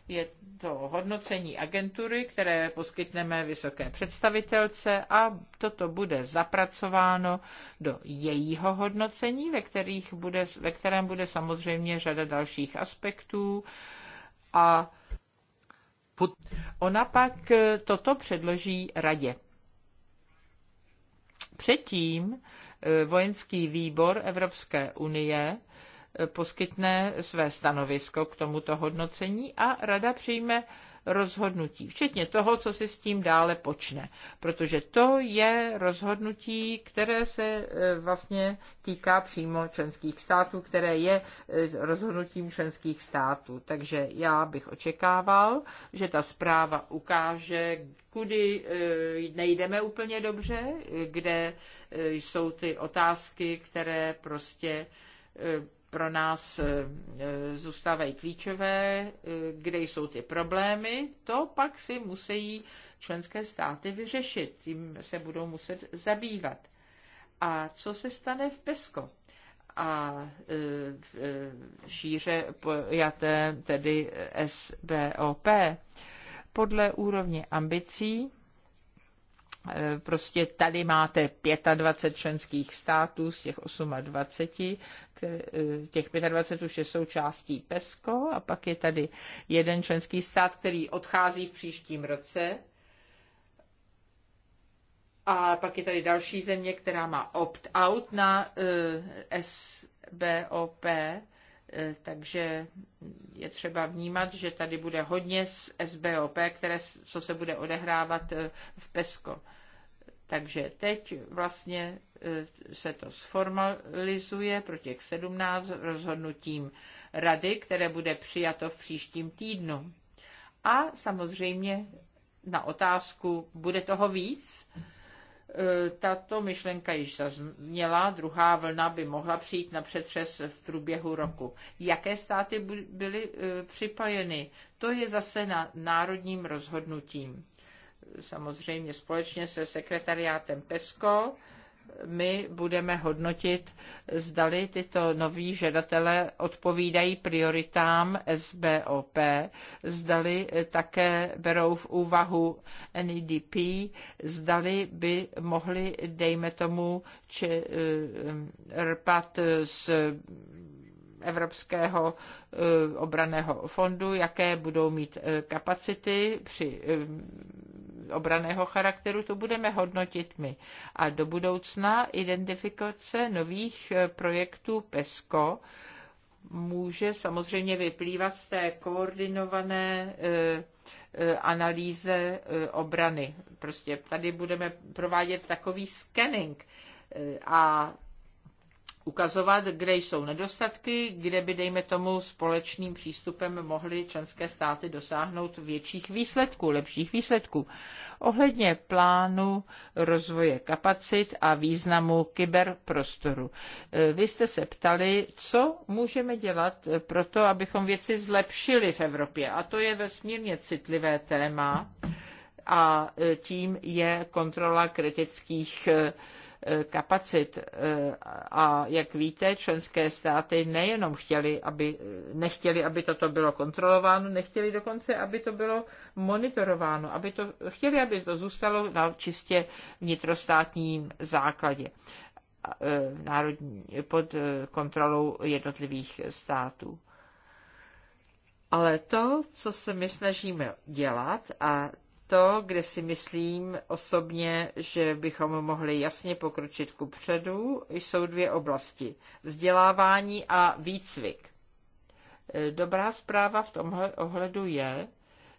Je to hodnocení agentury, které poskytneme vysoké představitelce a toto bude zapracováno do jejího hodnocení, ve, kterých bude, ve kterém bude samozřejmě řada dalších aspektů a ona pak eh, toto předloží radě. Předtím eh, vojenský výbor Evropské unie poskytne své stanovisko k tomuto hodnocení a rada přijme rozhodnutí, včetně toho, co se s tím dále počne. Protože to je rozhodnutí, které se e, vlastně týká přímo členských států, které je e, rozhodnutím členských států. Takže já bych očekával, že ta zpráva ukáže, kudy e, nejdeme úplně dobře, kde jsou ty otázky, které prostě pro nás eh, eh, zůstávají klíčové, eh, kde jsou ty problémy, to pak si musí členské státy vyřešit, tím se budou muset zabývat. A co se stane v PESCO? A v šíře pojaté tedy SBOP podle úrovně ambicí Eh, prostě tady máte 25 členských států z těch 28, eh, těch 25 už je součástí PESCO a pak je tady jeden členský stát, který odchází v příštím roce. A pak je tady další země, která má opt-out na eh, SBOP, takže je třeba vnímat, že tady bude hodně z SBOP, které, co se bude odehrávat v PESCO. Takže teď vlastně e, se to sformalizuje pro těch 17 rozhodnutím rady, které bude přijato v příštím týdnu. A samozřejmě na otázku, bude toho víc? E, tato myšlenka již zazněla, druhá vlna by mohla přijít na přetřes v průběhu roku. Jaké státy byly e, připojeny? To je zase na národním rozhodnutím samozřejmě společně se sekretariátem PESCO, my budeme hodnotit, zdali tyto noví žadatelé odpovídají prioritám SBOP, zdali také berou v úvahu NEDP, zdali by mohli, dejme tomu, či, eh, rpat z Evropského eh, obraného fondu, jaké budou mít eh, kapacity při obraného charakteru, to budeme hodnotit my. A do budoucna identifikace nových eh, projektů PESCO může samozřejmě vyplývat z té koordinované eh, eh, analýze obrany. Prostě tady budeme provádět takový scanning a ukazovat, kde jsou nedostatky, kde by, dejme tomu, společným přístupem mohly členské státy dosáhnout větších výsledků, lepších výsledků. Ohledně plánu rozvoje kapacit a významu kyberprostoru. Vy jste se ptali, co můžeme dělat pro to, abychom věci zlepšili v Evropě. A to je vesmírně citlivé téma a tím je kontrola kritických Eh, kapacit. Eh, a jak víte, členské státy nejenom chtěli, aby, eh, nechtěli, aby toto bylo kontrolováno, nechtěli dokonce, aby to bylo monitorováno, aby to, chtěli, aby to zůstalo na čistě vnitrostátním základě národní, pod kontrolou jednotlivých států. Ale to, co se my snažíme dělat, a to, kde si myslím osobně, že bychom mohli jasně pokročit ku předu, jsou dvě oblasti. Vzdělávání a výcvik. E, dobrá zpráva v tomhle ohledu je,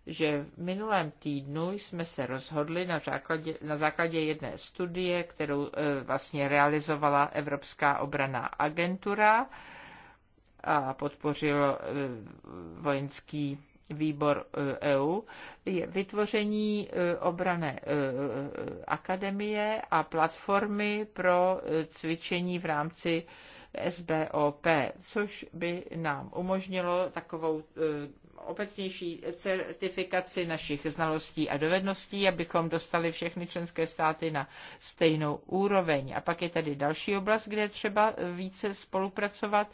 že v minulém týdnu jsme se rozhodli na základě, na základě jedné studie, kterou e, vlastně realizovala Evropská obraná agentura a podpořil e, vojenský výbor EU, e je vytvoření e, obrané e, akademie a platformy pro cvičení v rámci SBOP, což by nám umožnilo takovou obecnější certifikaci našich znalostí a dovedností, abychom dostali všechny členské státy na stejnou úroveň. A pak je tady další oblast, kde je třeba více spolupracovat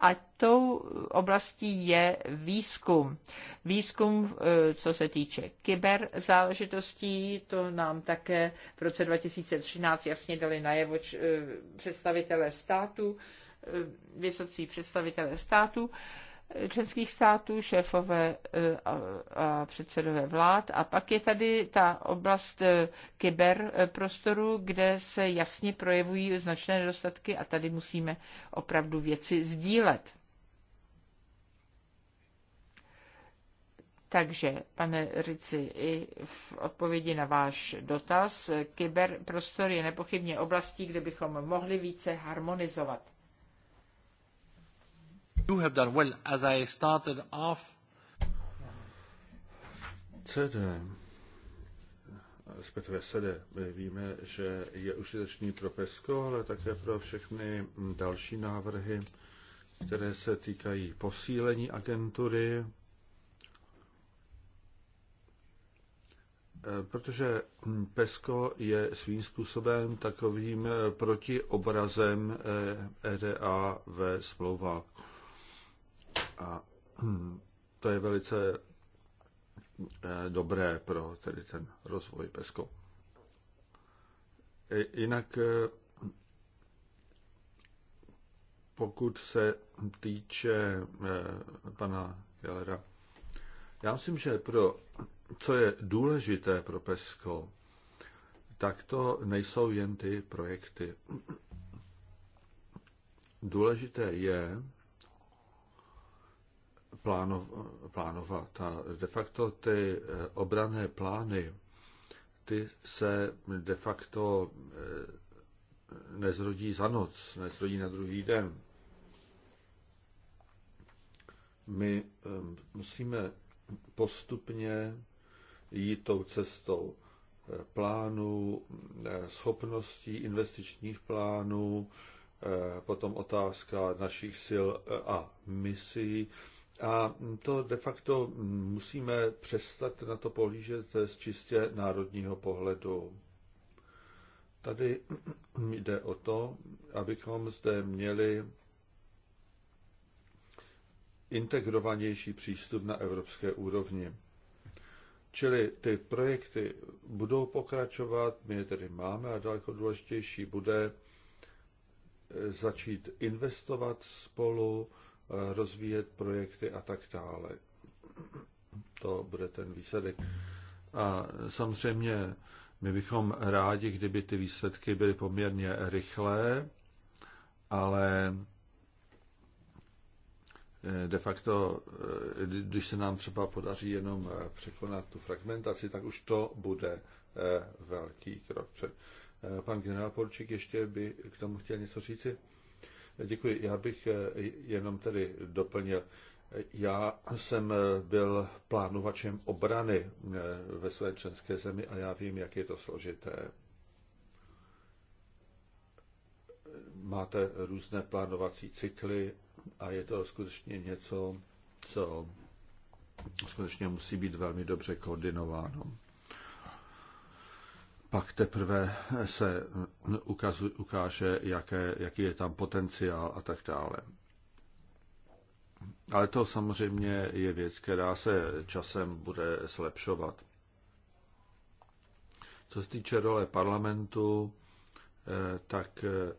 a tou oblastí je výzkum. Výzkum, e, co se týče kyber záležitostí, to nám také v roce 2013 jasně dali najevo e, představitelé státu, e, vysocí představitelé státu, členských států, šéfové eh, a předsedové vlád. A pak je tady ta oblast eh, kyberprostoru, kde se jasně projevují značné nedostatky a tady musíme opravdu věci sdílet. Takže, pane Rici, i v odpovědi na váš dotaz, eh, kyberprostor je nepochybně oblastí, kde bychom mohli více harmonizovat. You have done well as I started off. CD, respektive sede my víme, že je užitečný pro PESCO, ale také pro všechny další návrhy, které se týkají posílení agentury, Protože PESCO je svým způsobem takovým protiobrazem EDA ve smlouvách. A hm, to je velice eh, dobré pro tedy ten rozvoj pesku. Jinak eh, pokud se týče eh, pana Jelera, já myslím, že pro co je důležité pro Pesko, tak to nejsou jen ty projekty. Důležité je, plánovat. A de facto ty eh, obrané plány, ty se de facto eh, nezrodí za noc, nezrodí na druhý den. My eh, musíme postupně jít tou cestou plánů, schopností investičních plánů, potom otázka našich sil a misí. A to de facto musíme přestat na to pohlížet z čistě národního pohledu. Tady jde o to, abychom zde měli integrovanější přístup na evropské úrovni. Čili ty projekty budou pokračovat, my je tedy máme a daleko důležitější bude e, začít investovat spolu, Eh, rozvíjet projekty a tak dále. To bude ten výsledek. A samozřejmě my bychom rádi, kdyby ty výsledky byly poměrně rychlé, ale eh, de facto, eh, když se nám třeba podaří jenom překonat tu fragmentaci, tak už to bude velký krok Pan generál Porčík ještě by k tomu chtěl něco říci? Děkuji. Já bych eh, jenom tedy doplnil. Já jsem eh, byl plánovačem obrany eh, ve své členské zemi a já vím, jak je to složité. Máte různé plánovací cykly a je to skutečně něco, co skutečně musí být velmi dobře koordinováno pak teprve se ukazu, ukáže, jaké, jaký je tam potenciál a tak dále. Ale to samozřejmě je věc, která se časem bude zlepšovat. Co se týče role parlamentu, eh, tak eh,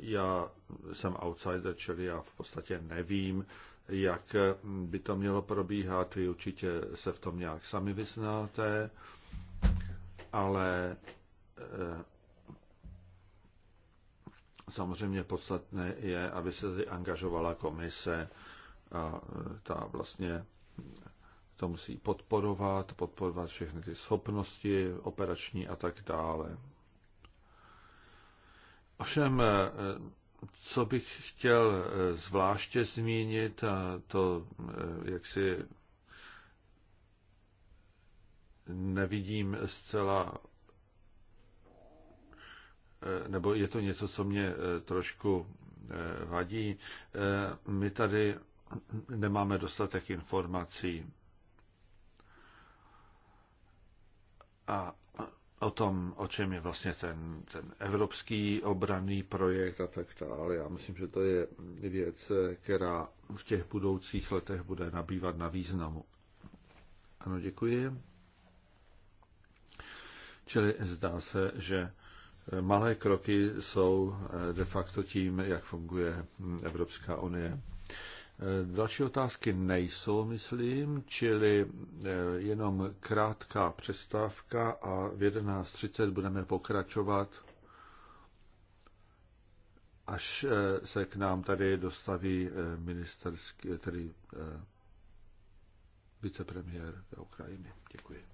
já jsem outsider, čili já v podstatě nevím, jak by to mělo probíhat. Vy určitě se v tom nějak sami vyznáte ale eh, samozřejmě podstatné je, aby se tady angažovala komise a eh, ta vlastně to musí podporovat, podporovat všechny ty schopnosti operační a tak dále. Ovšem, eh, co bych chtěl zvláště zmínit, a to jak si nevidím zcela eh, nebo je to něco, co mě eh, trošku eh, vadí. My tady nemáme dostatek informací a o tom, o čem je vlastně ten, ten evropský obranný projekt a tak dále. Já myslím, že to je věc, která v těch budoucích letech bude nabývat na významu. Ano, děkuji. Čili zdá se, že malé kroky jsou eh, de facto tím, jak funguje hm, Evropská unie. Eh, další otázky nejsou, myslím, čili eh, jenom krátká přestávka a v 11.30 budeme pokračovat, až se k nám tady dostaví ministerský, tedy vicepremiér Ukrajiny. Děkuji.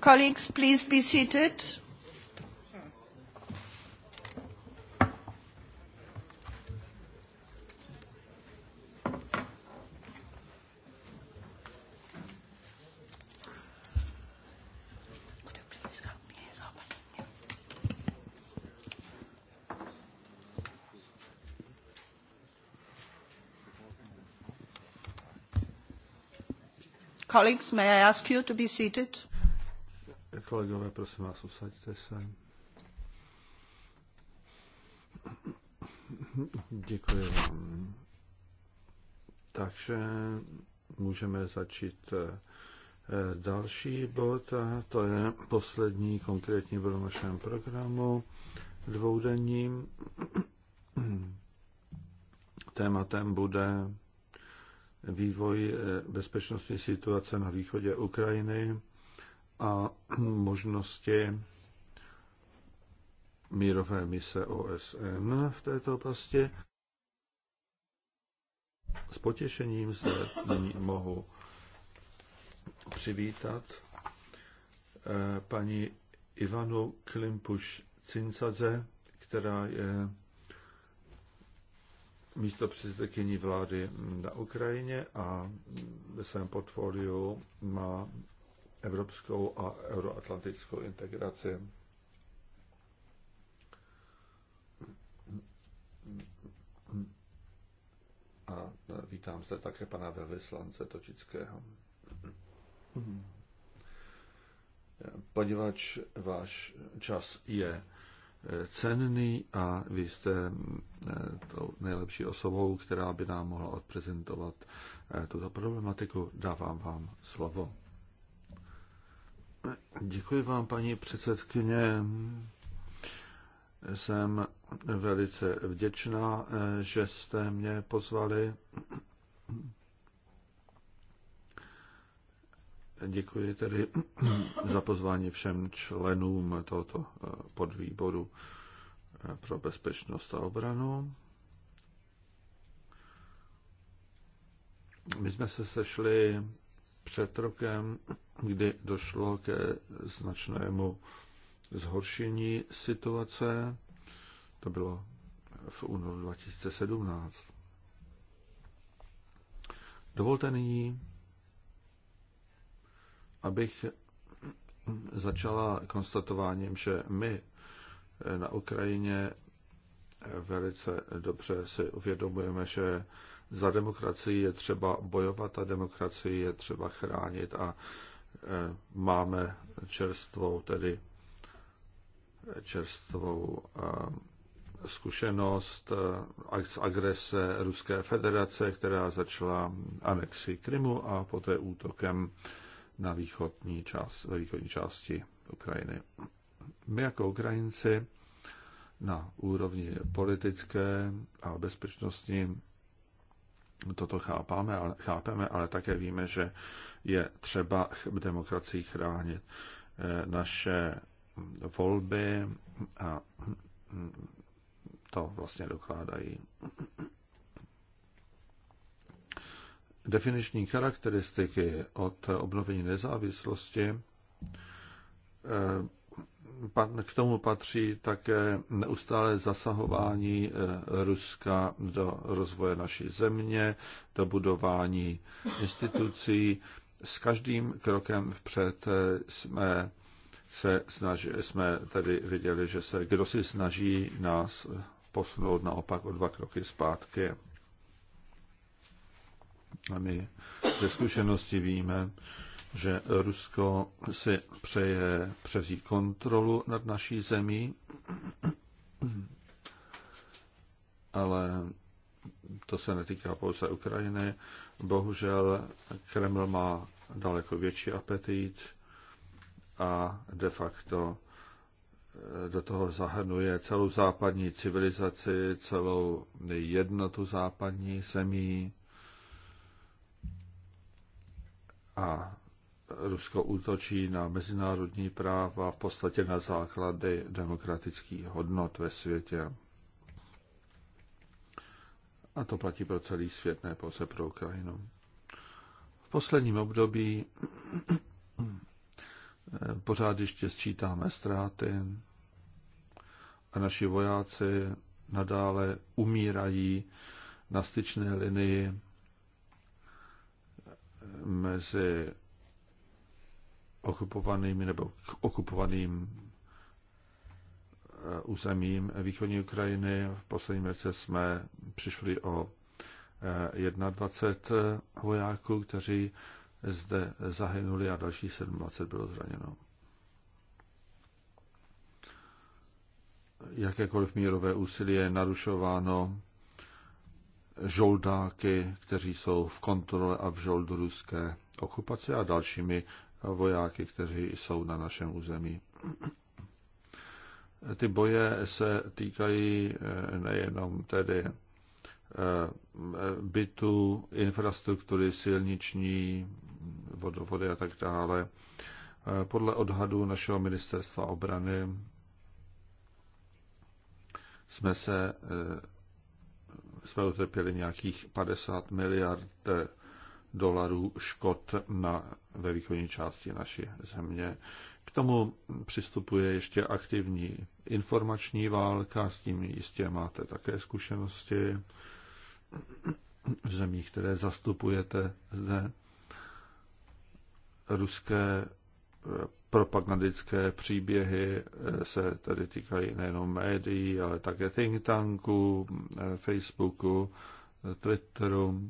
Colleagues, please be seated. colleagues may i ask you to be seated? Kolegové, prosím vás, usaďte se. Děkuji vám. Takže můžeme začít eh, další bod, a to je poslední konkrétní bod v našem programu dvoudenním. Tématem bude vývoj eh, bezpečnostní situace na východě Ukrajiny a možnosti mírové mise OSN v této oblasti. S potěšením se nyní mohu přivítat eh, paní Ivanu Klimpuš Cincadze, která je místo předsedkyní vlády na Ukrajině a ve svém portfoliu má evropskou a euroatlantickou integraci. A vítám zde také pana velvyslance Točického. Poněvadž váš čas je cenný a vy jste eh, tou nejlepší osobou, která by nám mohla odprezentovat eh, tuto problematiku, dávám vám slovo. Děkuji vám, paní předsedkyně. Jsem velice vděčná, že jste mě pozvali. Děkuji tedy za pozvání všem členům tohoto eh, podvýboru eh, pro bezpečnost a obranu. My jsme se sešli před rokem, kdy došlo ke značnému zhoršení situace. To bylo v únoru 2017. Dovolte nyní, abych začala konstatováním, že my na Ukrajině velice dobře si uvědomujeme, že za demokracii je třeba bojovat a demokracii je třeba chránit a e, máme čerstvou tedy e, čerstvou e, zkušenost z agrese Ruské federace, která začala anexi Krymu a poté útokem na východní, část, na východní části Ukrajiny. My jako Ukrajinci na úrovni politické a bezpečnostní toto chápáme, ale, chápeme, ale také víme, že je třeba demokracii chránit. Eh, naše volby a to vlastně dokládají. Definiční charakteristiky od obnovení nezávislosti eh, k tomu patří také neustále zasahování eh, Ruska do rozvoje naší země, do budování institucí. S každým krokem vpřed eh, jsme se snaži, jsme tedy viděli, že se kdo si snaží nás posunout naopak o dva kroky zpátky. A my ze zkušenosti víme, že Rusko si přeje převzít kontrolu nad naší zemí, ale to se netýká pouze Ukrajiny. Bohužel Kreml má daleko větší apetit a de facto eh, do toho zahrnuje celou západní civilizaci, celou jednotu západní zemí. A Rusko útočí na mezinárodní práva, v podstatě na základy demokratických hodnot ve světě. A to platí pro celý svět, ne pouze pro Ukrajinu. V posledním období pořád ještě sčítáme ztráty a naši vojáci nadále umírají na styčné linii mezi okupovanými nebo k okupovaným eh, územím východní Ukrajiny. V posledním roce jsme přišli o 21 eh, eh, vojáků, kteří zde zahynuli a další 27 bylo zraněno. Jakékoliv mírové úsilí je narušováno žoldáky, kteří jsou v kontrole a v žoldu ruské okupace a dalšími vojáky, kteří jsou na našem území. Ty boje se týkají eh, nejenom tedy eh, bytu, infrastruktury silniční, vodovody a tak dále. Eh, podle odhadu našeho ministerstva obrany jsme se jsme utrpěli nějakých 50 miliard dolarů škod na, ve východní části naší země. K tomu přistupuje ještě aktivní informační válka, s tím jistě máte také zkušenosti v zemích, které zastupujete zde. Ruské eh, propagandické příběhy eh, se tedy týkají nejenom médií, ale také think tanků, eh, Facebooku, Twitteru,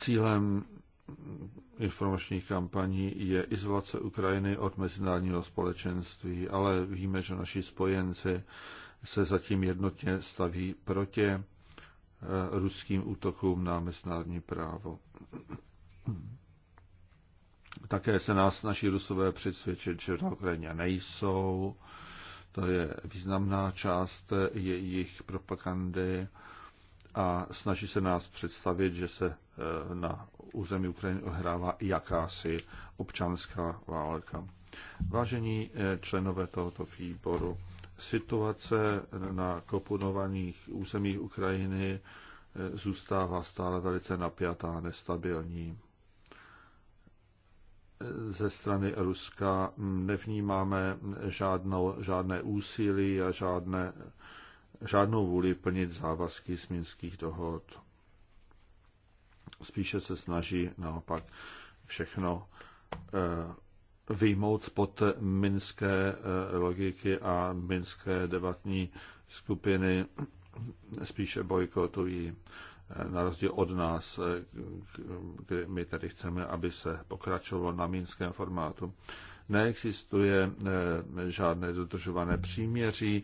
Cílem informačních kampaní je izolace Ukrajiny od mezinárodního společenství, ale víme, že naši spojenci se zatím jednotně staví proti eh, ruským útokům na mezinárodní právo. Také se nás naši rusové přesvědčit, že na Ukrajině nejsou. To je významná část eh, jejich propagandy a snaží se nás představit, že se Eh, na území Ukrajiny ohrává jakási občanská válka. Vážení eh, členové tohoto výboru, situace na kopunovaných územích Ukrajiny eh, zůstává stále velice napjatá a nestabilní. Ze strany Ruska nevnímáme žádnou, žádné úsilí a žádné, žádnou vůli plnit závazky z minských dohod spíše se snaží naopak všechno eh, vyjmout pod minské eh, logiky a minské debatní skupiny spíše bojkotují eh, na rozdíl od nás, kdy my tady chceme, aby se pokračovalo na mínském formátu. Neexistuje žádné dodržované příměří,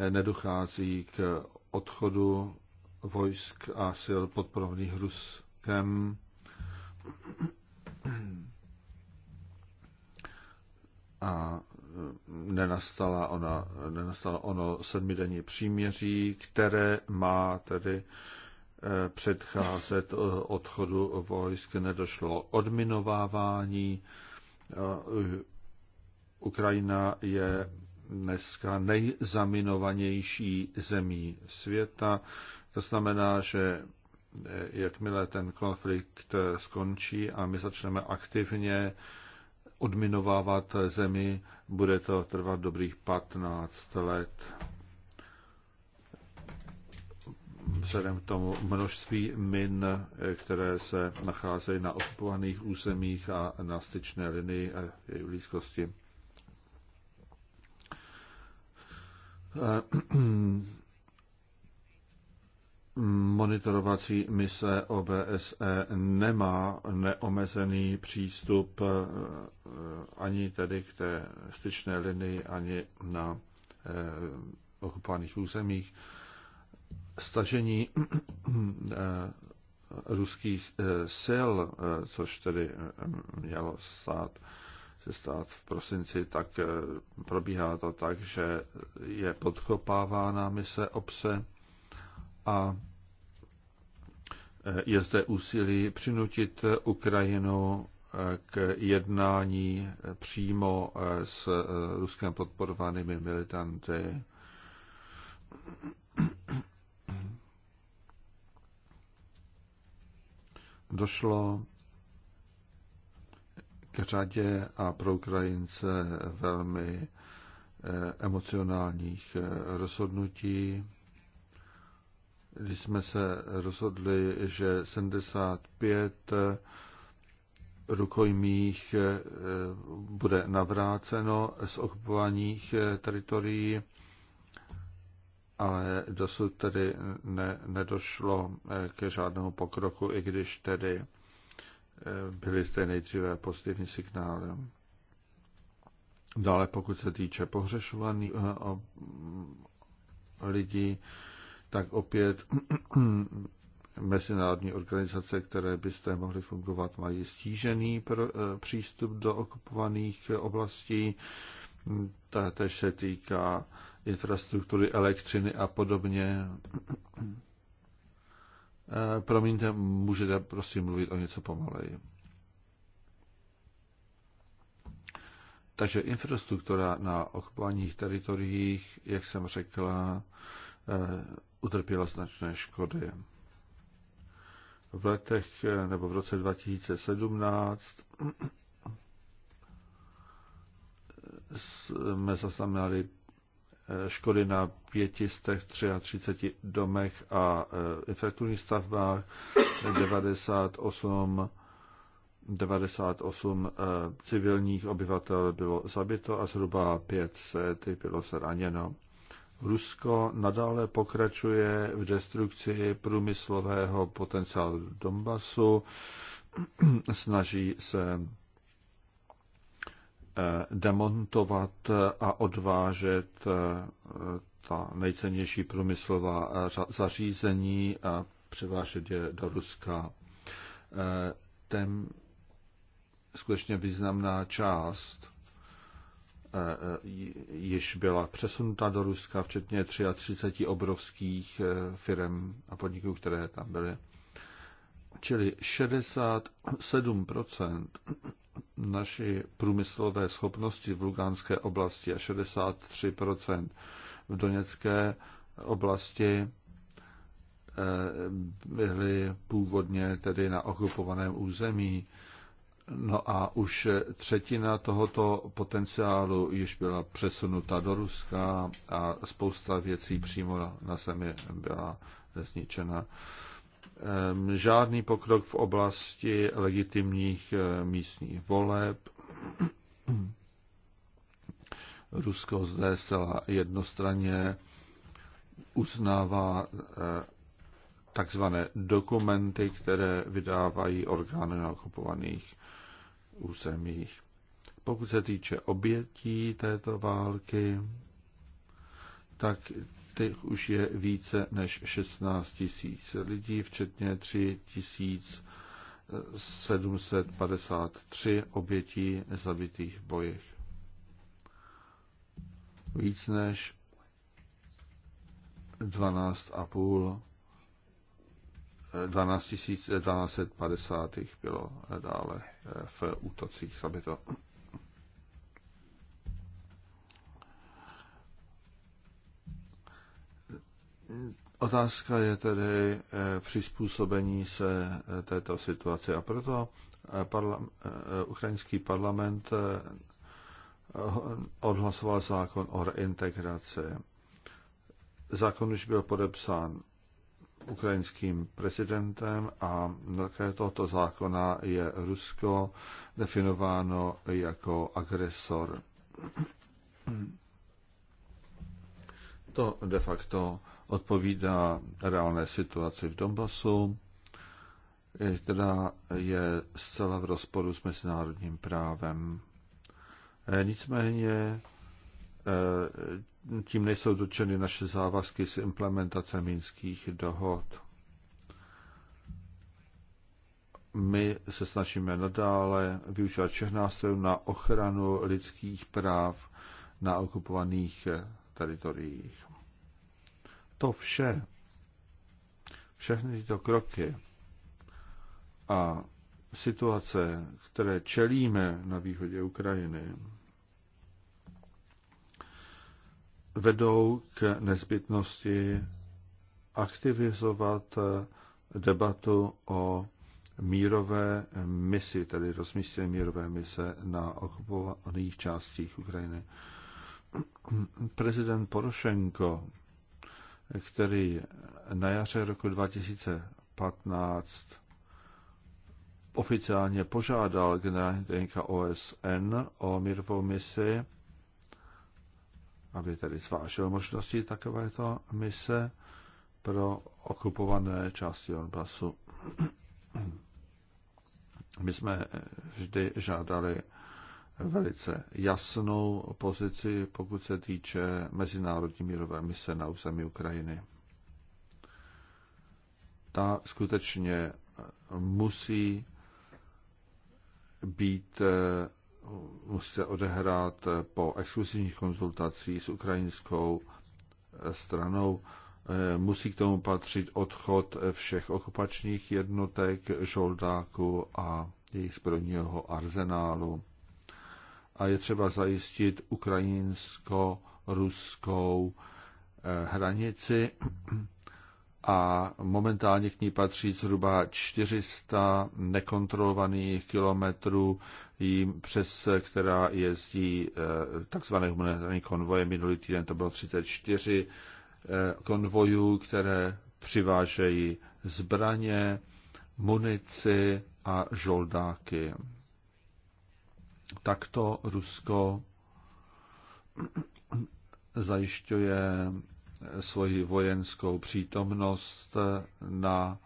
nedochází k odchodu vojsk a sil podporovaných Ruskem. A nenastala, ona, nenastala ono sedmidenní příměří, které má tedy eh, předcházet eh, odchodu vojsk. Nedošlo odminovávání. Eh, Ukrajina je dneska nejzaminovanější zemí světa. To znamená, že eh, jakmile ten konflikt eh, skončí a my začneme aktivně odminovávat zemi, bude to trvat dobrých 15 let. Vzhledem k tomu množství min, eh, které se nacházejí na okupovaných územích a na styčné linii a její blízkosti. monitorovací mise OBSE nemá neomezený přístup eh, ani tedy k té styčné linii, ani na eh, okupovaných územích. Stažení eh, ruských sil, což tedy mělo stát, se stát v prosinci, tak probíhá to tak, že je podkopávána mise obse a e, je zde úsilí přinutit Ukrajinu e, k jednání přímo e, s Ruskem podporovanými militanty. Došlo k řadě a pro Ukrajince velmi emocionálních rozhodnutí když jsme se rozhodli, že 75 rukojmích eh, bude navráceno z okupovaných eh, teritorií, ale dosud tedy ne, nedošlo eh, ke žádnému pokroku, i když tedy byly zde nejdříve pozitivní signály. Dále, pokud se týče pohřešovaných lidí, tak opět mezinárodní organizace, které byste mohly fungovat, mají stížený eh, přístup do okupovaných oblastí. Ta tež se týká infrastruktury, elektřiny a podobně. Eh, promiňte, můžete prosím mluvit o něco pomaleji. Takže infrastruktura na okupovaných teritoriích, jak jsem řekla, eh, utrpěla značné škody. V letech eh, nebo v roce 2017 jsme zaznamenali eh, škody na 533 domech a eh, infrastrukturních stavbách, 98, 98 civilních obyvatel bylo zabito a zhruba 500 bylo zraněno. Rusko nadále pokračuje v destrukci průmyslového potenciálu Donbasu, snaží se eh, demontovat a odvážet eh, ta nejcennější průmyslová eh, zařízení a převážet je do Ruska. Ten skutečně významná část Eh, eh, již byla přesunuta do Ruska, včetně 33 obrovských eh, firm a podniků, které tam byly. Čili 67% naší průmyslové schopnosti v Luganské oblasti a 63% v Doněcké oblasti byly původně tedy na okupovaném území. No a už třetina tohoto potenciálu již byla přesunuta do Ruska a spousta věcí přímo na zemi byla zničena. Ehm, žádný pokrok v oblasti legitimních eh, místních voleb. Rusko zde zcela jednostranně uznává eh, takzvané dokumenty, které vydávají orgány na okupovaných územích. Pokud se týče obětí této války, tak těch už je více než 16 tisíc lidí, včetně 3 tisíc 753 obětí zabitých v bojech. Víc než 12,5 12 1250 eh, bylo eh, dále eh, v útocích zabito. Otázka je tedy přizpůsobení se této situaci a proto parla- ukrajinský parlament odhlasoval zákon o reintegraci. Zákon už byl podepsán ukrajinským prezidentem a také tohoto zákona je Rusko definováno jako agresor. To de facto odpovídá reálné situaci v Donbasu, která je zcela v rozporu s mezinárodním právem. E, nicméně e, tím nejsou dotčeny naše závazky s implementace minských dohod. My se snažíme nadále využívat všech nástrojů na ochranu lidských práv na okupovaných eh, teritoriích. To vše, všechny tyto kroky a situace, které čelíme na východě Ukrajiny, vedou k nezbytnosti aktivizovat eh, debatu o mírové misi, tedy rozmístění mírové mise na okupovaných částích Ukrajiny. Prezident Porošenko, který na jaře roku 2015 oficiálně požádal generální OSN o mírovou misi, aby tedy zvážil možnosti takovéto mise pro okupované části Donbasu. My jsme vždy žádali velice jasnou pozici, pokud se týče mezinárodní mírové mise na území Ukrajiny. Ta skutečně musí být musí se odehrát po exkluzivních konzultacích s ukrajinskou eh, stranou. Eh, musí k tomu patřit odchod eh, všech okupačních jednotek, žoldáku a jejich zbrojního arzenálu. A je třeba zajistit ukrajinsko-ruskou hranici a momentálně k ní patří zhruba 400 nekontrolovaných kilometrů, jim přes která jezdí eh, takzvané humanitární konvoje. Minulý týden to bylo 34 eh, konvojů, které přivážejí zbraně, munici a žoldáky. Takto Rusko zajišťuje svoji vojenskou přítomnost na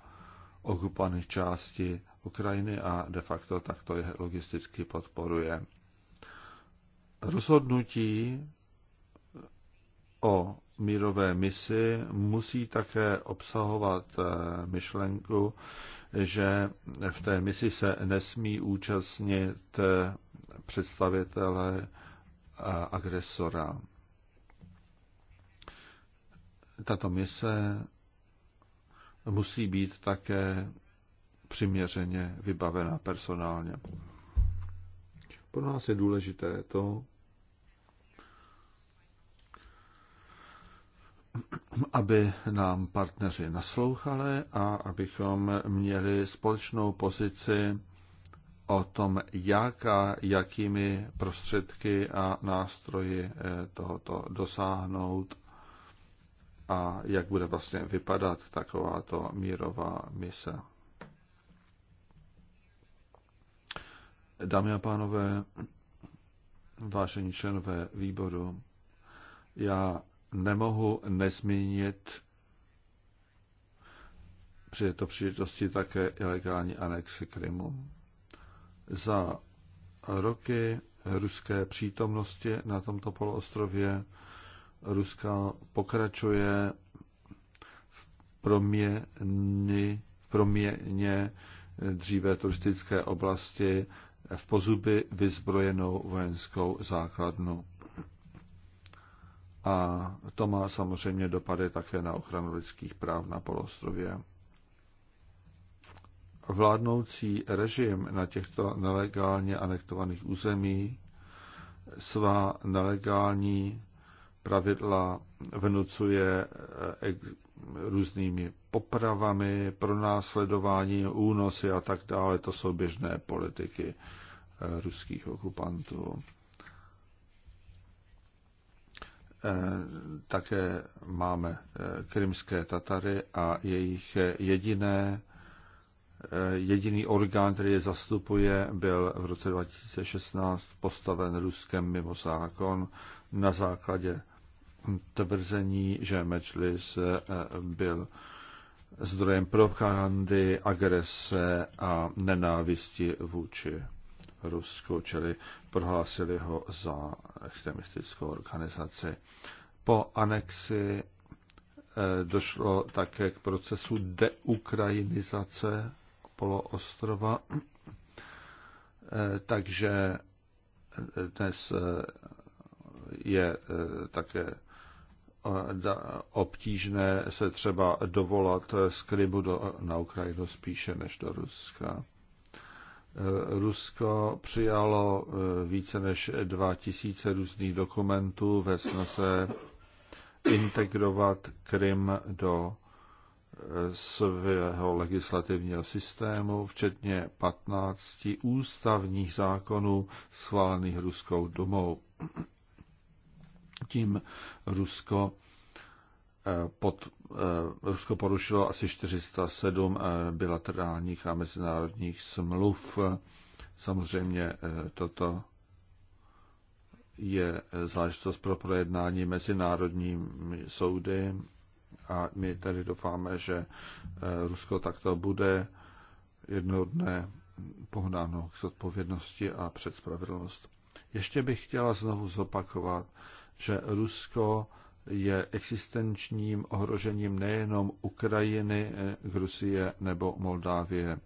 okupované části Ukrajiny a de facto takto je logisticky podporuje. Rozhodnutí o mírové misi musí také obsahovat eh, myšlenku, že v té misi se nesmí účastnit eh, představitelé eh, agresora tato mise musí být také přiměřeně vybavená personálně. Pro nás je důležité to, aby nám partneři naslouchali a abychom měli společnou pozici o tom, jak a jakými prostředky a nástroji eh, tohoto dosáhnout a jak bude vlastně vypadat takováto mírová mise. Dámy a pánové, vážení členové výboru, já nemohu nezmínit při této příležitosti také ilegální anexy Krymu. Za roky ruské přítomnosti na tomto poloostrově Ruska pokračuje v proměny, v proměně dříve turistické oblasti v pozuby vyzbrojenou vojenskou základnu. A to má samozřejmě dopady také na ochranu lidských práv na polostrově. Vládnoucí režim na těchto nelegálně anektovaných území svá nelegální pravidla vnucuje eh, různými popravami, pronásledování, únosy a tak dále. To jsou běžné politiky eh, ruských okupantů. Eh, také máme krymské Tatary a jejich jediné, jediný orgán, který je zastupuje, byl v roce 2016 postaven Ruskem mimo zákon na základě tvrzení, že Mečlis eh, byl zdrojem propagandy, agrese a nenávisti vůči Rusku, čili prohlásili ho za extremistickou organizaci. Po anexi eh, došlo také k procesu deukrajinizace poloostrova, eh, takže dnes je také obtížné se třeba dovolat z Krymu do, na Ukrajinu spíše než do Ruska. E, Rusko přijalo e, více než 2000 různých dokumentů ve snaze integrovat Krym do e, svého legislativního systému, včetně 15 ústavních zákonů schválených Ruskou domou tím Rusko eh, pod, eh, Rusko porušilo asi 407 eh, bilaterálních a mezinárodních smluv. Samozřejmě toto je záležitost pro projednání mezinárodními soudy a my tady doufáme, že Rusko takto bude jednoho dne pohnáno k zodpovědnosti a před spravedlnost. Ještě bych chtěla znovu zopakovat, že Rusko je existenčním ohrožením nejenom Ukrajiny, Gruzie nebo Moldávie.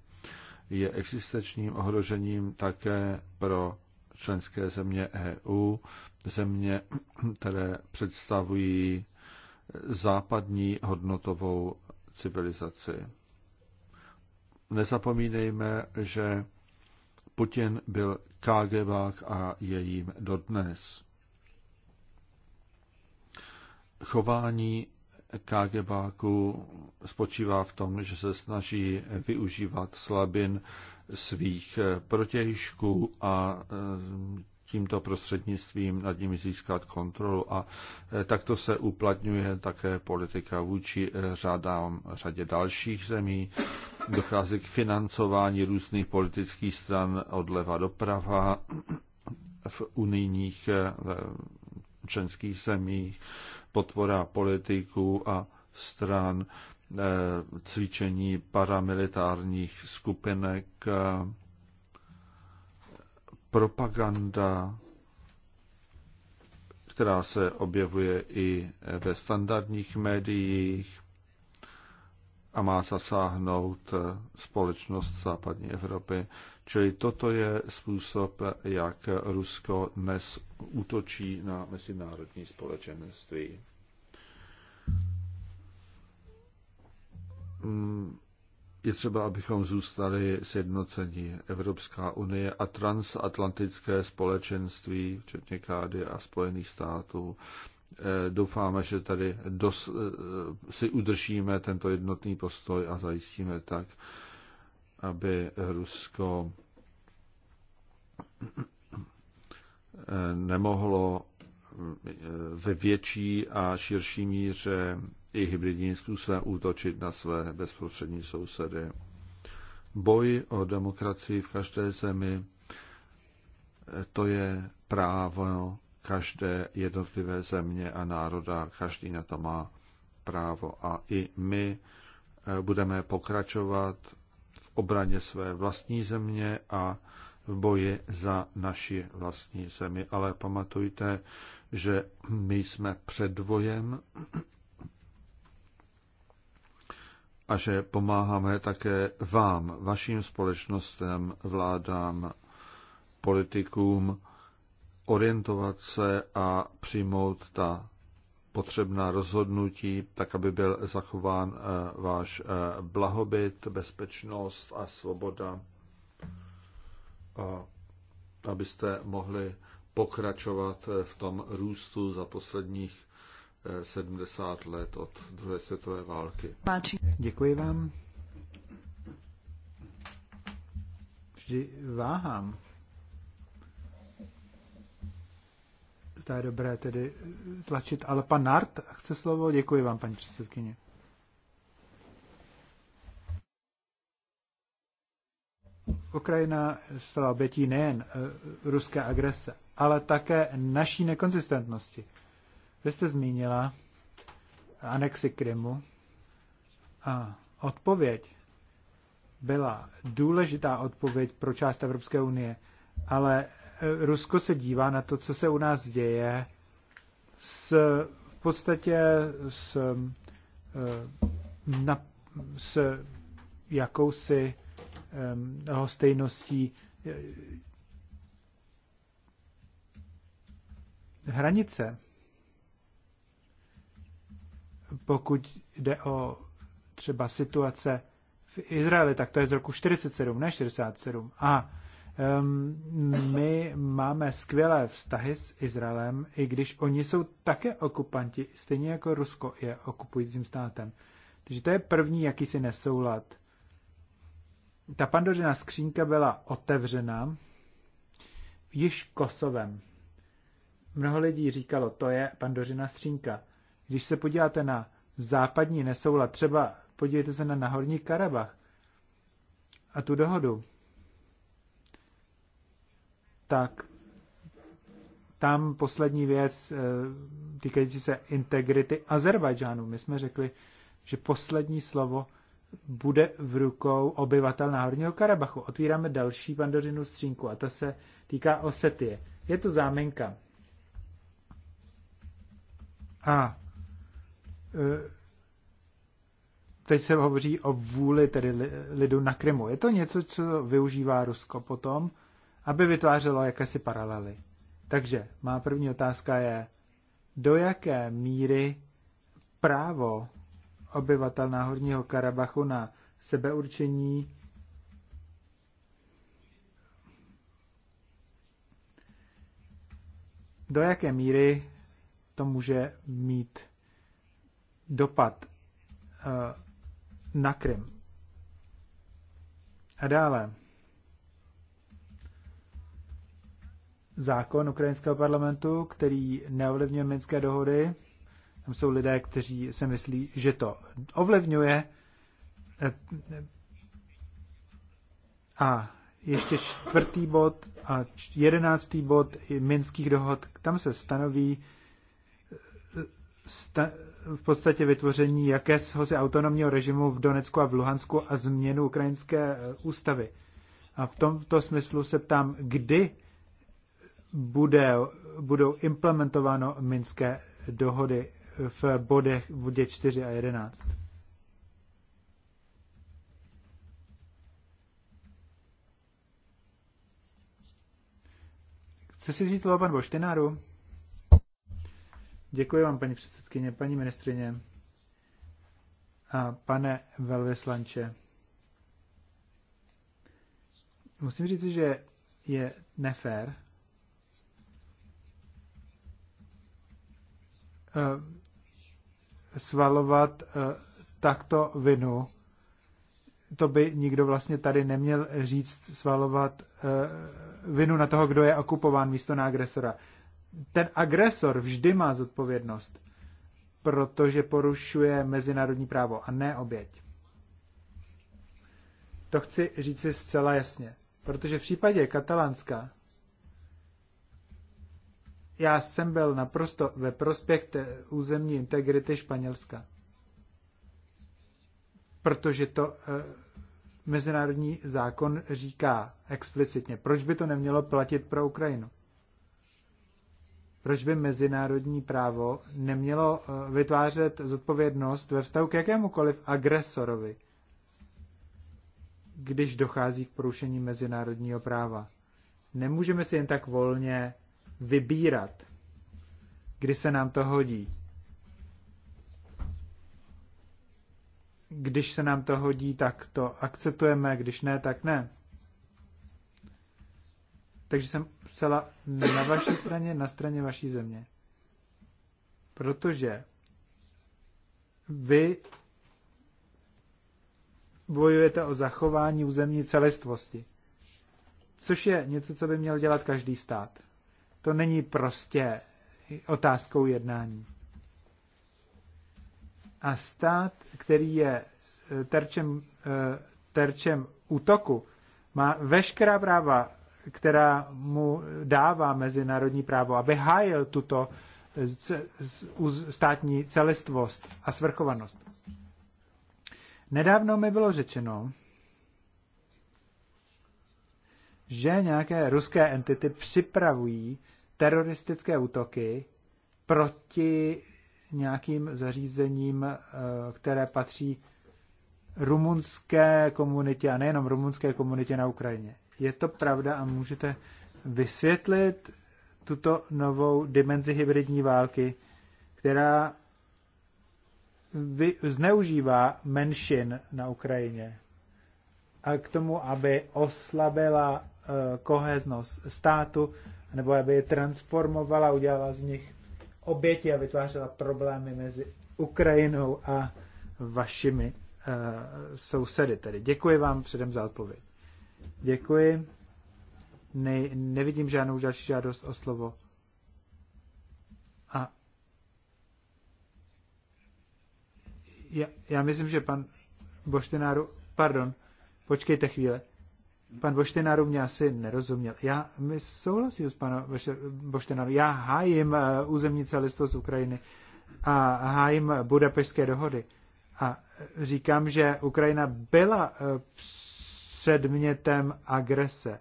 Je existenčním ohrožením také pro členské země EU, země, které představují západní hodnotovou civilizaci. Nezapomínejme, že Putin byl KGBák a je jim dodnes. Chování KGBáku spočívá v tom, že se snaží využívat slabin svých protějšků a eh, tímto prostřednictvím nad nimi získat kontrolu a eh, takto se uplatňuje také politika vůči eh, řadám, řadě dalších zemí. Dochází k financování různých politických stran odleva doprava v unijních členských zemích podpora politiků a stran, eh, cvičení paramilitárních skupinek, eh, propaganda, která se objevuje i ve standardních médiích a má zasáhnout eh, společnost západní Evropy. Čili toto je způsob, jak Rusko dnes útočí na mezinárodní společenství. Mm, je třeba, abychom zůstali sjednocení Evropská unie a transatlantické společenství, včetně Kády a Spojených států. Eh, doufáme, že tady dos, eh, si udržíme tento jednotný postoj a zajistíme tak, aby Rusko nemohlo eh, ve větší a širší míře i hybridním způsobem útočit na své bezprostřední sousedy. Boj o demokracii v každé zemi, eh, to je právo každé jednotlivé země a národa, každý na to má právo. A i my eh, budeme pokračovat v obraně své vlastní země a v boji za naši vlastní zemi. Ale pamatujte, že my jsme před vojem a že pomáháme také vám, vašim společnostem, vládám, politikům orientovat se a přijmout ta potřebná rozhodnutí, tak aby byl zachován eh, váš eh, blahobyt, bezpečnost a svoboda a abyste mohli pokračovat v tom růstu za posledních 70 eh, let od druhé světové války. Děkuji vám. Vždy váhám. Zda je dobré tedy tlačit, ale pan Nart chce slovo. Děkuji vám, paní předsedkyně. Ukrajina stala obětí nejen eh, ruské agrese, ale také naší nekonzistentnosti. Vy jste zmínila anexi Krymu a odpověď byla důležitá odpověď pro část Evropské unie, ale eh, Rusko se dívá na to, co se u nás děje, s, v podstatě s, eh, na, s jakousi Eh, hostejností eh, hranice, pokud jde o třeba situace v Izraeli, tak to je z roku 47, ne 67. A um, my máme skvělé vztahy s Izraelem, i když oni jsou také okupanti, stejně jako Rusko je okupujícím státem. Takže to je první jakýsi nesoulad ta pandořina skřínka byla otevřena již Kosovem. Mnoho lidí říkalo, to je pandořina skřínka. Když se podíváte na západní nesoula, třeba podívejte se na Nahorní Karabach a tu dohodu, tak tam poslední věc eh, týkající se integrity Azerbajdžánu. My jsme řekli, že poslední slovo bude v rukou obyvatel Národního Karabachu. Otvíráme další pandořinu střínku a ta se týká Osetie. Je to zámenka. A e, teď se hovoří o vůli tedy lidu na Krymu. Je to něco, co využívá Rusko potom, aby vytvářelo jakési paralely. Takže má první otázka je, do jaké míry právo obyvatel Náhorního Karabachu na sebeurčení do jaké míry to může mít dopad eh, na Krym. A dále. Zákon ukrajinského parlamentu, který neovlivňuje minské dohody, tam jsou lidé, kteří se myslí, že to ovlivňuje. E, a ještě čtvrtý bod a jedenáctý bod minských dohod, tam se stanoví e, sta- v podstatě vytvoření jakého se autonomního režimu v Donecku a v Luhansku a změnu ukrajinské e, ústavy. A v tomto smyslu se ptám, kdy bude, budou implementováno minské dohody v bodech v bodě 4 a 11. Chce si říct slovo pan Boštenáru? Děkuji vám, paní předsedkyně, paní ministrině a pane velvyslanče. Musím říct, že je nefér, svalovat eh, takto vinu. To by nikdo vlastně tady neměl říct, svalovat eh, vinu na toho, kdo je okupován místo na agresora. Ten agresor vždy má zodpovědnost, protože porušuje mezinárodní právo a ne oběť. To chci říct si zcela jasně, protože v případě Katalánska já jsem byl naprosto ve prospěch té územní integrity Španělska. Protože to e, mezinárodní zákon říká explicitně. Proč by to nemělo platit pro Ukrajinu? Proč by mezinárodní právo nemělo e, vytvářet zodpovědnost ve vztahu k jakémukoliv agresorovi, když dochází k porušení mezinárodního práva? Nemůžeme si jen tak volně vybírat, kdy se nám to hodí. Když se nám to hodí, tak to akceptujeme, když ne, tak ne. Takže jsem celá na vaší straně, na straně vaší země. Protože vy bojujete o zachování územní celistvosti, což je něco, co by měl dělat každý stát. To není prostě otázkou jednání. A stát, který je eh, terčem, eh, terčem útoku, má veškerá práva, která mu dává mezinárodní právo, aby hájil tuto eh, státní celistvost a svrchovanost. Nedávno mi bylo řečeno, že nějaké ruské entity připravují teroristické útoky proti nějakým zařízením, eh, které patří rumunské komunitě a nejenom rumunské komunitě na Ukrajině. Je to pravda a můžete vysvětlit tuto novou dimenzi hybridní války, která vy, zneužívá menšin na Ukrajině a k tomu, aby oslabila uh, koheznost státu nebo aby je transformovala, udělala z nich oběti a vytvářela problémy mezi Ukrajinou a vašimi uh, sousedy. Tedy děkuji vám předem za odpověď. Děkuji. Ne, nevidím žádnou další žádost o slovo. A já, já myslím, že pan Boštenáru, pardon, počkejte chvíli pan Boštenáru mě asi nerozuměl. Já my souhlasím s panem Boštenáru. Já hájím eh, územní celistvost Ukrajiny a hájím budapešské dohody. A říkám, že Ukrajina byla eh, předmětem agrese.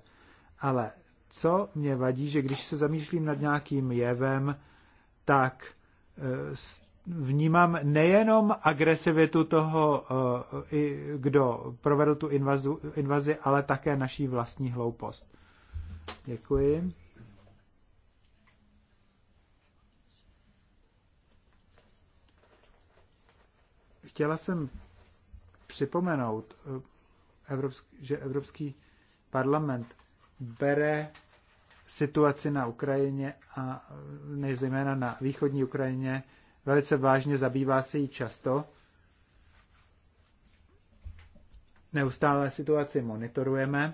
Ale co mě vadí, že když se zamýšlím nad nějakým jevem, tak eh, vnímám nejenom agresivitu toho, eh, kdo provedl tu invazu, invazi, ale také naší vlastní hloupost. Děkuji. Chtěla jsem připomenout, eh, že Evropský parlament bere situaci na Ukrajině a eh, nejzejména na východní Ukrajině velice vážně, zabývá se jí často. Neustále situaci monitorujeme.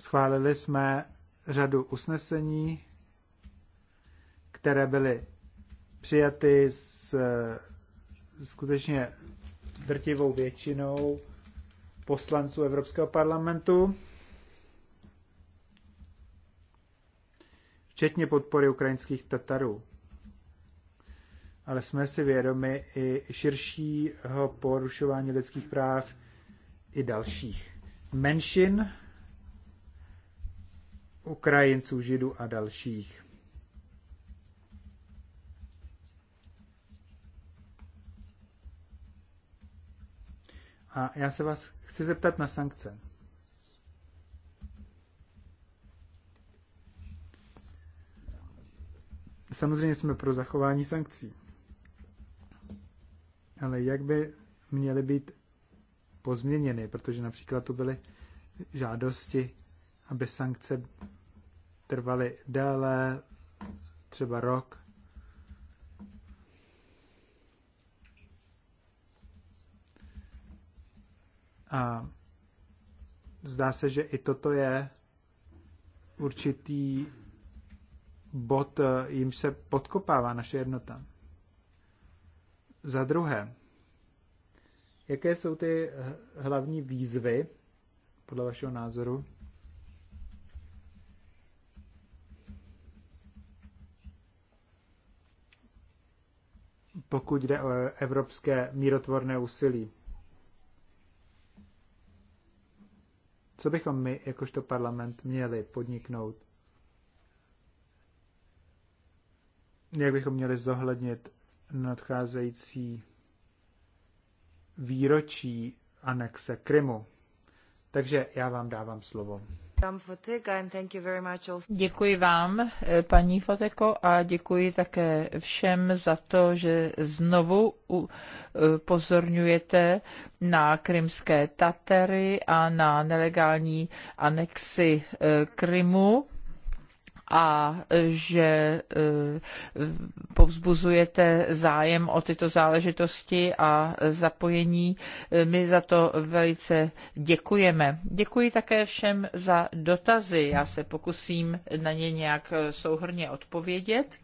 Schválili jsme řadu usnesení, které byly přijaty s eh, skutečně drtivou většinou poslanců Evropského parlamentu. včetně podpory ukrajinských Tatarů. Ale jsme si vědomi i širšího porušování lidských práv i dalších menšin, Ukrajinců, Židů a dalších. A já se vás chci zeptat na sankce. Samozřejmě jsme pro zachování sankcí. Ale jak by měly být pozměněny, protože například tu byly žádosti, aby sankce trvaly déle, třeba rok. A zdá se, že i toto je určitý bod, eh, jim se podkopává naše jednota. Za druhé, jaké jsou ty eh, hlavní výzvy, podle vašeho názoru, pokud jde o evropské mírotvorné úsilí. Co bychom my, jakožto parlament, měli podniknout? jak bychom měli zohlednit nadcházející výročí anexe Krymu. Takže já vám dávám slovo. Děkuji vám, eh, paní Foteko, a děkuji také všem za to, že znovu eh, pozorňujete na krymské Tatery a na nelegální anexi eh, Krymu a že eh, povzbuzujete zájem o tyto záležitosti a zapojení. Eh, my za to velice děkujeme. Děkuji také všem za dotazy. Já se pokusím na ně nějak eh, souhrně odpovědět.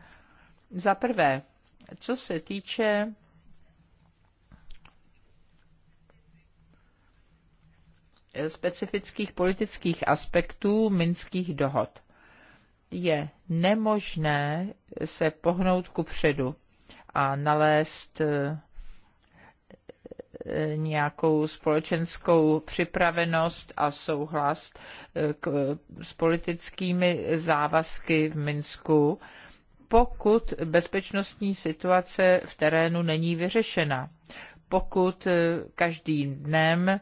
Za prvé, co se týče specifických politických aspektů minských dohod je nemožné se pohnout ku předu a nalézt eh, eh, nějakou společenskou připravenost a souhlas eh, k, s politickými závazky v Minsku, pokud bezpečnostní situace v terénu není vyřešena. Pokud každým dnem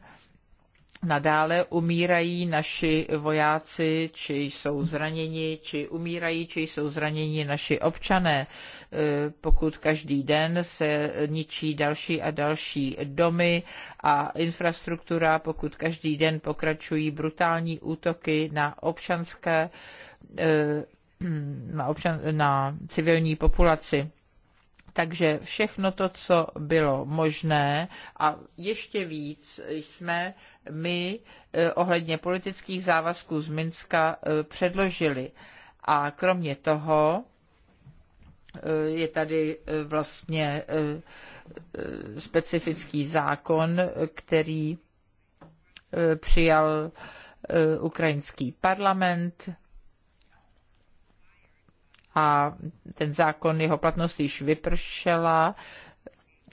Nadále umírají naši vojáci, či jsou zraněni, či umírají, či jsou zraněni naši občané. E, pokud každý den se ničí další a další domy a infrastruktura, pokud každý den pokračují brutální útoky na občanské, e, na, občan, na civilní populaci. Takže všechno to, co bylo možné a ještě víc jsme my eh, ohledně politických závazků z Minska eh, předložili. A kromě toho eh, je tady vlastně specifický zákon, který přijal ukrajinský parlament a ten zákon jeho platnost již vypršela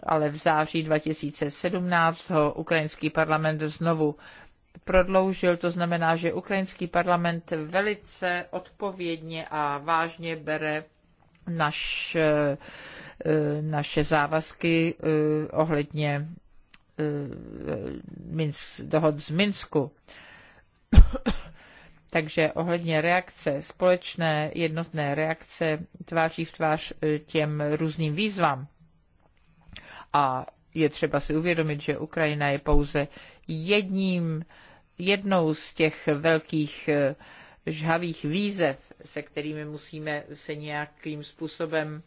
ale v září 2017 ho ukrajinský parlament znovu prodloužil. To znamená, že ukrajinský parlament velice odpovědně a vážně bere naš, eh, eh, naše závazky eh, ohledně dohod z Minsku. Takže ohledně reakce, společné jednotné reakce tváří v tvář těm různým výzvám. A je třeba si uvědomit, že Ukrajina je pouze jedním, jednou z těch velkých eh, žhavých výzev, se kterými musíme se nějakým způsobem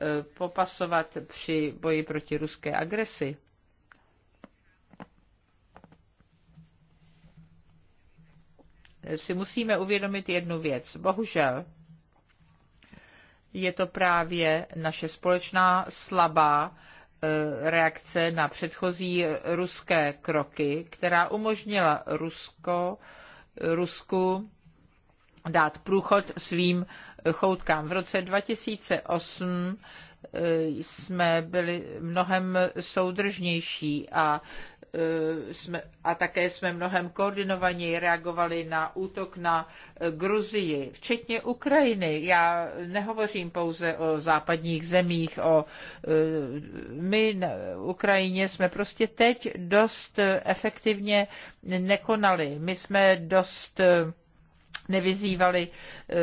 eh, popasovat při boji proti ruské agresi. Si musíme uvědomit jednu věc. Bohužel je to právě naše společná slabá Eh, reakce na předchozí ruské kroky, která umožnila Rusko, Rusku dát průchod svým choutkám. V roce 2008 eh, jsme byli mnohem soudržnější a Eh, jsme, a také jsme mnohem koordinovaněji reagovali na útok na eh, Gruzii, včetně Ukrajiny. Já nehovořím pouze o západních zemích, o eh, my na Ukrajině jsme prostě teď dost efektivně nekonali. My jsme dost nevyzývali eh,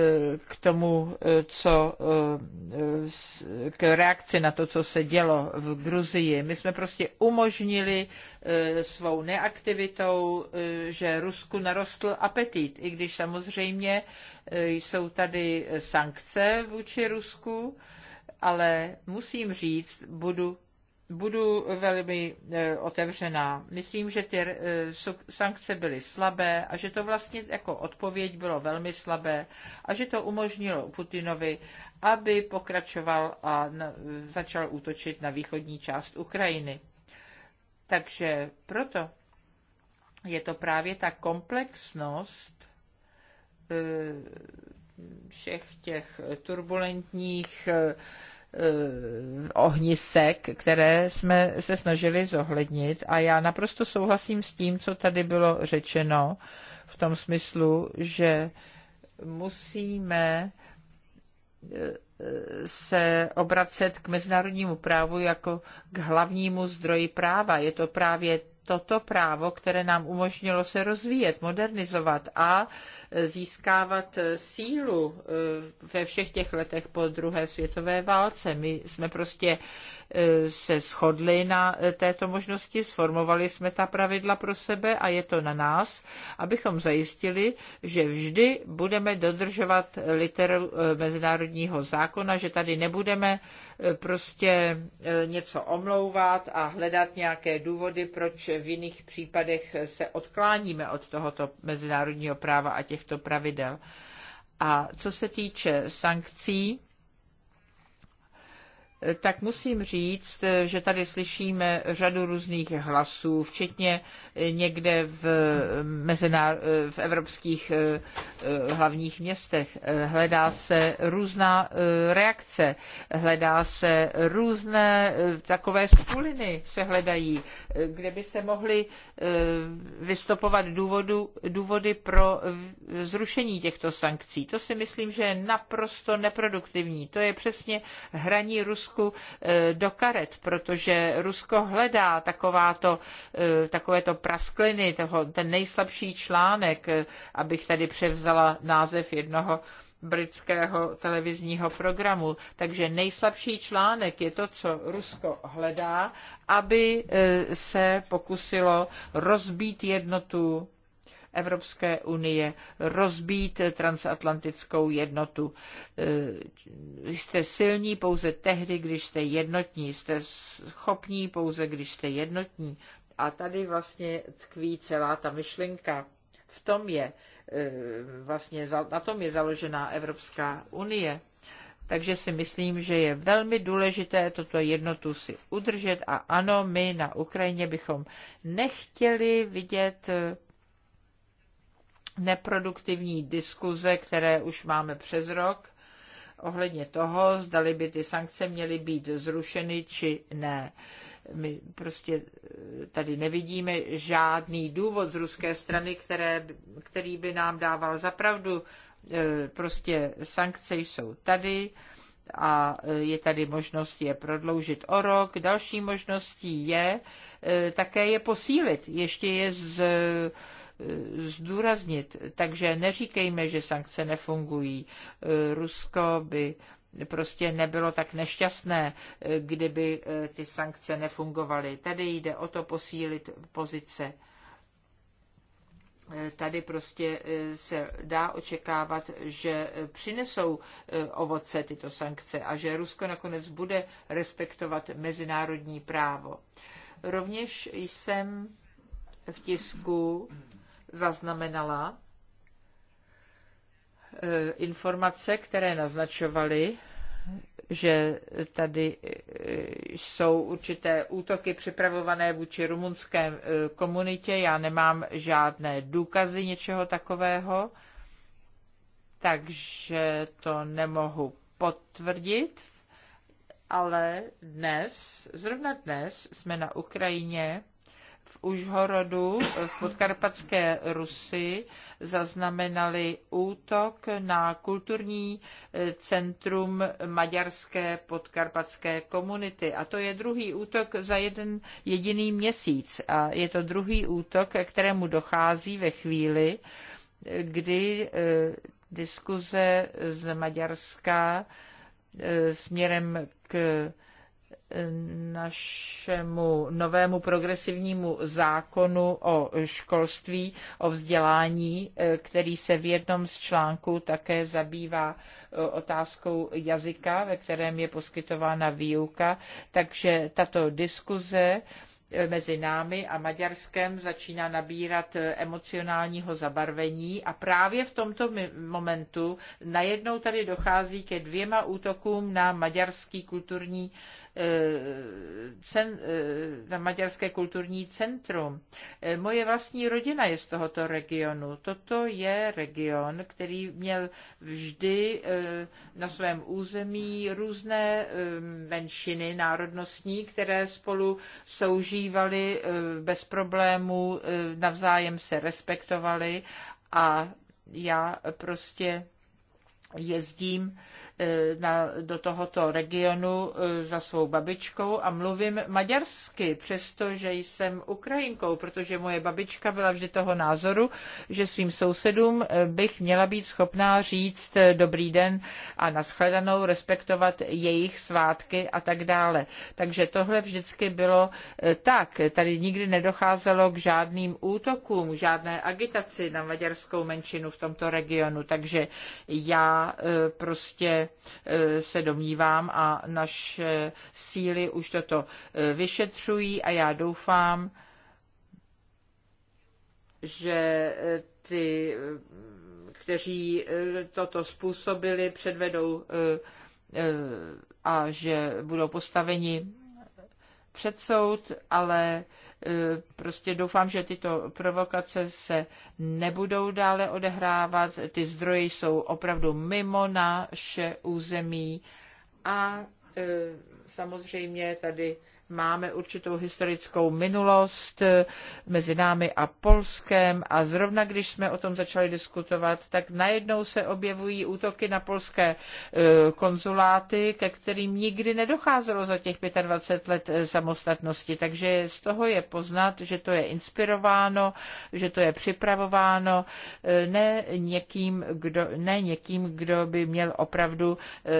k tomu, eh, co, eh, k reakci na to, co se dělo v Gruzii. My jsme prostě umožnili svou neaktivitou, že Rusku narostl apetit, i když samozřejmě jsou tady sankce vůči Rusku, ale musím říct, budu budu velmi eh, otevřená. Myslím, že ty eh, sankce byly slabé a že to vlastně jako odpověď bylo velmi slabé a že to umožnilo Putinovi, aby pokračoval a začal útočit na východní část Ukrajiny. Takže proto je to právě ta komplexnost eh, všech těch turbulentních Eh, ohnisek, které jsme se snažili zohlednit a já naprosto souhlasím s tím, co tady bylo řečeno v tom smyslu, že musíme eh, se obracet k mezinárodnímu právu jako k hlavnímu zdroji práva. Je to právě toto právo, které nám umožnilo se rozvíjet, modernizovat a získávat sílu eh, ve všech těch letech po druhé světové válce. My jsme prostě eh, se shodli na eh, této možnosti, sformovali jsme ta pravidla pro sebe a je to na nás, abychom zajistili, že vždy budeme dodržovat literu mezinárodního zákona, že tady nebudeme Eh, prostě eh, něco omlouvat a hledat nějaké důvody, proč v jiných případech se odkláníme od tohoto mezinárodního práva a těchto pravidel. A co se týče sankcí, tak musím říct, že tady slyšíme řadu různých hlasů, včetně někde v, mezinár, v evropských eh, eh, hlavních městech. Hledá se různá eh, reakce, hledá se různé takové skuliny se hledají, kde by se mohly vystopovat důvodu, důvody pro zrušení těchto sankcí. To si myslím, že je naprosto neproduktivní. To je přesně hraní Ruska Rusku eh, do karet, protože Rusko hledá takováto, eh, takovéto praskliny, toho, ten nejslabší článek, eh, abych tady převzala název jednoho britského televizního programu. Takže nejslabší článek je to, co Rusko hledá, aby se pokusilo rozbít jednotu Evropské unie rozbít transatlantickou jednotu. E, jste silní pouze tehdy, když jste jednotní, jste schopní pouze, když jste jednotní. A tady vlastně tkví celá ta myšlenka. V tom je e, vlastně, na tom je založená Evropská unie. Takže si myslím, že je velmi důležité toto jednotu si udržet a ano, my na Ukrajině bychom nechtěli vidět e, neproduktivní diskuze, které už máme přes rok, ohledně toho, zdali by ty sankce měly být zrušeny či ne. My prostě eh, tady nevidíme žádný důvod z ruské strany, které, který by nám dával zapravdu. Eh, prostě sankce jsou tady a eh, je tady možnost je prodloužit o rok. Další možností je také je posílit. Ještě je z zdůraznit. Takže neříkejme, že sankce nefungují. Rusko by prostě nebylo tak nešťastné, kdyby eh, ty sankce nefungovaly. Tady jde o to posílit pozice. Eh, tady prostě eh, se dá očekávat, že přinesou ovoce tyto sankce a že Rusko nakonec bude respektovat mezinárodní právo. Rovněž jsem v tisku zaznamenala e, informace, které naznačovaly, že tady e, jsou určité útoky připravované vůči rumunské e, komunitě. Já nemám žádné důkazy něčeho takového, takže to nemohu potvrdit. Ale dnes, zrovna dnes, jsme na Ukrajině Užhorodu v podkarpatské Rusy zaznamenali útok na kulturní eh, centrum maďarské podkarpatské komunity. A to je druhý útok za jeden jediný měsíc. A je to druhý útok, kterému dochází ve chvíli, eh, kdy eh, diskuze z Maďarska směrem k našemu novému progresivnímu zákonu o školství, o vzdělání, eh, který se v jednom z článků také zabývá eh, otázkou jazyka, ve kterém je poskytována výuka. Takže tato diskuze eh, mezi námi a Maďarskem začíná nabírat emocionálního zabarvení a právě v tomto momentu najednou tady dochází ke dvěma útokům na maďarský kulturní Eh, cen, eh, na Maďarské kulturní centrum. Eh, moje vlastní rodina je z tohoto regionu. Toto je region, který měl vždy na svém území různé menšiny národnostní, které spolu soužívaly bez problémů, navzájem se respektovaly a já prostě jezdím Eh, na, do tohoto regionu eh, za svou babičkou a mluvím maďarsky, přestože jsem Ukrajinkou, protože moje babička byla vždy toho názoru, že svým sousedům eh, bych měla být schopná říct dobrý den a nashledanou, respektovat jejich svátky a tak dále. Takže tohle vždycky bylo tak. Tady nikdy nedocházelo k žádným útokům, žádné agitaci na maďarskou menšinu v tomto regionu. Takže já prostě se domnívám a naše síly už toto e, vyšetřují a já doufám, že e, ty, e, kteří toto způsobili, předvedou a že budou postaveni před soud, ale E, prostě doufám, že tyto provokace se nebudou dále odehrávat. Ty zdroje jsou opravdu mimo naše území a e, samozřejmě tady máme určitou historickou minulost mezi námi a Polskem a zrovna když jsme o tom začali diskutovat, tak najednou se objevují útoky na polské e, konzuláty, ke kterým nikdy nedocházelo za těch 25 let e, samostatnosti. Takže z toho je poznat, že to je inspirováno, že to je připravováno e, ne někým, kdo, ne někým, kdo by měl opravdu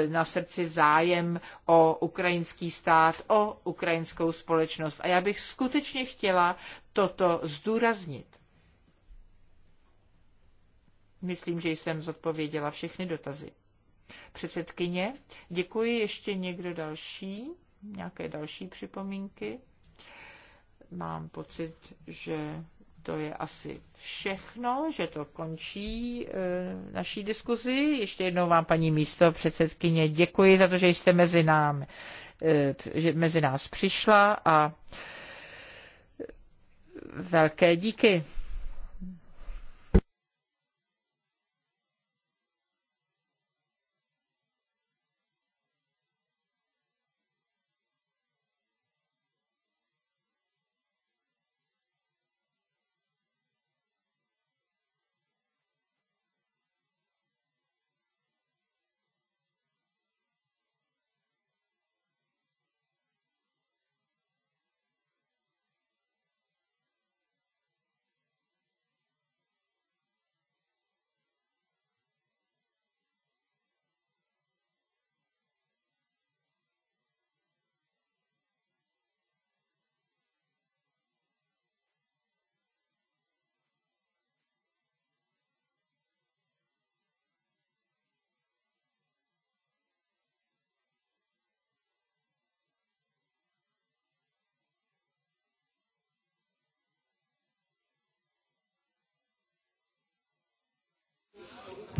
na srdci zájem o ukrajinský stát, o ukrajinský ukrajinskou společnost. A já bych skutečně chtěla toto zdůraznit. Myslím, že jsem zodpověděla všechny dotazy. Předsedkyně, děkuji. Ještě někdo další? Nějaké další připomínky? Mám pocit, že to je asi všechno, že to končí e, naší diskuzi. Ještě jednou vám, paní místo předsedkyně, děkuji za to, že jste mezi námi. Eh, že mezi nás přišla a velké díky.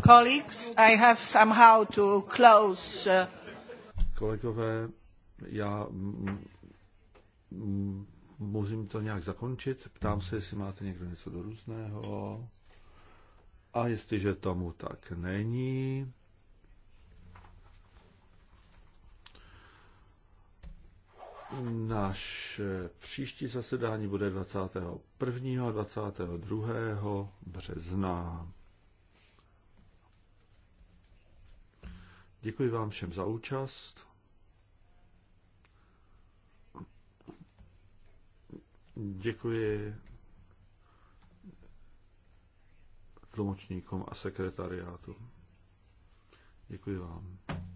Uh, Kolegové, já musím to nějak zakončit. Ptám se, jestli máte někdo něco do různého. A jestliže tomu tak není, Náš příští zasedání bude 21. a 22. března. Děkuji vám všem za účast. Děkuji tlumočníkům a sekretariátu. Děkuji vám.